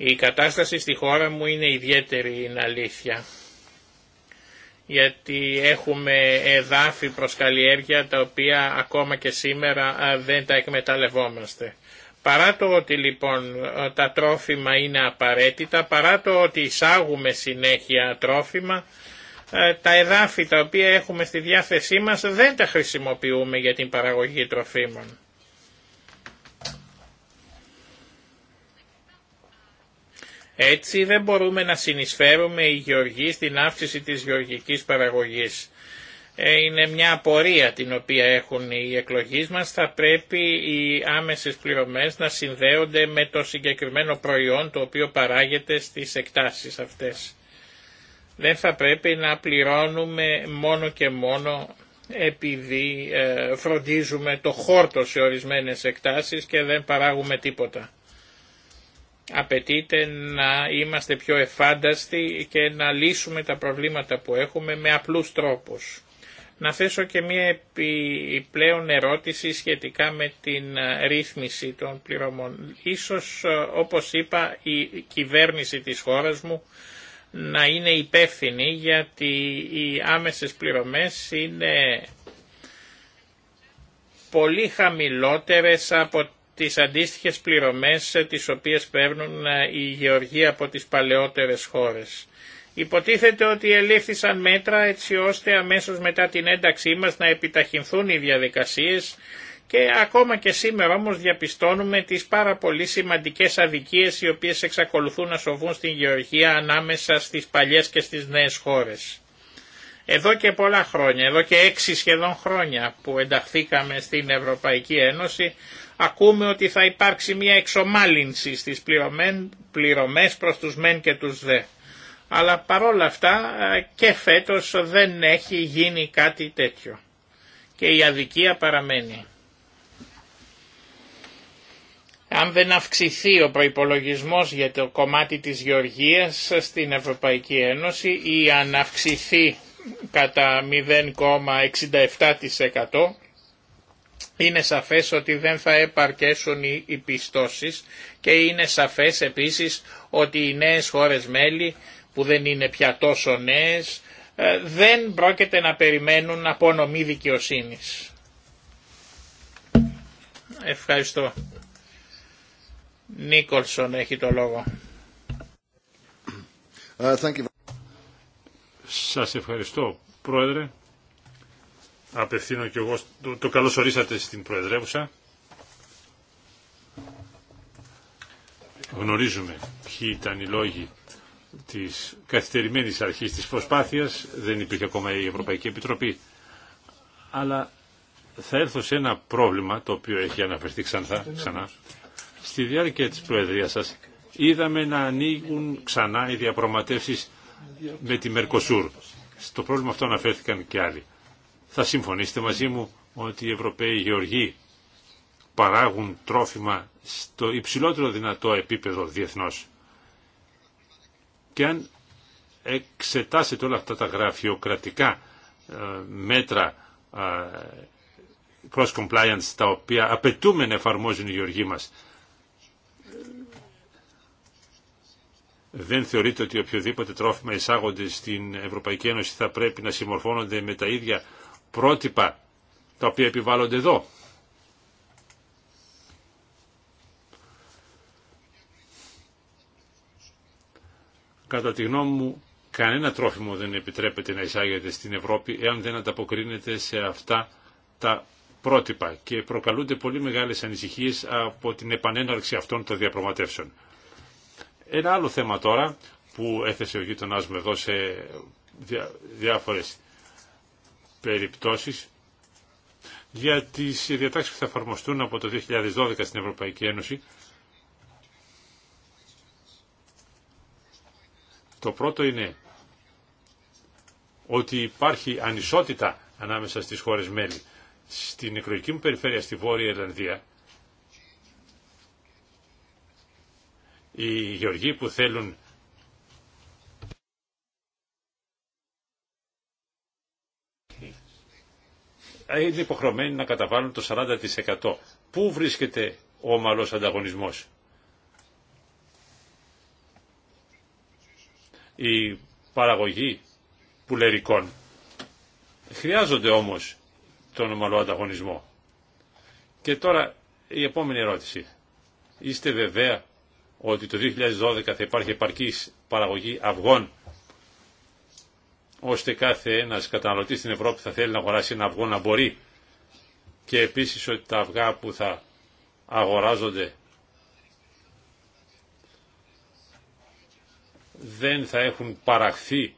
Η κατάσταση στη χώρα μου είναι ιδιαίτερη είναι αλήθεια. Γιατί έχουμε εδάφη προς καλλιέργεια τα οποία ακόμα και σήμερα δεν τα εκμεταλλευόμαστε. Παρά το ότι λοιπόν τα τρόφιμα είναι απαραίτητα, παρά το ότι εισάγουμε συνέχεια τρόφιμα, τα εδάφη τα οποία έχουμε στη διάθεσή μας δεν τα χρησιμοποιούμε για την παραγωγή τροφίμων. Έτσι δεν μπορούμε να συνεισφέρουμε οι γεωργοί στην αύξηση της γεωργικής παραγωγής. Ε, είναι μια απορία την οποία έχουν οι εκλογείς μας. Θα πρέπει οι άμεσες πληρωμές να συνδέονται με το συγκεκριμένο προϊόν το οποίο παράγεται στις εκτάσεις αυτές. Δεν θα πρέπει να πληρώνουμε μόνο και μόνο επειδή ε, φροντίζουμε το χόρτο σε ορισμένες εκτάσεις και δεν παράγουμε τίποτα απαιτείται να είμαστε πιο εφάνταστοι και να λύσουμε τα προβλήματα που έχουμε με απλούς τρόπους. Να θέσω και μία επιπλέον ερώτηση σχετικά με την ε, ρύθμιση των πληρωμών. Ίσως, ε, όπως είπα, η κυβέρνηση της χώρας μου να είναι υπεύθυνη γιατί οι άμεσες πληρωμές είναι πολύ χαμηλότερες από τις αντίστοιχες πληρωμές ε, τις οποίες παίρνουν ε, οι γεωργοί από τις παλαιότερες χώρες. Υποτίθεται ότι ελήφθησαν μέτρα έτσι ώστε αμέσως μετά την ένταξή μας να επιταχυνθούν οι διαδικασίες και ακόμα και σήμερα όμως διαπιστώνουμε τις πάρα πολύ σημαντικές αδικίες οι οποίες εξακολουθούν να σοβούν στην γεωργία ανάμεσα στις παλιές και στις νέες χώρες. Εδώ και πολλά χρόνια, εδώ και έξι σχεδόν χρόνια που ενταχθήκαμε στην Ευρωπαϊκή Ένωση, ακούμε ότι θα υπάρξει μια εξομάλυνση στις πληρωμές προς τους μεν και τους δε. Αλλά παρόλα αυτά ε, και φέτος δεν έχει γίνει κάτι τέτοιο και η αδικία παραμένει. Αν δεν αυξηθεί ο προϋπολογισμός για το κομμάτι της γεωργίας στην Ευρωπαϊκή Ένωση ή αν αυξηθεί κατά 0,67% είναι σαφές ότι δεν θα επαρκέσουν οι πιστώσεις και είναι σαφές επίσης ότι οι νέες χώρες μέλη που δεν είναι πια τόσο νέες ε, δεν πρόκειται να περιμένουν απονομή δικαιοσύνης. Ευχαριστώ. Νίκολσον έχει το λόγο. Uh, thank Σας ευχαριστώ, Πρόεδρε απευθύνω και εγώ, το, το καλώς ορίσατε στην Προεδρεύουσα. Γνωρίζουμε ποιοι ήταν οι λόγοι της καθυτερημένης αρχής της προσπάθειας, δεν υπήρχε ακόμα η Ευρωπαϊκή Επιτροπή, αλλά θα έρθω σε ένα πρόβλημα το οποίο έχει αναφερθεί ξανά. Στη διάρκεια της Προεδρίας σας είδαμε να ανοίγουν ξανά οι διαπραγματεύσεις με τη Μερκοσούρ. Στο πρόβλημα αυτό αναφέρθηκαν και άλλοι. Θα συμφωνήσετε μαζί μου ότι οι Ευρωπαίοι γεωργοί παράγουν τρόφιμα στο υψηλότερο δυνατό επίπεδο διεθνώς. Και αν εξετάσετε όλα αυτά τα γραφειοκρατικά ε, μέτρα ε, cross compliance τα οποία απαιτούμε να εφαρμόζουν οι γεωργοί μας. Δεν θεωρείτε ότι οποιοδήποτε τρόφιμα εισάγονται στην Ευρωπαϊκή Ένωση θα πρέπει να συμμορφώνονται με τα ίδια πρότυπα τα οποία επιβάλλονται εδώ. Κατά τη γνώμη μου, κανένα τρόφιμο δεν επιτρέπεται να εισάγεται στην Ευρώπη εάν δεν ανταποκρίνεται σε αυτά τα πρότυπα και προκαλούνται πολύ μεγάλες ανησυχίες από την επανέναρξη αυτών των διαπραγματεύσεων. Ένα άλλο θέμα τώρα που έθεσε ο γείτονά μου εδώ σε διάφορες περιπτώσεις για τις διατάξεις που θα εφαρμοστούν από το 2012 στην Ευρωπαϊκή Ένωση. Το πρώτο είναι ότι υπάρχει ανισότητα ανάμεσα στις χώρες μέλη. Στην εκλογική μου περιφέρεια στη Βόρεια Ιρλανδία οι γεωργοί που θέλουν είναι υποχρεωμένοι να καταβάλουν το 40%. Πού βρίσκεται ο ομαλός ανταγωνισμός. Η παραγωγή πουλερικών χρειάζονται όμως τον ομαλό ανταγωνισμό. Και τώρα η επόμενη ερώτηση. Είστε βεβαία ότι το 2012 θα υπάρχει επαρκής παραγωγή αυγών ώστε κάθε ένας καταναλωτής στην Ευρώπη θα θέλει να αγοράσει ένα αυγό να μπορεί και επίσης ότι τα αυγά που θα αγοράζονται δεν θα έχουν παραχθεί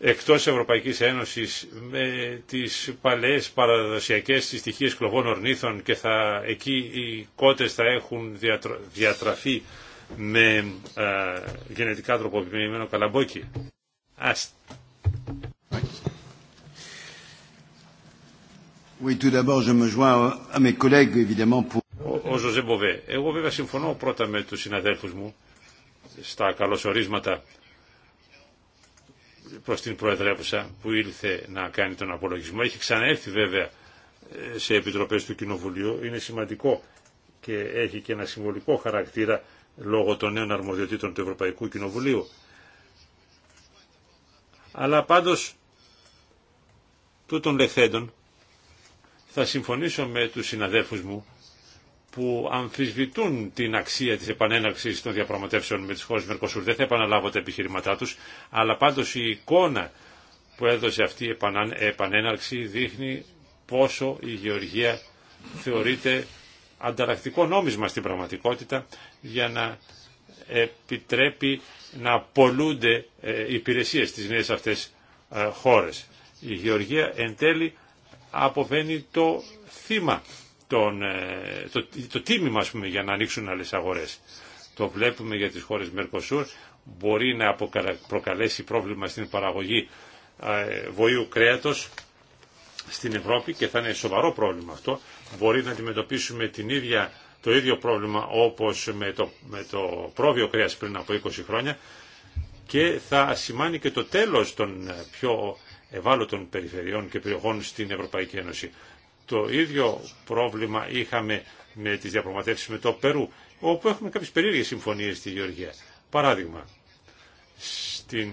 εκτός Ευρωπαϊκής Ένωσης με τις παλαιές παραδοσιακές συστοιχίες κλοβών ορνήθων και θα, εκεί οι κότες θα έχουν διατραφεί με ε, γενετικά τροποποιημένο καλαμπόκι. Ο Ζωζέ εγώ βέβαια συμφωνώ πρώτα με τους συναδέλφους μου στα καλωσορίσματα προς την Προεδρεύουσα που ήλθε να κάνει τον απολογισμό. Έχει ξαναέρθει βέβαια σε επιτροπές του Κοινοβουλίου. Είναι σημαντικό και έχει και ένα συμβολικό χαρακτήρα λόγω των νέων αρμοδιοτήτων του Ευρωπαϊκού Κοινοβουλίου. Αλλά πάντως τούτων λεχθέντων θα συμφωνήσω με τους συναδέλφους μου που αμφισβητούν την αξία της επανέναρξης των διαπραγματεύσεων με τις χώρες Μερκοσούρ. Δεν θα επαναλάβω τα επιχειρηματά τους, αλλά πάντως η εικόνα που έδωσε αυτή η επανέναρξη δείχνει πόσο η Γεωργία θεωρείται ανταλλακτικό νόμισμα στην πραγματικότητα για να επιτρέπει να πολλούνται ε, υπηρεσίες στις νέες αυτές ε, χώρες. Η Γεωργία εν τέλει αποβαίνει το θύμα, τον, ε, το, το τίμημα πούμε, για να ανοίξουν άλλες αγορές. Το βλέπουμε για τις χώρες Μερκοσούρ, μπορεί να προκαλέσει πρόβλημα στην παραγωγή βοήου κρέατος στην Ευρώπη και θα είναι σοβαρό πρόβλημα αυτό. Μπορεί να αντιμετωπίσουμε την ίδια το ίδιο πρόβλημα όπως με το, με το πρόβιο κρέας πριν από 20 χρόνια και θα σημάνει και το τέλος των πιο ευάλωτων περιφερειών και περιοχών στην Ευρωπαϊκή Ένωση. Το ίδιο πρόβλημα είχαμε με τις διαπραγματεύσεις με το Περού, όπου έχουμε κάποιες περίεργες συμφωνίες στη Γεωργία. Παράδειγμα, στην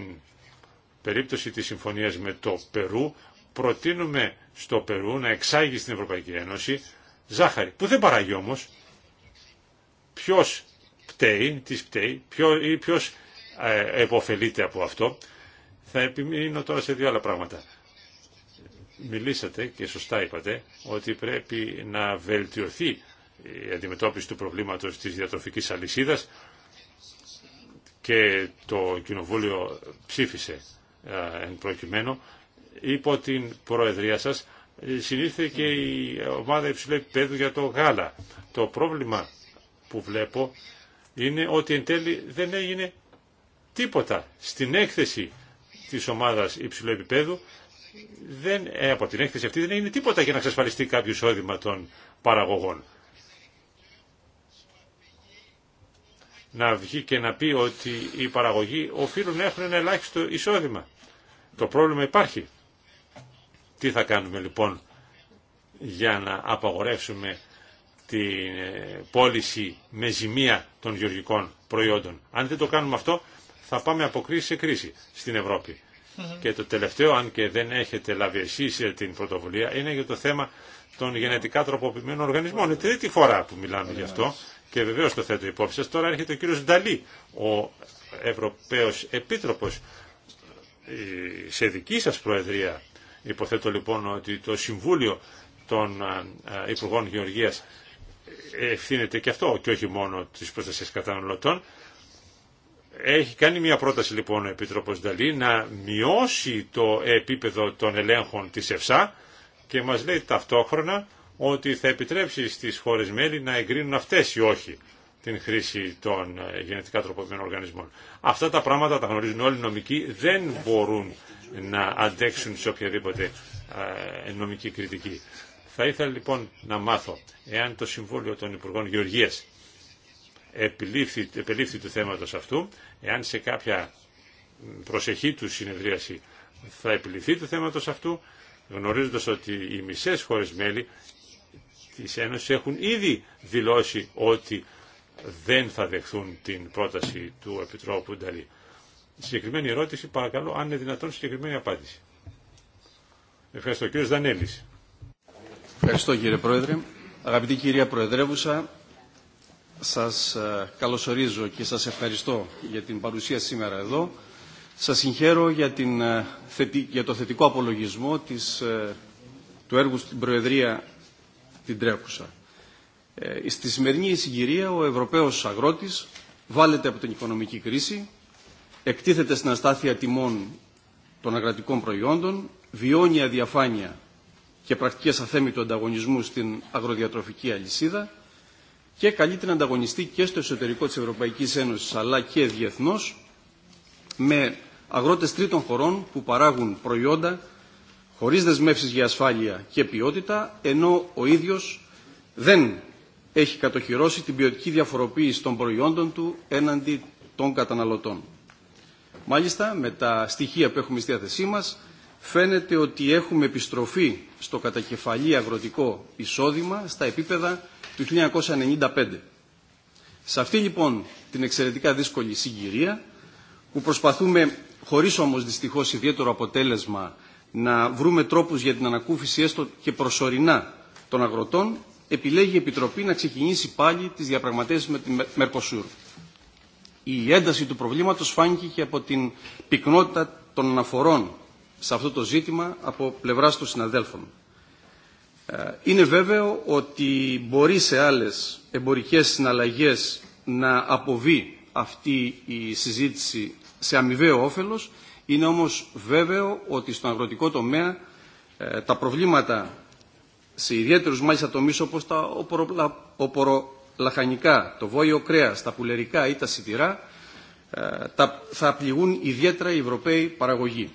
περίπτωση της συμφωνίας με το Περού, προτείνουμε στο Περού να εξάγει στην Ευρωπαϊκή Ένωση ζάχαρη, που δεν παράγει όμως, ποιος πταίει, τις πταίει ή ποιος ε, από αυτό. Θα επιμείνω τώρα σε δύο άλλα πράγματα. Μιλήσατε και σωστά είπατε ότι πρέπει να βελτιωθεί η αντιμετώπιση του προβλήματος της διατροφικής αλυσίδας και το Κοινοβούλιο ψήφισε ε, εν προκειμένου υπό την Προεδρία σας Συνήθω και η ομάδα υψηλού επίπεδου για το γάλα. Το πρόβλημα που βλέπω είναι ότι εν τέλει δεν έγινε τίποτα. Στην έκθεση της ομάδας υψηλού επίπεδου, δεν, ε, από την έκθεση αυτή δεν έγινε τίποτα για να εξασφαλιστεί κάποιο εισόδημα των παραγωγών. Να βγει και να πει ότι οι παραγωγοί οφείλουν να έχουν ένα ελάχιστο εισόδημα. Το πρόβλημα υπάρχει. Τι θα κάνουμε λοιπόν για να απαγορεύσουμε την ε, πώληση με ζημία των γεωργικών προϊόντων. Αν δεν το κάνουμε αυτό, θα πάμε από κρίση σε κρίση στην Ευρώπη. Και το τελευταίο, αν και δεν έχετε λάβει εσεί ε, την πρωτοβουλία, είναι για το θέμα των γενετικά τροποποιημένων οργανισμών. Είναι τρίτη φορά που μιλάμε γι' αυτό και βεβαίω το θέτω υπόψη σα. Τώρα έρχεται ο κύριο Νταλή, ο Ευρωπαίο Επίτροπο. Ε, σε δική σα Προεδρία, υποθέτω λοιπόν ότι το Συμβούλιο των Υπουργών Γεωργίας ευθύνεται και αυτό και όχι μόνο της προστασία καταναλωτών. Έχει κάνει μια πρόταση λοιπόν ο Επίτροπος Νταλή να μειώσει το επίπεδο των ελέγχων της ΕΦΣΑ και μας λέει ταυτόχρονα ότι θα επιτρέψει στις χώρες μέλη να εγκρίνουν αυτές ή όχι την χρήση των ε, γενετικά τροποποιημένων οργανισμών. Αυτά τα πράγματα τα γνωρίζουν όλοι οι νομικοί, δεν μπορούν να αντέξουν σε οποιαδήποτε ε, νομική κριτική. Θα ήθελα λοιπόν να μάθω εάν το Συμβούλιο των Υπουργών Γεωργίας επιλήφθη, του θέματος αυτού, εάν σε κάποια προσεχή του συνεδρίαση θα επιληφθεί του θέματος αυτού, γνωρίζοντας ότι οι μισές χώρες μέλη της Ένωσης έχουν ήδη δηλώσει ότι δεν θα δεχθούν την πρόταση του Επιτρόπου Νταλή. Συγκεκριμένη ερώτηση, παρακαλώ, αν είναι δυνατόν συγκεκριμένη απάντηση. Ευχαριστώ. Κύριος Δανέλης. Ευχαριστώ κύριε Πρόεδρε. Αγαπητή κυρία Προεδρεύουσα, σας ε, καλωσορίζω και σας ευχαριστώ για την παρουσία σήμερα εδώ. Σας συγχαίρω για, ε, το θετικό απολογισμό της, ε, του έργου στην Προεδρία την τρέχουσα. Στη σημερινή συγκυρία ο Ευρωπαίος αγρότης βάλεται από την οικονομική κρίση, εκτίθεται στην αστάθεια τιμών των αγρατικών προϊόντων, βιώνει αδιαφάνεια και πρακτικές του ανταγωνισμού στην αγροδιατροφική αλυσίδα και καλεί την ανταγωνιστή και στο εσωτερικό της Ευρωπαϊκής Ένωσης αλλά και διεθνώς με αγρότες τρίτων χωρών που παράγουν προϊόντα χωρίς δεσμεύσεις για ασφάλεια και ποιότητα ενώ ο ίδιος δεν έχει κατοχυρώσει την ποιοτική διαφοροποίηση των προϊόντων του έναντι των καταναλωτών. Μάλιστα, με τα στοιχεία που έχουμε στη διάθεσή μας, φαίνεται ότι έχουμε επιστροφή στο κατακεφαλή αγροτικό εισόδημα στα επίπεδα του 1995. Σε αυτή λοιπόν την εξαιρετικά δύσκολη συγκυρία που προσπαθούμε χωρίς όμως δυστυχώς ιδιαίτερο αποτέλεσμα να βρούμε τρόπους για την ανακούφιση έστω και προσωρινά των αγροτών επιλέγει η Επιτροπή να ξεκινήσει πάλι τις διαπραγματεύσεις με την Μερκοσούρ. Η ένταση του προβλήματος φάνηκε και από την πυκνότητα των αναφορών σε αυτό το ζήτημα από πλευράς των συναδέλφων. Ε, είναι βέβαιο ότι μπορεί σε άλλες εμπορικές συναλλαγές να αποβεί αυτή η συζήτηση σε αμοιβαίο όφελος. Είναι όμως βέβαιο ότι στον αγροτικό τομέα ε, τα προβλήματα σε ιδιαίτερους μάλιστα τομείς όπως τα οπορολαχανικά, το βόλιο κρέας, τα πουλερικά ή τα σιτηρά ε, θα πληγούν ιδιαίτερα οι Ευρωπαίοι παραγωγοί.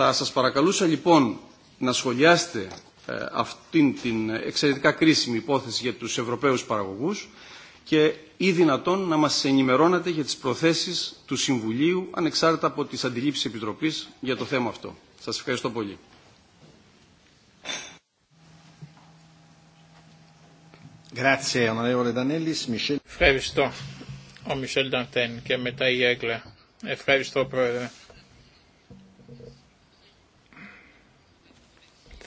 Θα σας παρακαλούσα λοιπόν να σχολιάσετε ε, αυτήν την εξαιρετικά κρίσιμη υπόθεση για τους Ευρωπαίους παραγωγούς και ή δυνατόν να μας ενημερώνατε για τις προθέσεις του Συμβουλίου ανεξάρτητα από τις αντιλήψεις Επιτροπής για το θέμα αυτό. Σας ευχαριστώ πολύ. Ευχαριστώ ο Μισελ Νταντέν και μετά η Έγκλα. Ευχαριστώ Πρόεδρε.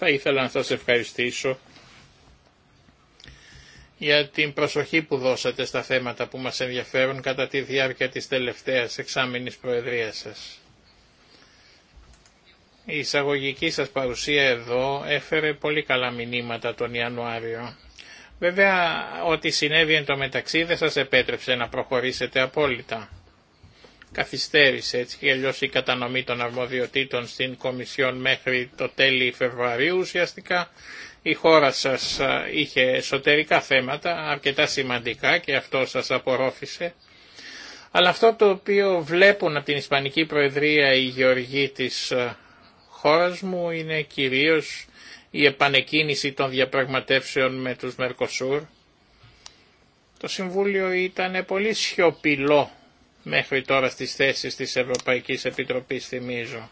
θα ήθελα να σας ευχαριστήσω για την προσοχή που δώσατε στα θέματα που μας ενδιαφέρουν κατά τη διάρκεια της τελευταίας εξάμηνης προεδρίας σας. Η εισαγωγική σας παρουσία εδώ έφερε πολύ καλά μηνύματα τον Ιανουάριο. Βέβαια, ό,τι συνέβη εν τω μεταξύ δεν σας επέτρεψε να προχωρήσετε απόλυτα καθυστέρησε έτσι και αλλιώς η κατανομή των αρμοδιοτήτων στην Κομισιόν μέχρι το τέλη Φεβρουαρίου ουσιαστικά η χώρα σας είχε εσωτερικά θέματα αρκετά σημαντικά και αυτό σας απορρόφησε. Αλλά αυτό το οποίο βλέπουν από την Ισπανική Προεδρία οι γεωργοί της χώρας μου είναι κυρίως η επανεκκίνηση των διαπραγματεύσεων με τους Μερκοσούρ. Το Συμβούλιο ήταν πολύ σιωπηλό μέχρι τώρα στις θέσεις της Ευρωπαϊκής Επιτροπής θυμίζω.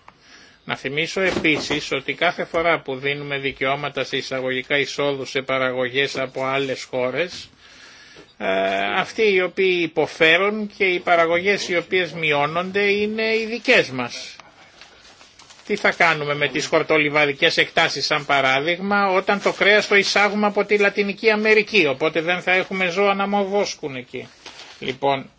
Να θυμίσω επίσης ότι κάθε φορά που δίνουμε δικαιώματα σε εισαγωγικά εισόδου σε παραγωγές από άλλες χώρες, ε, αυτοί οι οποίοι υποφέρουν και οι παραγωγές οι οποίες μειώνονται είναι οι δικές μας. Τι θα κάνουμε με τις χορτολιβαδικές εκτάσεις σαν παράδειγμα όταν το κρέας το εισάγουμε από τη Λατινική Αμερική οπότε δεν θα έχουμε ζώα να μοβόσκουν εκεί. Λοιπόν,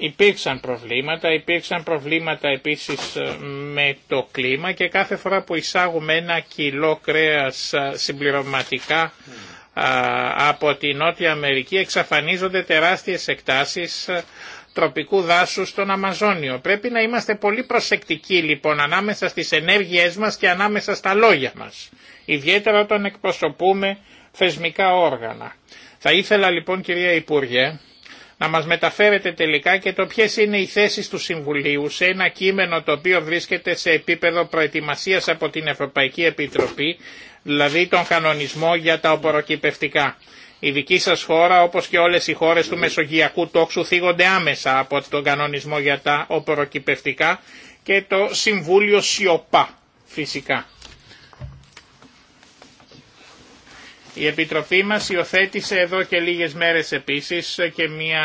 Υπήρξαν προβλήματα, υπήρξαν προβλήματα επίσης ε, με το κλίμα και κάθε φορά που εισάγουμε ένα κιλό κρέας ε, συμπληρωματικά ε, από τη Νότια Αμερική εξαφανίζονται τεράστιες εκτάσεις τροπικού δάσου στον Αμαζόνιο. Πρέπει να είμαστε πολύ προσεκτικοί λοιπόν ανάμεσα στις ενέργειές μας και ανάμεσα στα λόγια μας. Ιδιαίτερα όταν εκπροσωπούμε θεσμικά όργανα. Θα ήθελα λοιπόν κυρία Υπουργέ να μας μεταφέρετε τελικά και το ποιες είναι οι θέσεις του Συμβουλίου σε ένα κείμενο το οποίο βρίσκεται σε επίπεδο προετοιμασίας από την Ευρωπαϊκή Επιτροπή, δηλαδή τον κανονισμό για τα οποροκυπευτικά. Η δική σας χώρα όπως και όλες οι χώρες του Μεσογειακού τόξου θίγονται άμεσα από τον κανονισμό για τα οποροκυπευτικά και το Συμβούλιο σιωπά φυσικά. Η Επιτροπή μας υιοθέτησε εδώ και λίγες μέρες επίσης και μια,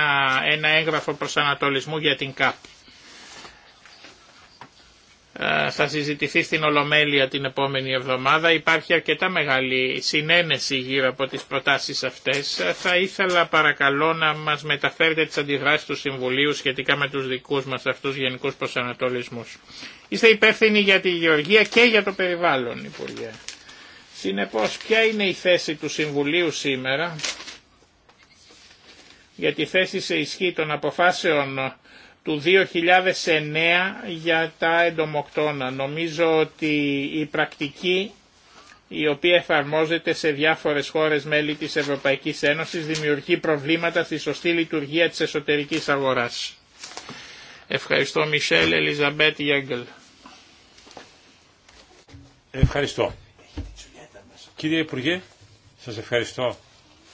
ένα έγγραφο προσανατολισμού για την ΚΑΠ. Ε, θα συζητηθεί στην Ολομέλεια την επόμενη εβδομάδα. Υπάρχει αρκετά μεγάλη συνένεση γύρω από τις προτάσεις αυτές. Θα ήθελα παρακαλώ να μας μεταφέρετε τις αντιδράσεις του Συμβουλίου σχετικά με τους δικούς μας αυτούς γενικούς προσανατολισμούς. Είστε υπεύθυνοι για τη γεωργία και για το περιβάλλον, Υπουργέ. Συνεπώς, ποια είναι η θέση του Συμβουλίου σήμερα για τη θέση σε ισχύ των αποφάσεων του 2009 για τα εντομοκτώνα. Νομίζω ότι η πρακτική η οποία εφαρμόζεται σε διάφορες χώρες μέλη της Ευρωπαϊκής Ένωσης δημιουργεί προβλήματα στη σωστή λειτουργία της εσωτερικής αγοράς. Ευχαριστώ Μισελ Ελιζαμπέτ Ιέγκλ. Ευχαριστώ. Κύριε Υπουργέ, σας ευχαριστώ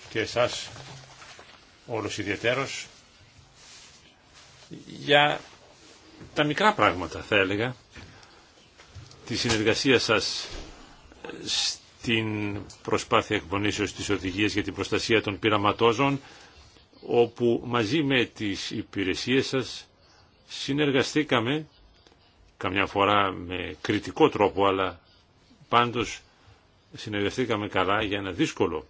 και εσάς όλους ιδιαίτερος για τα μικρά πράγματα θα έλεγα τη συνεργασία σας στην προσπάθεια εκπονήσεως της οδηγίας για την προστασία των πειραματόζων όπου μαζί με τις υπηρεσίες σας συνεργαστήκαμε καμιά φορά με κριτικό τρόπο αλλά πάντως συνεργαστήκαμε καλά για ένα δύσκολο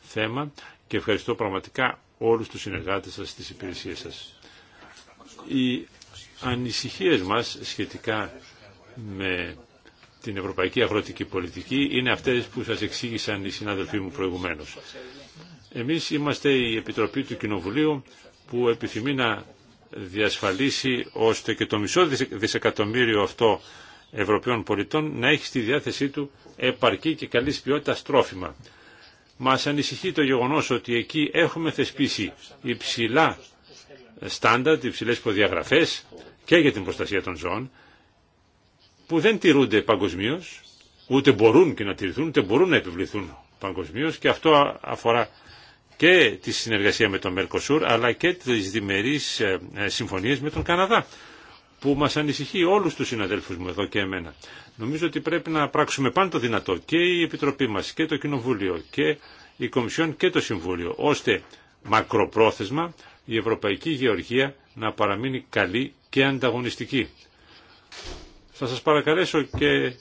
θέμα και ευχαριστώ πραγματικά όλους τους συνεργάτες σας στις υπηρεσίες σας. Οι ανησυχίες μας σχετικά με την ευρωπαϊκή αγροτική πολιτική είναι αυτές που σας εξήγησαν οι συνάδελφοί μου προηγουμένως. Εμείς είμαστε η Επιτροπή του Κοινοβουλίου που επιθυμεί να διασφαλίσει ώστε και το μισό δισεκατομμύριο αυτό Ευρωπαίων πολιτών να έχει στη διάθεσή του επαρκή και καλής ποιότητας τρόφιμα. Μας ανησυχεί το γεγονός ότι εκεί έχουμε θεσπίσει υψηλά στάνταρτ, υψηλές προδιαγραφές και για την προστασία των ζώων, που δεν τηρούνται παγκοσμίω, ούτε μπορούν και να τηρηθούν, ούτε μπορούν να επιβληθούν παγκοσμίω και αυτό αφορά και τη συνεργασία με τον Μερκοσούρ αλλά και τις διμερείς ε, ε, συμφωνίες με τον Καναδά που μας ανησυχεί όλους τους συναδέλφους μου εδώ και εμένα. Νομίζω ότι πρέπει να πράξουμε πάντα δυνατό και η Επιτροπή μας και το Κοινοβούλιο και η Κομισιόν και το Συμβούλιο, ώστε μακροπρόθεσμα η Ευρωπαϊκή Γεωργία να παραμείνει καλή και ανταγωνιστική. Θα σας παρακαλέσω και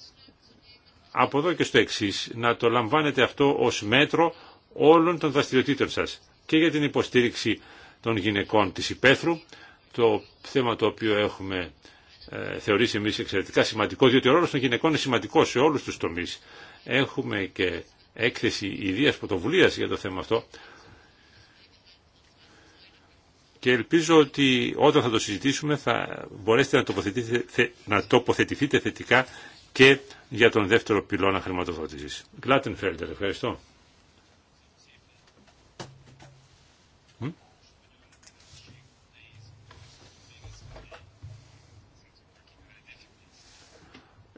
από εδώ και στο εξή να το λαμβάνετε αυτό ως μέτρο όλων των δραστηριοτήτων σας και για την υποστήριξη των γυναικών της υπαίθρου το θέμα το οποίο έχουμε ε, θεωρήσει εμείς εξαιρετικά σημαντικό, διότι ο ρόλος των γυναικών είναι σημαντικός σε όλους τους τομείς. Έχουμε και έκθεση ιδίας πρωτοβουλία για το θέμα αυτό και ελπίζω ότι όταν θα το συζητήσουμε θα μπορέσετε να τοποθετηθείτε, να θετικά και για τον δεύτερο πυλώνα χρηματοδότησης. Γκλάτενφέλντερ, ευχαριστώ.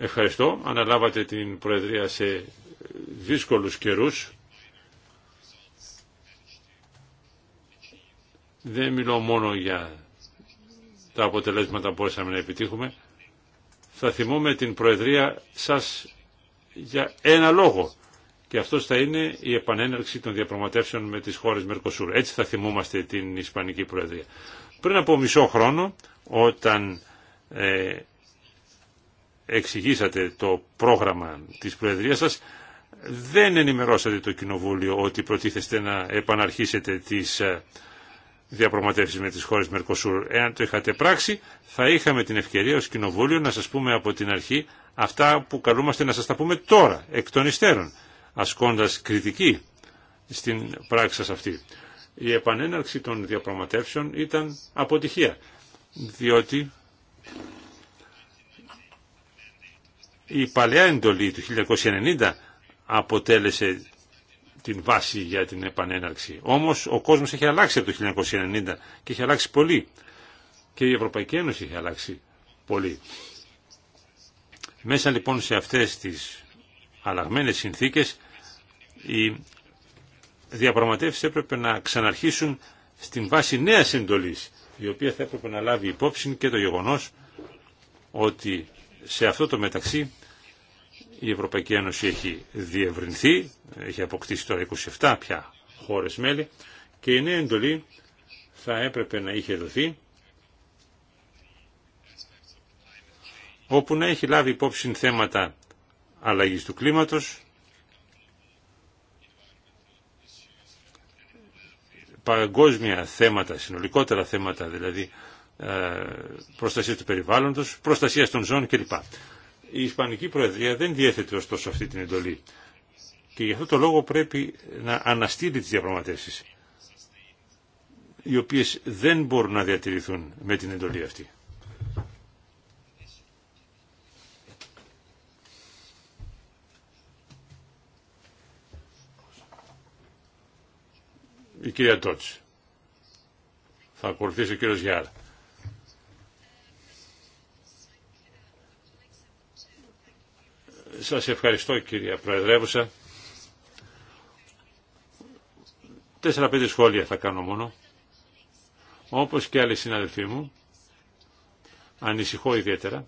Ευχαριστώ. Αναλάβατε την Προεδρία σε δύσκολους καιρούς. Δεν μιλώ μόνο για τα αποτελέσματα που μπορούσαμε να επιτύχουμε. Θα θυμούμε την Προεδρία σας για ένα λόγο. Και αυτό θα είναι η επανέναρξη των διαπραγματεύσεων με τις χώρες Μερκοσούρ. Έτσι θα θυμόμαστε την Ισπανική Προεδρία. Πριν από μισό χρόνο, όταν ε, εξηγήσατε το πρόγραμμα της Προεδρίας σας, δεν ενημερώσατε το Κοινοβούλιο ότι προτίθεστε να επαναρχίσετε τις ε, διαπραγματεύσεις με τις χώρες Μερκοσούρ. Εάν το είχατε πράξει, θα είχαμε την ευκαιρία ως Κοινοβούλιο να σας πούμε από την αρχή αυτά που καλούμαστε να σας τα πούμε τώρα, εκ των υστέρων, ασκώντας κριτική στην πράξη σας αυτή. Η επανέναρξη των διαπραγματεύσεων ήταν αποτυχία, διότι η παλαιά εντολή του 1990 αποτέλεσε την βάση για την επανέναρξη. Όμως ο κόσμος έχει αλλάξει από το 1990 και έχει αλλάξει πολύ. Και η Ευρωπαϊκή Ένωση έχει αλλάξει πολύ. Μέσα λοιπόν σε αυτές τις αλλαγμένες συνθήκες οι διαπραγματεύσεις έπρεπε να ξαναρχίσουν στην βάση νέας εντολής η οποία θα έπρεπε να λάβει υπόψη και το γεγονός ότι σε αυτό το μεταξύ η Ευρωπαϊκή Ένωση έχει διευρυνθεί, έχει αποκτήσει τώρα 27 πια χώρες μέλη και η νέα εντολή θα έπρεπε να είχε δοθεί όπου να έχει λάβει υπόψη θέματα αλλαγής του κλίματος, παγκόσμια θέματα, συνολικότερα θέματα δηλαδή ε, προστασία του περιβάλλοντος, προστασία των ζώων κλπ η Ισπανική Προεδρία δεν διέθετε ωστόσο αυτή την εντολή και γι' αυτό το λόγο πρέπει να αναστείλει τις διαπραγματεύσεις οι οποίες δεν μπορούν να διατηρηθούν με την εντολή αυτή. Η κυρία Τότς. Θα ακολουθήσει ο κύριος Γιάρα. Σας ευχαριστώ κυρία Προεδρεύουσα. Τέσσερα-πέντε σχόλια θα κάνω μόνο. Όπως και άλλοι συναδελφοί μου, ανησυχώ ιδιαίτερα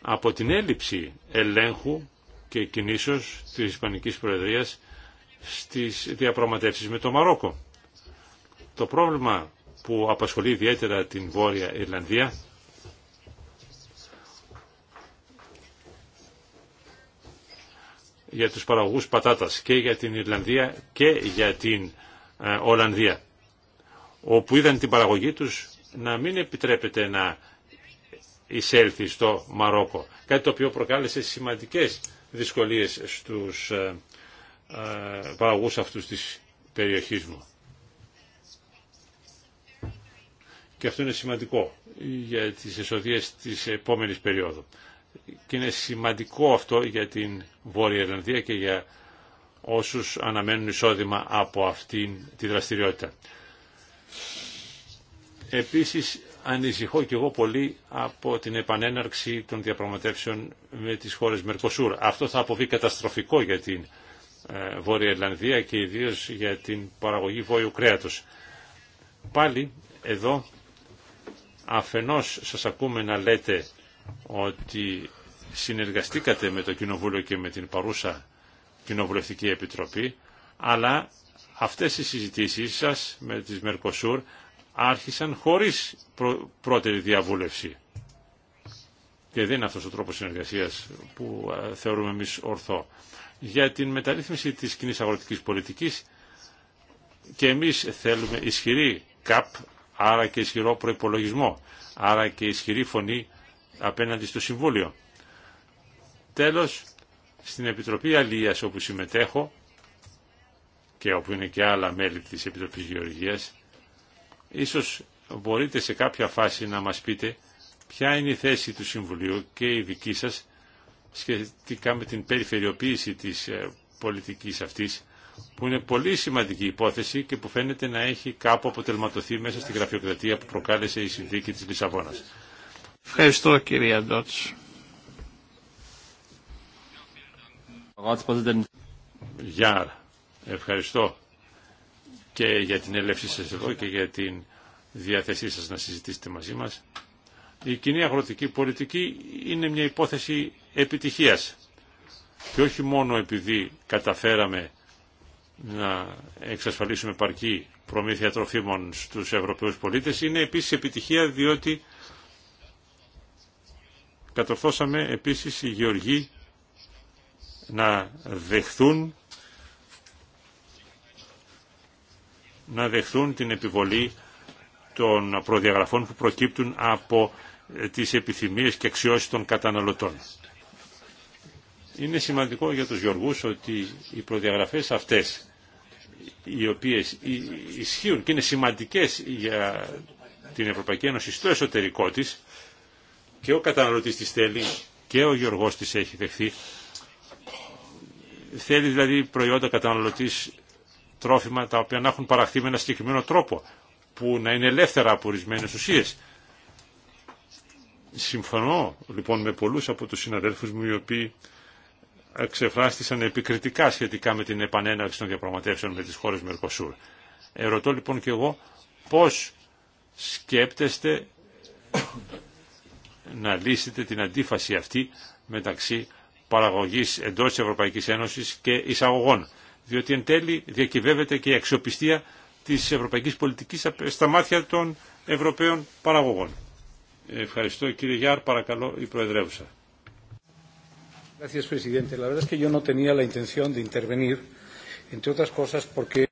από την έλλειψη ελέγχου και κινήσεως της Ισπανικής Προεδρίας στις διαπραγματεύσεις με το Μαρόκο. Το πρόβλημα που απασχολεί ιδιαίτερα την Βόρεια Ιρλανδία για τους παραγωγούς πατάτας και για την Ιρλανδία και για την ε, Ολλανδία όπου είδαν την παραγωγή τους να μην επιτρέπεται να εισέλθει στο Μαρόκο. Κάτι το οποίο προκάλεσε σημαντικές δυσκολίες στους ε, ε, παραγωγούς αυτούς της περιοχής μου. Και αυτό είναι σημαντικό για τις εσωδίες της επόμενης περίοδου και είναι σημαντικό αυτό για την Βόρεια Ιρλανδία και για όσους αναμένουν εισόδημα από αυτήν τη δραστηριότητα. Επίσης ανησυχώ και εγώ πολύ από την επανέναρξη των διαπραγματεύσεων με τις χώρες Μερκοσούρ. Αυτό θα αποβεί καταστροφικό για την ε, Βόρεια Ιρλανδία και ιδίως για την παραγωγή βόλου κρέατος. Πάλι εδώ αφενός σας ακούμε να λέτε ότι συνεργαστήκατε με το Κοινοβούλιο και με την παρούσα Κοινοβουλευτική Επιτροπή, αλλά αυτές οι συζητήσεις σας με τις Μερκοσούρ άρχισαν χωρίς πρώτερη διαβούλευση. Και δεν είναι αυτός ο τρόπος συνεργασίας που ε, θεωρούμε εμείς ορθό. Για την μεταρρύθμιση της κοινή αγροτικής πολιτικής και εμείς θέλουμε ισχυρή ΚΑΠ, άρα και ισχυρό προϋπολογισμό, άρα και ισχυρή φωνή απέναντι στο Συμβούλιο. Τέλος, στην Επιτροπή Αλίας όπου συμμετέχω και όπου είναι και άλλα μέλη της Επιτροπής Γεωργίας, ίσως μπορείτε σε κάποια φάση να μας πείτε ποια είναι η θέση του Συμβουλίου και η δική σας σχετικά με την περιφερειοποίηση της ε, πολιτικής αυτής που είναι πολύ σημαντική υπόθεση και που φαίνεται να έχει κάπου αποτελματωθεί μέσα στη γραφειοκρατία που προκάλεσε η συνθήκη της Λισαβόνας. Ευχαριστώ κυρία Ντότς. Γεια, ευχαριστώ και για την έλευση σας εδώ και για την διάθεσή σας να συζητήσετε μαζί μας. Η κοινή αγροτική πολιτική είναι μια υπόθεση επιτυχίας και όχι μόνο επειδή καταφέραμε να εξασφαλίσουμε παρκή προμήθεια τροφίμων στους Ευρωπαίους πολίτες, είναι επίσης επιτυχία διότι Κατορθώσαμε επίσης οι γεωργοί να δεχθούν να δεχθούν την επιβολή των προδιαγραφών που προκύπτουν από ε, τις επιθυμίες και αξιώσεις των καταναλωτών. Είναι σημαντικό για τους γεωργούς ότι οι προδιαγραφές αυτές οι οποίες ισχύουν και είναι σημαντικές για την Ευρωπαϊκή Ένωση στο εσωτερικό της και ο καταναλωτής της θέλει και ο γεωργός της έχει δεχθεί. Θέλει δηλαδή προϊόντα καταναλωτής τρόφιμα τα οποία να έχουν παραχθεί με ένα συγκεκριμένο τρόπο που να είναι ελεύθερα από ορισμένε ουσίες. Συμφωνώ λοιπόν με πολλούς από τους συναδέλφους μου οι οποίοι εξεφράστησαν επικριτικά σχετικά με την επανέναρξη των διαπραγματεύσεων με τις χώρες Μερκοσούρ. Ερωτώ λοιπόν και εγώ πώς σκέπτεστε να λύσετε την αντίφαση αυτή μεταξύ παραγωγής εντός της Ευρωπαϊκής Ένωσης και εισαγωγών. Διότι εν τέλει διακυβεύεται και η αξιοπιστία της ευρωπαϊκής πολιτικής στα μάτια των Ευρωπαίων παραγωγών. Ευχαριστώ κύριε Γιάρ, παρακαλώ η Προεδρεύουσα.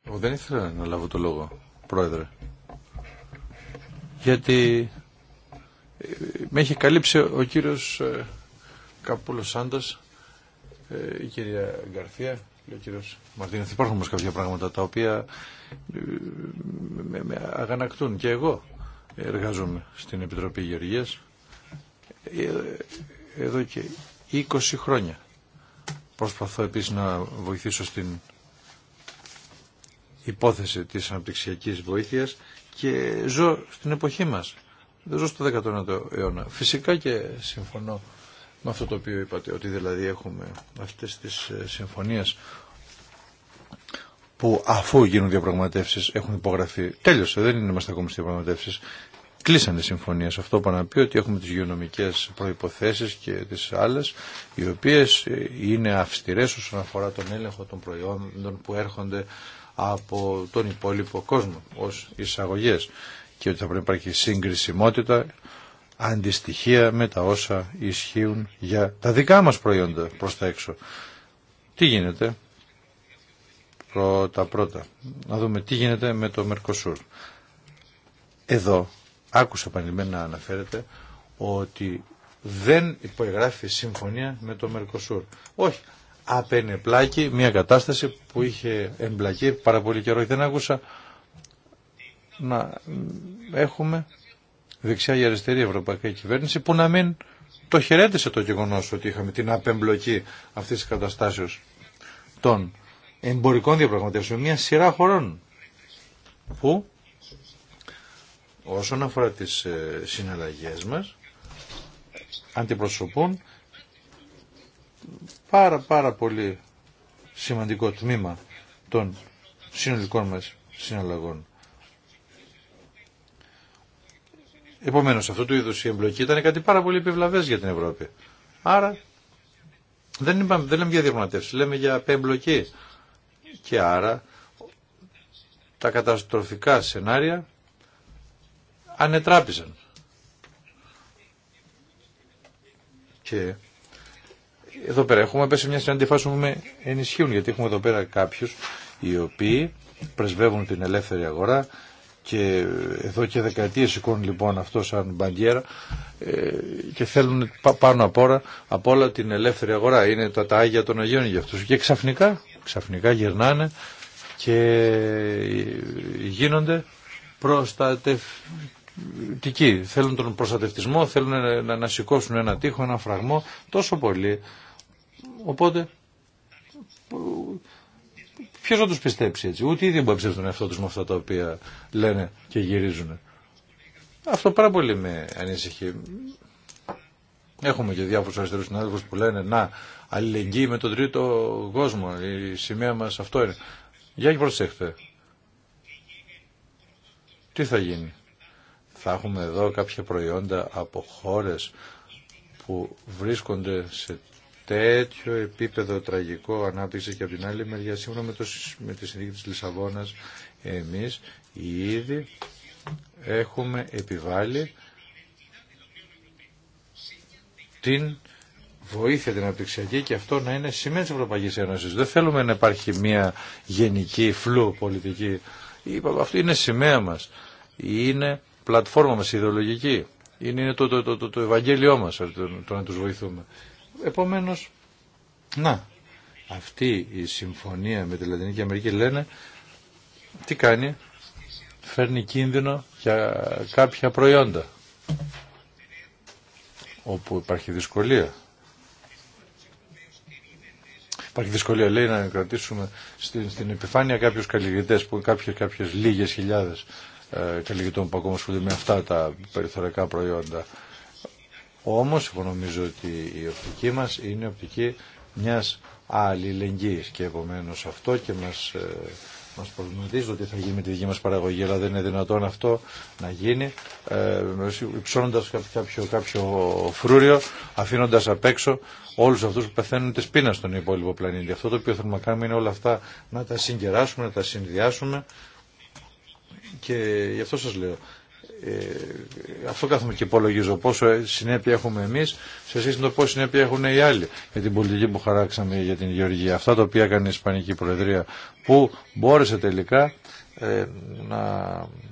Εγώ δεν ήθελα να λάβω το λόγο, Πρόεδρε. Γιατί με έχει καλύψει ο κύριος ε, Καπούλος Σάντας, ε, η κυρία Γκαρθία, ο κύριος Μαρτίνεθ. Υπάρχουν όμως κάποια πράγματα τα οποία ε, με, αγανακτούν και εγώ εργάζομαι στην Επιτροπή Γεωργίας εδώ και 20 χρόνια. Προσπαθώ επίσης να βοηθήσω στην υπόθεση της αναπτυξιακής βοήθειας και ζω στην εποχή μας δεν ζω στο 19ο αιώνα. Φυσικά και συμφωνώ με αυτό το οποίο είπατε, ότι δηλαδή έχουμε αυτές τις ε, συμφωνίες που αφού γίνουν διαπραγματεύσεις έχουν υπογραφεί. Τέλειωσε, δεν είμαστε ακόμη στις διαπραγματεύσεις. Κλείσανε συμφωνίες. Αυτό που να ότι έχουμε τις υγειονομικές προϋποθέσεις και τις άλλες, οι οποίες ε, είναι αυστηρές όσον αφορά τον έλεγχο των προϊόντων που έρχονται από τον υπόλοιπο κόσμο ως εισαγωγές και ότι θα πρέπει να υπάρχει συγκρισιμότητα, αντιστοιχεία με τα όσα ισχύουν για τα δικά μας προϊόντα προς τα έξω. Τι γίνεται πρώτα πρώτα, να δούμε τι γίνεται με το Μερκοσούρ. Εδώ άκουσα επανειλημμένα να αναφέρεται ότι δεν υπογράφει συμφωνία με το Μερκοσούρ. Όχι. Απενεπλάκη μια κατάσταση που είχε εμπλακεί πάρα πολύ καιρό. Δεν άκουσα να έχουμε δεξιά ή αριστερή ευρωπαϊκή κυβέρνηση που να μην το χαιρέτησε το γεγονός ότι είχαμε την απεμπλοκή αυτής της καταστάσεως των εμπορικών διαπραγματεύσεων μια σειρά χωρών που όσον αφορά τις ε, συναλλαγές μας αντιπροσωπούν πάρα πάρα πολύ σημαντικό τμήμα των συνολικών μας συναλλαγών. Επομένω, αυτού του είδου η εμπλοκή ήταν κάτι πάρα πολύ επιβλαβές για την Ευρώπη. Άρα, δεν, είπαμε, δεν λέμε για διαπραγματεύσει, λέμε για απεμπλοκή. Και άρα, τα καταστροφικά σενάρια ανετράπησαν. Και εδώ πέρα έχουμε πέσει μια συνάντηση φάση που με ενισχύουν, γιατί έχουμε εδώ πέρα κάποιους οι οποίοι πρεσβεύουν την ελεύθερη αγορά, και εδώ και δεκαετίες σηκώνουν λοιπόν αυτό σαν μπαγκέρα ε, και θέλουν πάνω από όλα, την ελεύθερη αγορά. Είναι τα, τα Άγια των Αγίων για αυτούς. Και ξαφνικά, ξαφνικά γυρνάνε και ε, γίνονται προστατευτικοί. Θέλουν τον προστατευτισμό, θέλουν να, να σηκώσουν ένα τείχο, ένα φραγμό, τόσο πολύ. Οπότε Ποιο θα του πιστέψει έτσι. Ούτε οι ίδιοι μπορεί να πιστέψουν τον εαυτό του με αυτά τα οποία λένε και γυρίζουν. Αυτό πάρα πολύ με ανησυχεί. Έχουμε και διάφορου αριστερού συνάδελφου που λένε Να, αλληλεγγύη με τον τρίτο κόσμο. Η σημαία μα αυτό είναι. Για και προσέχτε. Τι θα γίνει. Θα έχουμε εδώ κάποια προϊόντα από χώρε που βρίσκονται σε τέτοιο επίπεδο τραγικό ανάπτυξη και από την άλλη μεριά σύμφωνα με, το, με τη συνθήκη της Λισαβόνας εμείς ήδη έχουμε επιβάλει την βοήθεια την αναπτυξιακή και αυτό να είναι σημαίνει της Ευρωπαϊκής Ένωσης. Δεν θέλουμε να υπάρχει μια γενική φλού πολιτική. Αυτό αυτή είναι σημαία μας. Είναι πλατφόρμα μας ιδεολογική. Είναι, το, το, το, το, Ευαγγέλιό μας το να τους βοηθούμε. Επομένως, να, αυτή η συμφωνία με τη Λατινική Αμερική λένε τι κάνει, φέρνει κίνδυνο για κάποια προϊόντα όπου υπάρχει δυσκολία. Υπάρχει δυσκολία, λέει, να κρατήσουμε στην, στην επιφάνεια κάποιου καλλιεργητέ, κάποιε κάποιες λίγε χιλιάδε ε, καλλιεργητών που ακόμα ασχολούνται με αυτά τα περιθωριακά προϊόντα. Όμως εγώ νομίζω ότι η οπτική μας είναι οπτική μιας αλληλεγγύης και επομένως αυτό και μας, ε, μας προβληματίζει ότι θα γίνει με τη δική μας παραγωγή αλλά δεν είναι δυνατόν αυτό να γίνει ε, υψώνοντας κάποιο, κάποιο φρούριο αφήνοντας απ' έξω όλους αυτούς που πεθαίνουν τη πείνας στον υπόλοιπο πλανήτη. Αυτό το οποίο θέλουμε να κάνουμε είναι όλα αυτά να τα συγκεράσουμε, να τα συνδυάσουμε και γι' αυτό σας λέω ε, αυτό κάθομαι και υπολογίζω πόσο ε, συνέπεια έχουμε εμεί, σε σχέση με το πόσο συνέπεια έχουν οι άλλοι για την πολιτική που χαράξαμε για την Γεωργία. Αυτά τα οποία έκανε η Ισπανική Προεδρία που μπόρεσε τελικά ε, να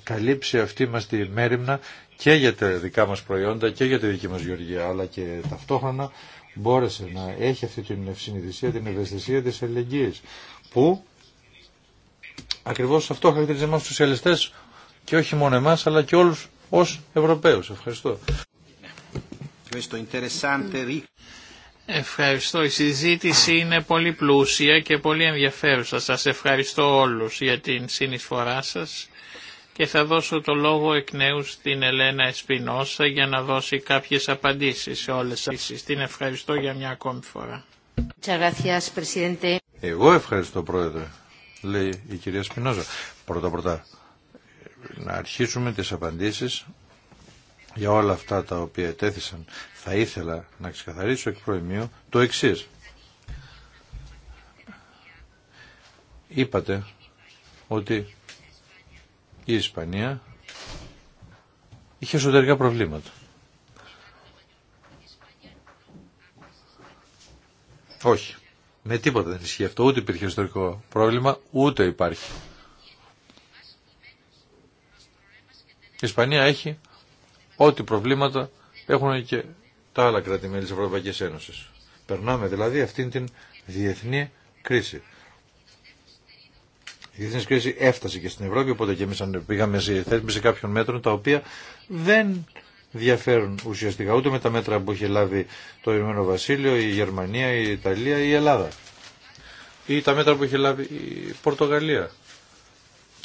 καλύψει αυτή μα τη μέρημνα και για τα δικά μα προϊόντα και για τη δική μα Γεωργία αλλά και ταυτόχρονα μπόρεσε να έχει αυτή την ευσυνειδησία, την ευαισθησία τη ελεγγύης που ακριβώ αυτό χαρακτηρίζει εμά του σοσιαλιστές και όχι μόνο εμάς αλλά και όλους ως Ευρωπαίους. Ευχαριστώ. Ευχαριστώ. Η συζήτηση είναι πολύ πλούσια και πολύ ενδιαφέρουσα. Σας ευχαριστώ όλους για την συνεισφορά σας και θα δώσω το λόγο εκ νέου στην Ελένα Εσπινόσα για να δώσει κάποιες απαντήσεις σε όλες τις. Την ευχαριστώ για μια ακόμη φορά. Εγώ ευχαριστώ Πρόεδρε, λέει η κυρία Σπινόζα. Πρώτα-πρώτα να αρχίσουμε τις απαντήσεις για όλα αυτά τα οποία τέθησαν. Θα ήθελα να ξεκαθαρίσω εκ προημίου το εξής. Είπατε ότι η Ισπανία είχε εσωτερικά προβλήματα. Όχι. Με τίποτα δεν ισχύει αυτό. Ούτε υπήρχε εσωτερικό πρόβλημα, ούτε υπάρχει. Η Ισπανία έχει ό,τι προβλήματα έχουν και τα άλλα κράτη-μέλη της Ευρωπαϊκής Ένωσης. Περνάμε δηλαδή αυτήν την διεθνή κρίση. Η διεθνή κρίση έφτασε και στην Ευρώπη, οπότε και εμείς πήγαμε σε θέσπιση κάποιων μέτρων τα οποία δεν διαφέρουν ουσιαστικά ούτε με τα μέτρα που έχει λάβει το Ηνωμένο Βασίλειο, η Γερμανία, η Ιταλία, η Ελλάδα. Ή τα μέτρα που έχει λάβει η Πορτογαλία,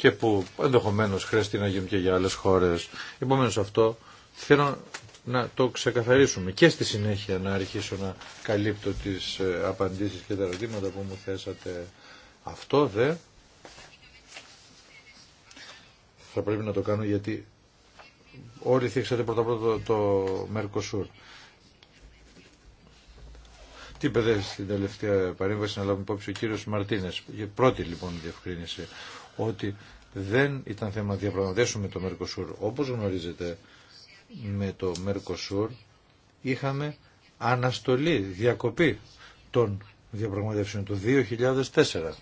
και που ενδεχομένω χρειαστεί να γίνουν και για άλλε χώρες. Επομένω αυτό θέλω να το ξεκαθαρίσουμε και στη συνέχεια να αρχίσω να καλύπτω τι ε, απαντήσεις και τα ερωτήματα που μου θέσατε. Αυτό δε θα πρέπει να το κάνω γιατί όλοι θίξατε πρώτα πρώτα το Mercosur. Τι είπε στην τελευταία παρέμβαση να λάβουμε υπόψη ο κύριος Μαρτίνες. Πρώτη λοιπόν διευκρίνηση ότι δεν ήταν θέμα διαπραγματεύσεων με το Μερκοσούρ. Όπως γνωρίζετε με το Μερκοσούρ είχαμε αναστολή, διακοπή των διαπραγματεύσεων το 2004.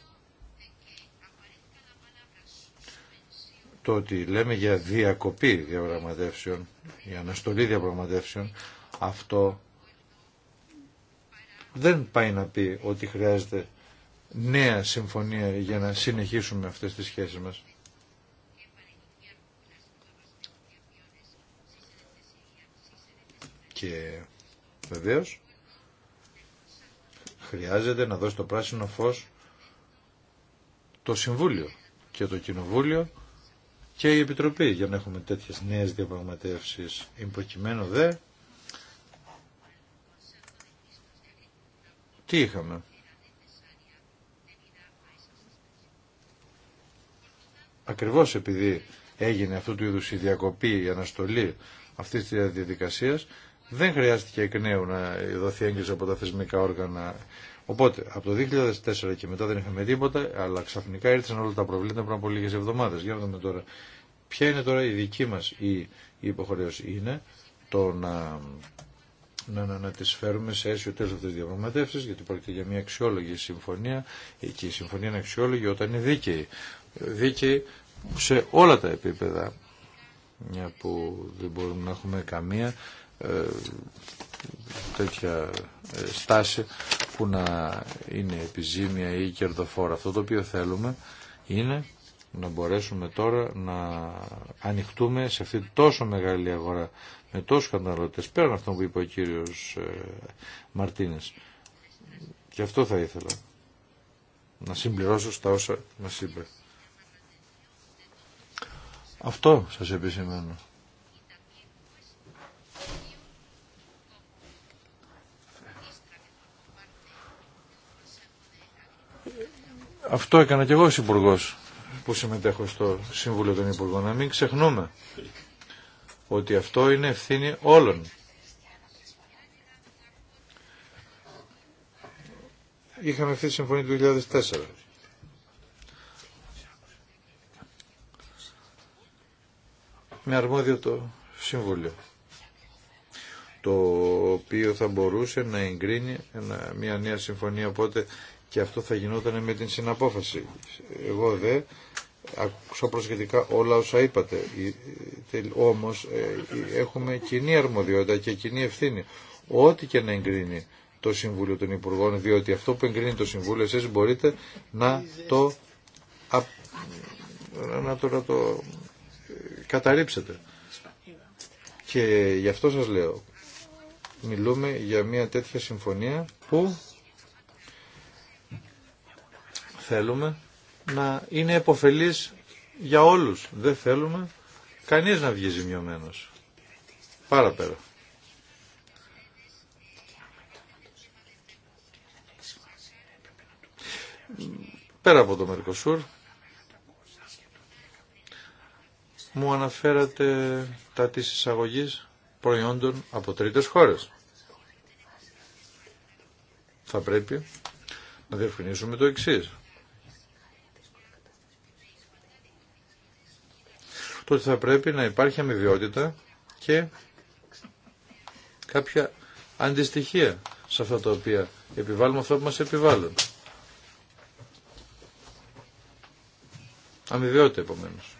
Το ότι λέμε για διακοπή διαπραγματεύσεων, Για αναστολή διαπραγματεύσεων, αυτό δεν πάει να πει ότι χρειάζεται νέα συμφωνία για να συνεχίσουμε αυτές τις σχέσεις μας. Και βεβαίως χρειάζεται να δώσει το πράσινο φως το Συμβούλιο και το Κοινοβούλιο και η Επιτροπή για να έχουμε τέτοιες νέες διαπραγματεύσεις. Υποκειμένου δε, τι είχαμε. ακριβώς επειδή έγινε αυτού του είδους η διακοπή, η αναστολή αυτής της διαδικασίας, δεν χρειάστηκε εκ νέου να δοθεί έγκριση από τα θεσμικά όργανα. Οπότε, από το 2004 και μετά δεν είχαμε τίποτα, αλλά ξαφνικά ήρθαν όλα τα προβλήματα πριν από λίγες εβδομάδες. Για να δούμε τώρα. Ποια είναι τώρα η δική μας η, η υποχρέωση είναι το να, να, να, φέρουμε σε αίσιο τέλος αυτές τις διαπραγματεύσεις, γιατί πρόκειται για μια αξιόλογη συμφωνία και η συμφωνία είναι αξιόλογη όταν είναι δίκαιη. Δίκαιη σε όλα τα επίπεδα μια που δεν μπορούμε να έχουμε καμία ε, τέτοια ε, στάση που να είναι επιζήμια ή κερδοφόρα. Αυτό το οποίο θέλουμε είναι να μπορέσουμε τώρα να ανοιχτούμε σε αυτή τόσο μεγάλη αγορά με τόσους καταναλωτές πέραν αυτό που είπε ο κύριος ε, Μαρτίνες. Και αυτό θα ήθελα να συμπληρώσω στα όσα μας είπε. Αυτό σας επισημαίνω. Αυτό έκανα και εγώ ως υπουργό που συμμετέχω στο Σύμβουλο των Υπουργών. Να μην ξεχνούμε ότι αυτό είναι ευθύνη όλων. Είχαμε αυτή τη συμφωνία του 2004. με αρμόδιο το Συμβούλιο το οποίο θα μπορούσε να εγκρίνει μια νέα συμφωνία οπότε και αυτό θα γινόταν με την συναπόφαση. Εγώ δε άκουσα προσχετικά όλα όσα είπατε. Όμως ε, έχουμε κοινή αρμοδιότητα και κοινή ευθύνη. Ό,τι και να εγκρίνει το Συμβούλιο των Υπουργών, διότι αυτό που εγκρίνει το Συμβούλιο εσείς μπορείτε να το, να το καταρρύψετε. Και γι' αυτό σας λέω, μιλούμε για μια τέτοια συμφωνία που θέλουμε να είναι εποφελής για όλους. Δεν θέλουμε κανείς να βγει ζημιωμένος. Πάρα πέρα. Πέρα από το Μερκοσούρ, μου αναφέρατε τα της εισαγωγή προϊόντων από τρίτες χώρες. Θα πρέπει να διευκρινίσουμε το εξής. Το ότι θα πρέπει να υπάρχει αμοιβιότητα και κάποια αντιστοιχεία σε αυτά τα οποία επιβάλλουμε, αυτό που μας επιβάλλουν. Αμοιβιότητα επομένως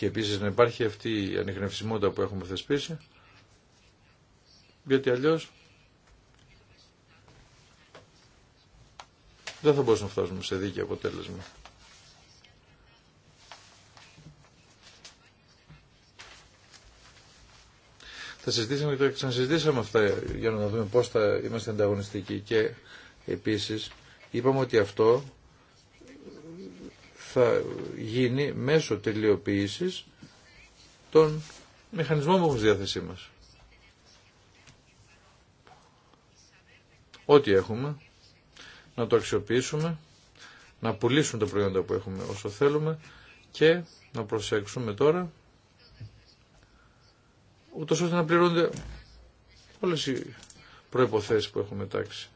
και επίσης να υπάρχει αυτή η ανιχνευσιμότητα που έχουμε θεσπίσει γιατί αλλιώς δεν θα μπορούσαμε να φτάσουμε σε δίκαιο αποτέλεσμα. Θα συζητήσαμε και ξανασυζητήσαμε αυτά για να δούμε πώς θα είμαστε ανταγωνιστικοί και επίσης είπαμε ότι αυτό θα γίνει μέσω τελειοποίησης των μηχανισμών που έχουμε στη διάθεσή μας. Ό,τι έχουμε, να το αξιοποιήσουμε, να πουλήσουμε τα προϊόντα που έχουμε όσο θέλουμε και να προσέξουμε τώρα ούτω ώστε να πληρώνονται όλες οι προϋποθέσεις που έχουμε τάξει.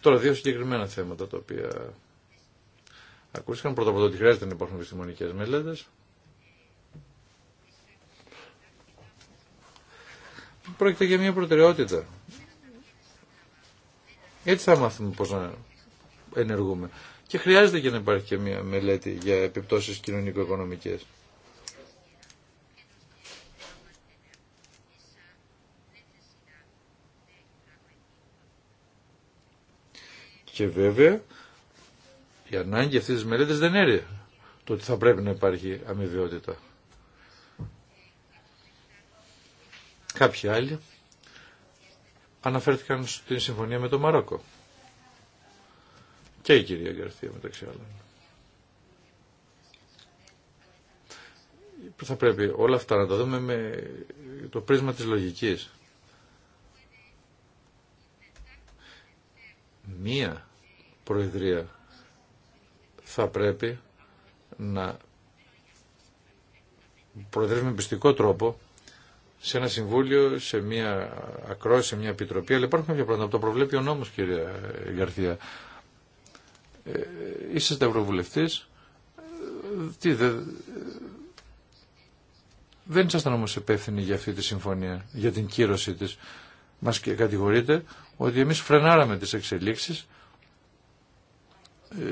Τώρα δύο συγκεκριμένα θέματα τα οποία Ακούστηκαν πρώτα το ότι χρειάζεται να υπάρχουν επιστημονικέ μελέτε. Πρόκειται για μια προτεραιότητα. Έτσι θα μάθουμε πώ να ενεργούμε. Και χρειάζεται και να υπάρχει και μια μελέτη για επιπτώσεις οικονομικέ. Και βέβαια η ανάγκη αυτή τη μελέτη δεν έρει το ότι θα πρέπει να υπάρχει αμοιβαιότητα. Κάποιοι άλλοι αναφέρθηκαν στην συμφωνία με το Μαρόκο. Και η κυρία Γκαρθία μεταξύ άλλων. Θα πρέπει όλα αυτά να τα δούμε με το πρίσμα της λογικής. Μία προεδρία θα πρέπει να προεδρεύει με πιστικό τρόπο σε ένα συμβούλιο, σε μια ακρόαση, σε μια επιτροπή. Αλλά υπάρχουν κάποια πράγματα. Το προβλέπει ο νόμος, κυρία Γαρθία. Ε, είσαστε ευρωβουλευτής. Τι, δε, δεν ήσασταν όμως υπεύθυνοι για αυτή τη συμφωνία, για την κύρωσή της. Μας κατηγορείτε ότι εμείς φρενάραμε τις εξελίξεις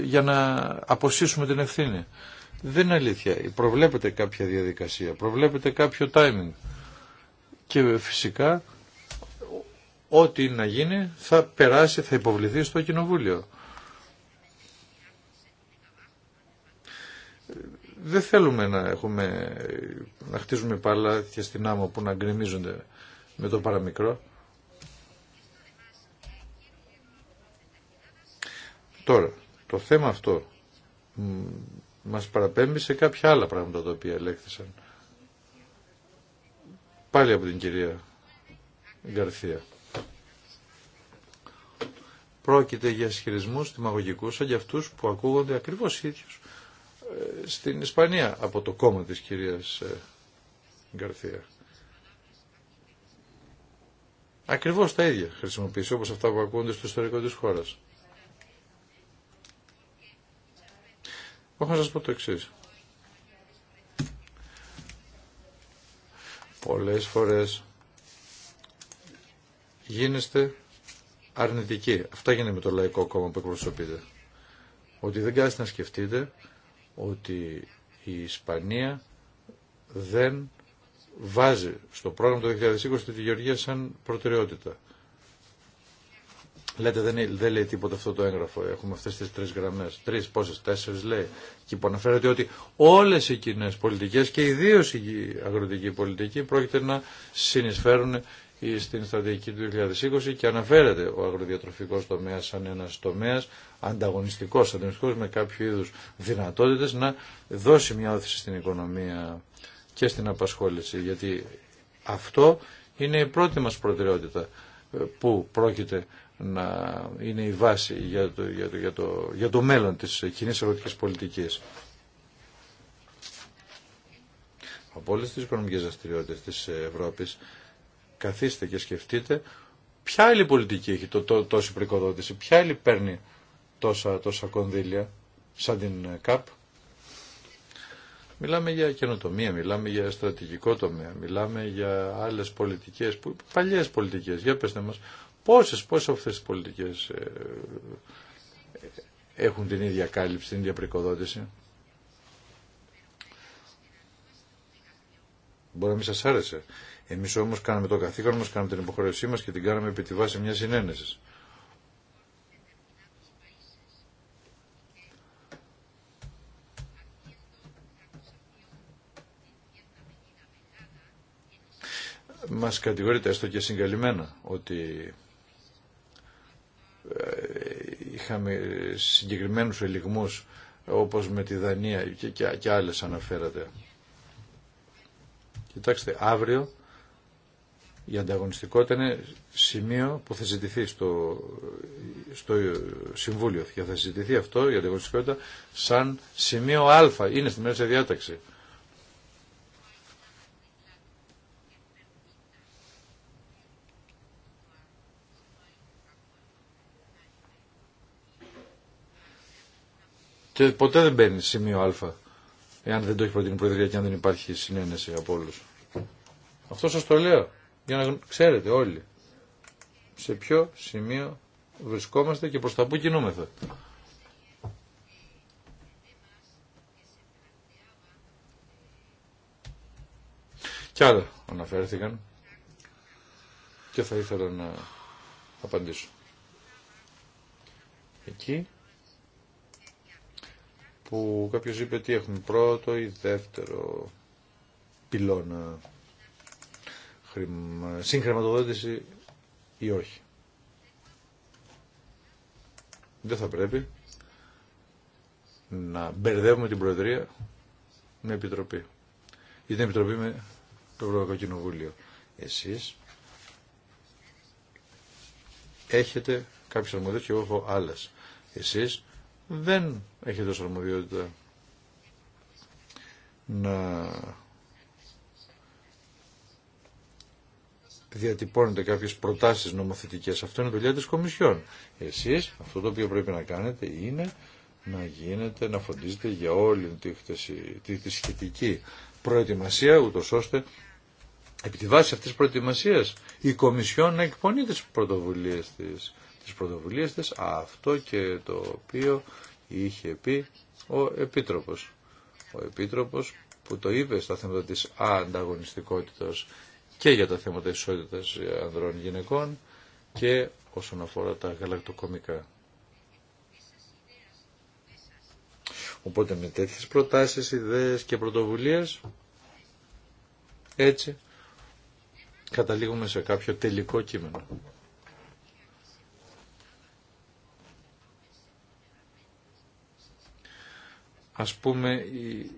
για να αποσύσουμε την ευθύνη. Δεν είναι αλήθεια. Προβλέπεται κάποια διαδικασία, προβλέπεται κάποιο timing. Και φυσικά ό,τι να γίνει θα περάσει, θα υποβληθεί στο Κοινοβούλιο. Δεν θέλουμε να, έχουμε, να χτίζουμε παλάτια στην άμμο που να γκρεμίζονται με το παραμικρό. Τώρα, το θέμα αυτό μας παραπέμπει σε κάποια άλλα πράγματα τα οποία ελέγχθησαν. Πάλι από την κυρία Γκαρθία. Πρόκειται για ισχυρισμού δημαγωγικού σαν για αυτούς που ακούγονται ακριβώς ίδιου ε, στην Ισπανία από το κόμμα της κυρίας ε, Γκαρθία. Ακριβώς τα ίδια χρησιμοποιήσει όπως αυτά που ακούγονται στο ιστορικό της χώρας. έχω να σας πω το εξής. Πολλές φορές γίνεστε αρνητικοί. Αυτά γίνεται με το Λαϊκό Κόμμα που εκπροσωπείτε. Ότι δεν κάνετε να σκεφτείτε ότι η Ισπανία δεν βάζει στο πρόγραμμα το 2020 τη Γεωργία σαν προτεραιότητα. Λέτε δεν, δεν λέει τίποτα αυτό το έγγραφο. Έχουμε αυτέ τι τρει γραμμέ, τρει, πόσε, τέσσερι λέει. Και υποναφέρεται ότι όλε οι κοινέ πολιτικέ και ιδίω η αγροτική πολιτική πρόκειται να συνεισφέρουν στην στρατηγική του 2020 και αναφέρεται ο αγροδιατροφικό τομέα σαν ένα τομέα ανταγωνιστικό, ανταγωνιστικό με κάποιο είδου δυνατότητε, να δώσει μια όθηση στην οικονομία και στην απασχόληση γιατί αυτό είναι η πρώτη μα προτεραιότητα ε, που πρόκειται να είναι η βάση για το, για το, για το, για το μέλλον της κοινή αγροτικής πολιτικής. Από όλες τις οικονομικές δραστηριότητες της Ευρώπης, καθίστε και σκεφτείτε ποια άλλη πολιτική έχει το, το, τόση ποια άλλη παίρνει τόσα, κονδύλια σαν την ΚΑΠ. Μιλάμε για καινοτομία, μιλάμε για στρατηγικό τομέα, μιλάμε για άλλες πολιτικές, παλιές πολιτικές. Για πέστε μας, Πόσες, πόσες αυτές τις πολιτικές ε, έχουν την ίδια κάλυψη, την ίδια πρικοδότηση. Μπορεί να μην σας άρεσε. Εμείς όμως κάναμε το καθήκον μας, κάναμε την υποχρέωσή μας και την κάναμε επί τη βάση μιας συνένεσης. Μας κατηγορείται έστω και συγκαλυμμένα ότι ε, είχαμε συγκεκριμένους ελιγμούς όπως με τη Δανία και, και, και άλλες αναφέρατε. Κοιτάξτε, αύριο η ανταγωνιστικότητα είναι σημείο που θα ζητηθεί στο, στο Συμβούλιο και θα ζητηθεί αυτό η ανταγωνιστικότητα σαν σημείο α, είναι στη μέση διάταξη. Και ποτέ δεν μπαίνει σημείο Α, εάν δεν το έχει προτείνει η Προεδρία και αν δεν υπάρχει συνένεση από όλου. Αυτό σα το λέω, για να ξέρετε όλοι σε ποιο σημείο βρισκόμαστε και προς τα πού κινούμεθα. Κι άλλα αναφέρθηκαν και θα ήθελα να απαντήσω. Εκεί που κάποιος είπε τι έχουν πρώτο ή δεύτερο πυλώνα συγχρηματοδότηση ή όχι. Δεν θα πρέπει να μπερδεύουμε την Προεδρία με Επιτροπή ή την Επιτροπή με το Ευρωπαϊκό Κοινοβούλιο. Εσείς έχετε κάποιες αρμοδίες και εγώ έχω άλλες. Εσείς δεν έχει τόσο αρμοδιότητα να διατυπώνετε κάποιες προτάσεις νομοθετικές. Αυτό είναι δουλειά της Κομισιόν. Εσείς αυτό το οποίο πρέπει να κάνετε είναι να γίνετε, να φροντίζετε για όλη τη, τη, τη σχετική προετοιμασία, ούτω ώστε επί τη βάση αυτής της προετοιμασίας η Κομισιόν να εκπονεί τις πρωτοβουλίες της τις πρωτοβουλίες της, αυτό και το οποίο είχε πει ο Επίτροπος. Ο Επίτροπος που το είπε στα θέματα της ανταγωνιστικότητας και για τα θέματα ισότητας ανδρών γυναικών και όσον αφορά τα γαλακτοκομικά. Οπότε με τέτοιες προτάσεις, ιδέες και πρωτοβουλίες έτσι καταλήγουμε σε κάποιο τελικό κείμενο. ας πούμε η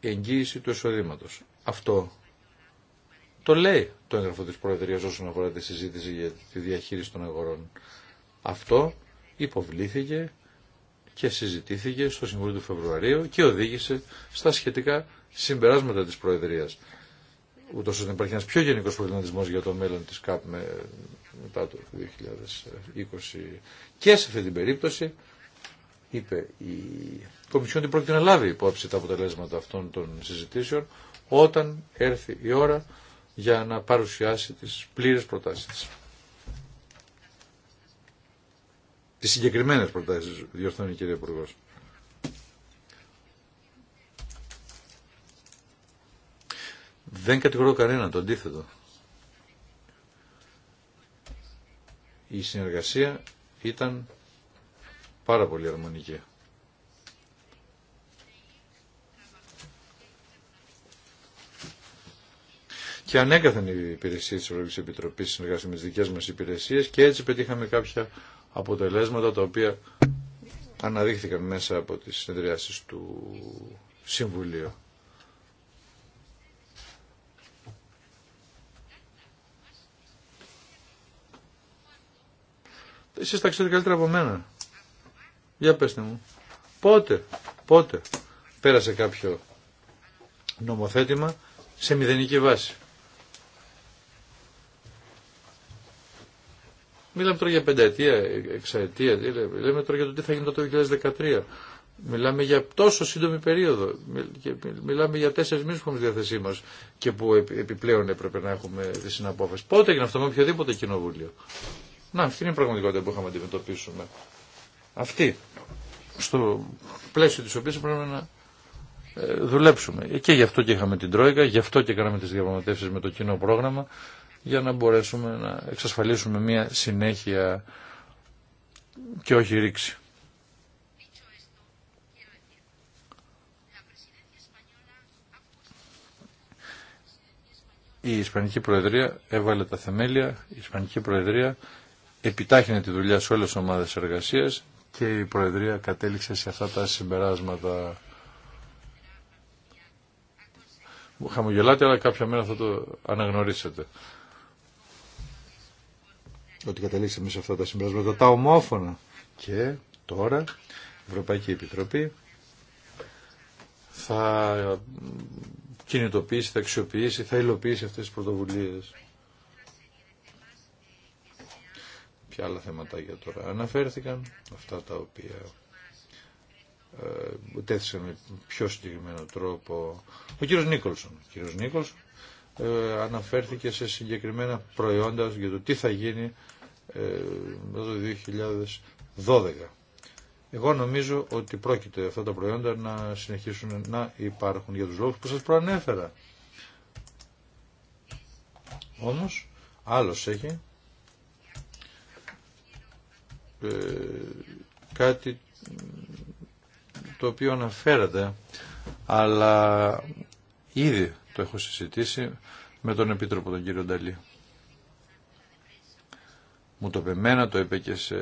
εγγύηση του εισοδήματο. Αυτό το λέει το έγγραφο της Προεδρίας όσον αφορά τη συζήτηση για τη διαχείριση των αγορών. Αυτό υποβλήθηκε και συζητήθηκε στο Συμβούλιο του Φεβρουαρίου και οδήγησε στα σχετικά συμπεράσματα της Προεδρίας. Ούτως ώστε να υπάρχει ένα πιο γενικός προβληματισμό για το μέλλον τη ΚΑΠ μετά το 2020. Και σε αυτή την περίπτωση είπε η Κομισιόν ότι πρόκειται να λάβει υπόψη τα αποτελέσματα αυτών των συζητήσεων όταν έρθει η ώρα για να παρουσιάσει τις πλήρες προτάσεις της. Τις συγκεκριμένες προτάσεις διορθώνει η κυρία Υπουργός. Δεν κατηγορώ κανέναν, το αντίθετο. Η συνεργασία ήταν Πάρα πολύ αρμονική. Και ανέκαθεν οι υπηρεσίε τη Ευρωπαϊκή Επιτροπή συνεργάζονται με τι δικέ μα υπηρεσίε και έτσι πετύχαμε κάποια αποτελέσματα τα οποία αναδείχθηκαν μέσα από τις συνεδριάσεις του Συμβουλίου. Εσείς τα ξέρετε καλύτερα από μένα. Για πέστε μου. Πότε, πότε πέρασε κάποιο νομοθέτημα σε μηδενική βάση. Μιλάμε τώρα για πενταετία, εξαετία, δηλαδή, λέμε τώρα για το τι θα γίνει το 2013. Μιλάμε για τόσο σύντομη περίοδο. Μιλάμε για τέσσερι μήνε που έχουμε στη διάθεσή μα και που επιπλέον έπρεπε να έχουμε τη συναπόφαση. Πότε έγινε αυτό με οποιοδήποτε κοινοβούλιο. Να, αυτή είναι η πραγματικότητα που είχαμε αντιμετωπίσουμε αυτή στο πλαίσιο της οποίας πρέπει να ε, δουλέψουμε. Και γι' αυτό και είχαμε την Τρόικα, γι' αυτό και κάναμε τις διαπραγματεύσεις με το κοινό πρόγραμμα, για να μπορέσουμε να εξασφαλίσουμε μια συνέχεια και όχι ρήξη. Η Ισπανική Προεδρία έβαλε τα θεμέλια, η Ισπανική Προεδρία επιτάχυνε τη δουλειά σε όλες τις ομάδες εργασίας, και η Προεδρία κατέληξε σε αυτά τα συμπεράσματα. Χαμογελάτε, αλλά κάποια μέρα θα το αναγνωρίσετε. Ότι κατελήξαμε σε αυτά τα συμπεράσματα, τα ομόφωνα. Και τώρα η Ευρωπαϊκή Επιτροπή θα κινητοποιήσει, θα αξιοποιήσει, θα υλοποιήσει αυτές τις πρωτοβουλίες. Και άλλα για τώρα αναφέρθηκαν, αυτά τα οποία ε, τέθησαν με πιο συγκεκριμένο τρόπο. Ο κύριος Νίκολσον, ο κύριος Νίκολσον ε, αναφέρθηκε σε συγκεκριμένα προϊόντα για το τι θα γίνει ε, το 2012. Εγώ νομίζω ότι πρόκειται αυτά τα προϊόντα να συνεχίσουν να υπάρχουν για τους λόγους που σας προανέφερα. Όμως, άλλος έχει ε, κάτι το οποίο αναφέρατε, αλλά ήδη το έχω συζητήσει με τον Επίτροπο τον κύριο Νταλή. Μου το πεμένα, το είπε και σε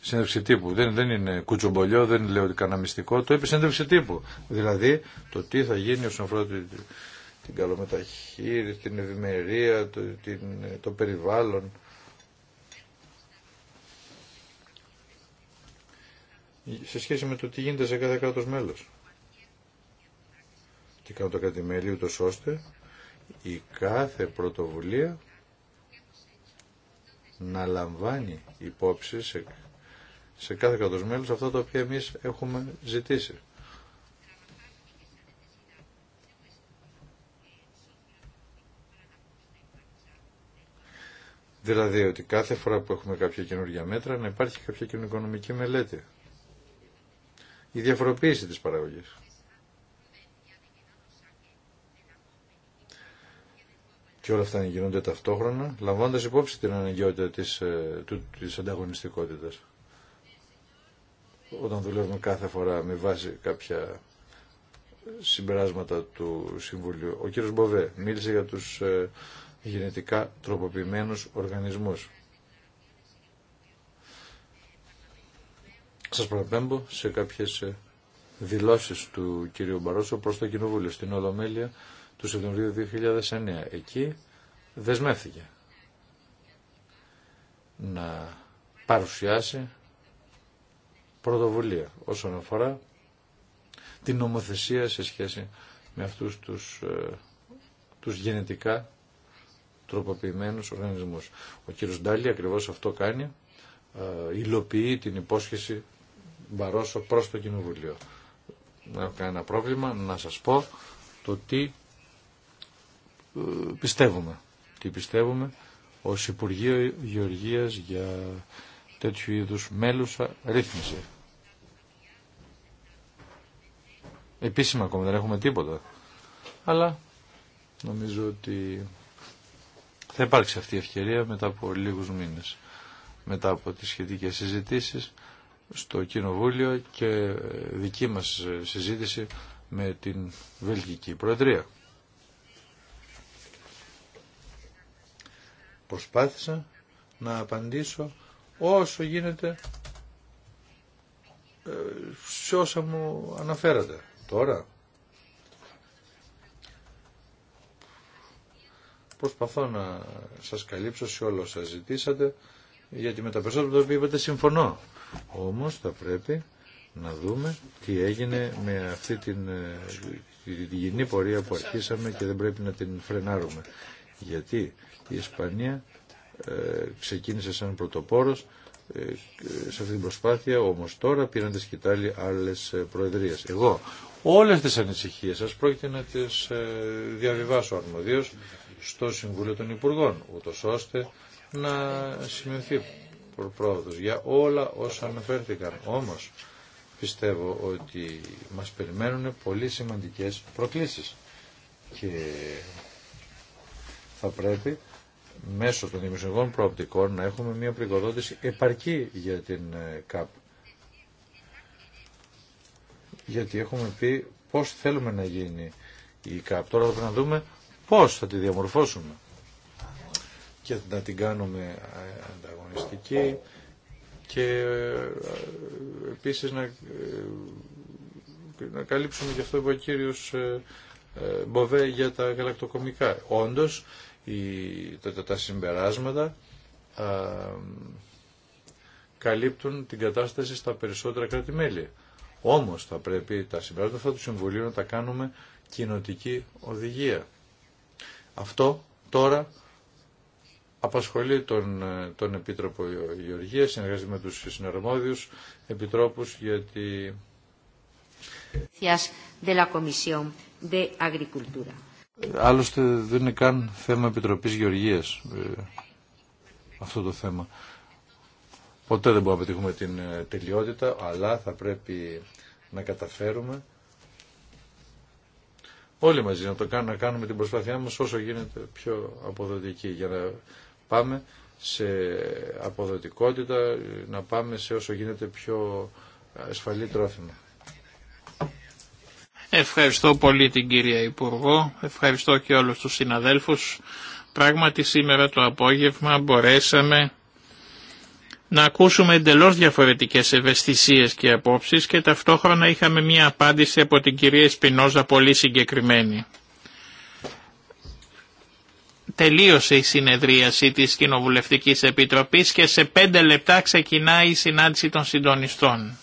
συνέντευξη τύπου. Δεν, δεν είναι κουτσομπολιό, δεν λέω ότι κανένα μυστικό. Το είπε συνέντευξη τύπου. Δηλαδή το τι θα γίνει όσον αφορά την, την καλομεταχείριση, την ευημερία, το, το περιβάλλον, σε σχέση με το τι γίνεται σε κάθε κράτος μέλος. Τι κάνουν τα κράτη-μέλη ούτως ώστε η κάθε πρωτοβουλία να λαμβάνει υπόψη σε, κάθε κράτος μέλος αυτά τα οποία εμείς έχουμε ζητήσει. Δηλαδή ότι κάθε φορά που έχουμε κάποια καινούργια μέτρα να υπάρχει κάποια κοινωνικονομική μελέτη η διαφοροποίηση της παραγωγής. Και όλα αυτά γίνονται ταυτόχρονα, λαμβάνοντας υπόψη την αναγκαιότητα της, ε, του, της ανταγωνιστικότητας. Όταν δουλεύουμε κάθε φορά με βάση κάποια συμπεράσματα του Συμβουλίου. Ο κύριος Μποβέ μίλησε για τους ε, γενετικά τροποποιημένους οργανισμούς. Σας παραπέμπω σε κάποιες ε, δηλώσεις του κυρίου Μπαρόσο προς το Κοινοβούλιο στην Ολομέλεια του Σεπτεμβρίου 2009. Εκεί δεσμεύθηκε να παρουσιάσει πρωτοβουλία όσον αφορά την νομοθεσία σε σχέση με αυτούς τους, ε, τους γενετικά τροποποιημένους οργανισμούς. Ο κύριος Ντάλι ακριβώς αυτό κάνει, ε, υλοποιεί την υπόσχεση Μπαρόσο προς το Κοινοβουλίο. Δεν έχω κανένα πρόβλημα να σας πω το τι ε, πιστεύουμε. Τι πιστεύουμε ως Υπουργείο Γεωργίας για τέτοιου είδους μέλουσα ρύθμιση. Επίσημα ακόμα δεν έχουμε τίποτα. Αλλά νομίζω ότι θα υπάρξει αυτή η ευκαιρία μετά από λίγους μήνες. Μετά από τις σχετικές συζητήσεις στο Κοινοβούλιο και ε, δική μας ε, συζήτηση με την Βελγική Προεδρία. Προσπάθησα να απαντήσω όσο γίνεται ε, σε όσα μου αναφέρατε τώρα. Προσπαθώ να σας καλύψω σε όλο όσα ζητήσατε, γιατί με τα περισσότερα που είπατε συμφωνώ. Όμως θα πρέπει να δούμε τι έγινε με αυτή την ε, γενική πορεία που αρχίσαμε και δεν πρέπει να την φρενάρουμε. Γιατί η Ισπανία ε, ξεκίνησε σαν πρωτοπόρος ε, σε αυτή την προσπάθεια, όμως τώρα πήραν τη σκητάλη άλλες προεδρίες. Εγώ όλες τις ανησυχίες σας πρόκειται να τις ε, διαβιβάσω αρμοδίως στο Συμβούλιο των Υπουργών, ούτως ώστε να σημειωθεί για όλα όσα αναφέρθηκαν. Όμως πιστεύω ότι μας περιμένουν πολύ σημαντικές προκλήσεις και θα πρέπει μέσω των δημιουργικών προοπτικών να έχουμε μια προετοιμασία επαρκή για την ε, ΚΑΠ. Γιατί έχουμε πει πώς θέλουμε να γίνει η ΚΑΠ. Τώρα θα πρέπει να δούμε πώς θα τη διαμορφώσουμε και να την κάνουμε ε, ανταγωνιστική και ε, επίσης να, ε, να καλύψουμε και αυτό που ο κύριος Μποβέ για τα γαλακτοκομικά. Όντως, η, τα, τα συμπεράσματα α, καλύπτουν την κατάσταση στα περισσότερα κράτη-μέλη. Όμως θα πρέπει τα συμπεράσματα αυτά του Συμβουλίου να τα κάνουμε κοινοτική οδηγία. Αυτό τώρα απασχολεί τον, τον Επίτροπο Γεωργία, συνεργάζεται με τους συναρμόδιους επιτρόπους γιατί... De la Άλλωστε δεν είναι καν θέμα Επιτροπής Γεωργίας ε, αυτό το θέμα. Ποτέ δεν μπορούμε να πετύχουμε την ε, τελειότητα, αλλά θα πρέπει να καταφέρουμε όλοι μαζί να το κάνουμε, να κάνουμε την προσπάθειά μας όσο γίνεται πιο αποδοτική για να πάμε σε αποδοτικότητα, να πάμε σε όσο γίνεται πιο ασφαλή τρόφιμα. Ευχαριστώ πολύ την κυρία Υπουργό, ευχαριστώ και όλους τους συναδέλφους. Πράγματι σήμερα το απόγευμα μπορέσαμε να ακούσουμε εντελώς διαφορετικές ευαισθησίες και απόψεις και ταυτόχρονα είχαμε μία απάντηση από την κυρία Σπινόζα πολύ συγκεκριμένη τελείωσε η συνεδρίαση της Κοινοβουλευτικής Επιτροπής και σε πέντε λεπτά ξεκινάει η συνάντηση των συντονιστών.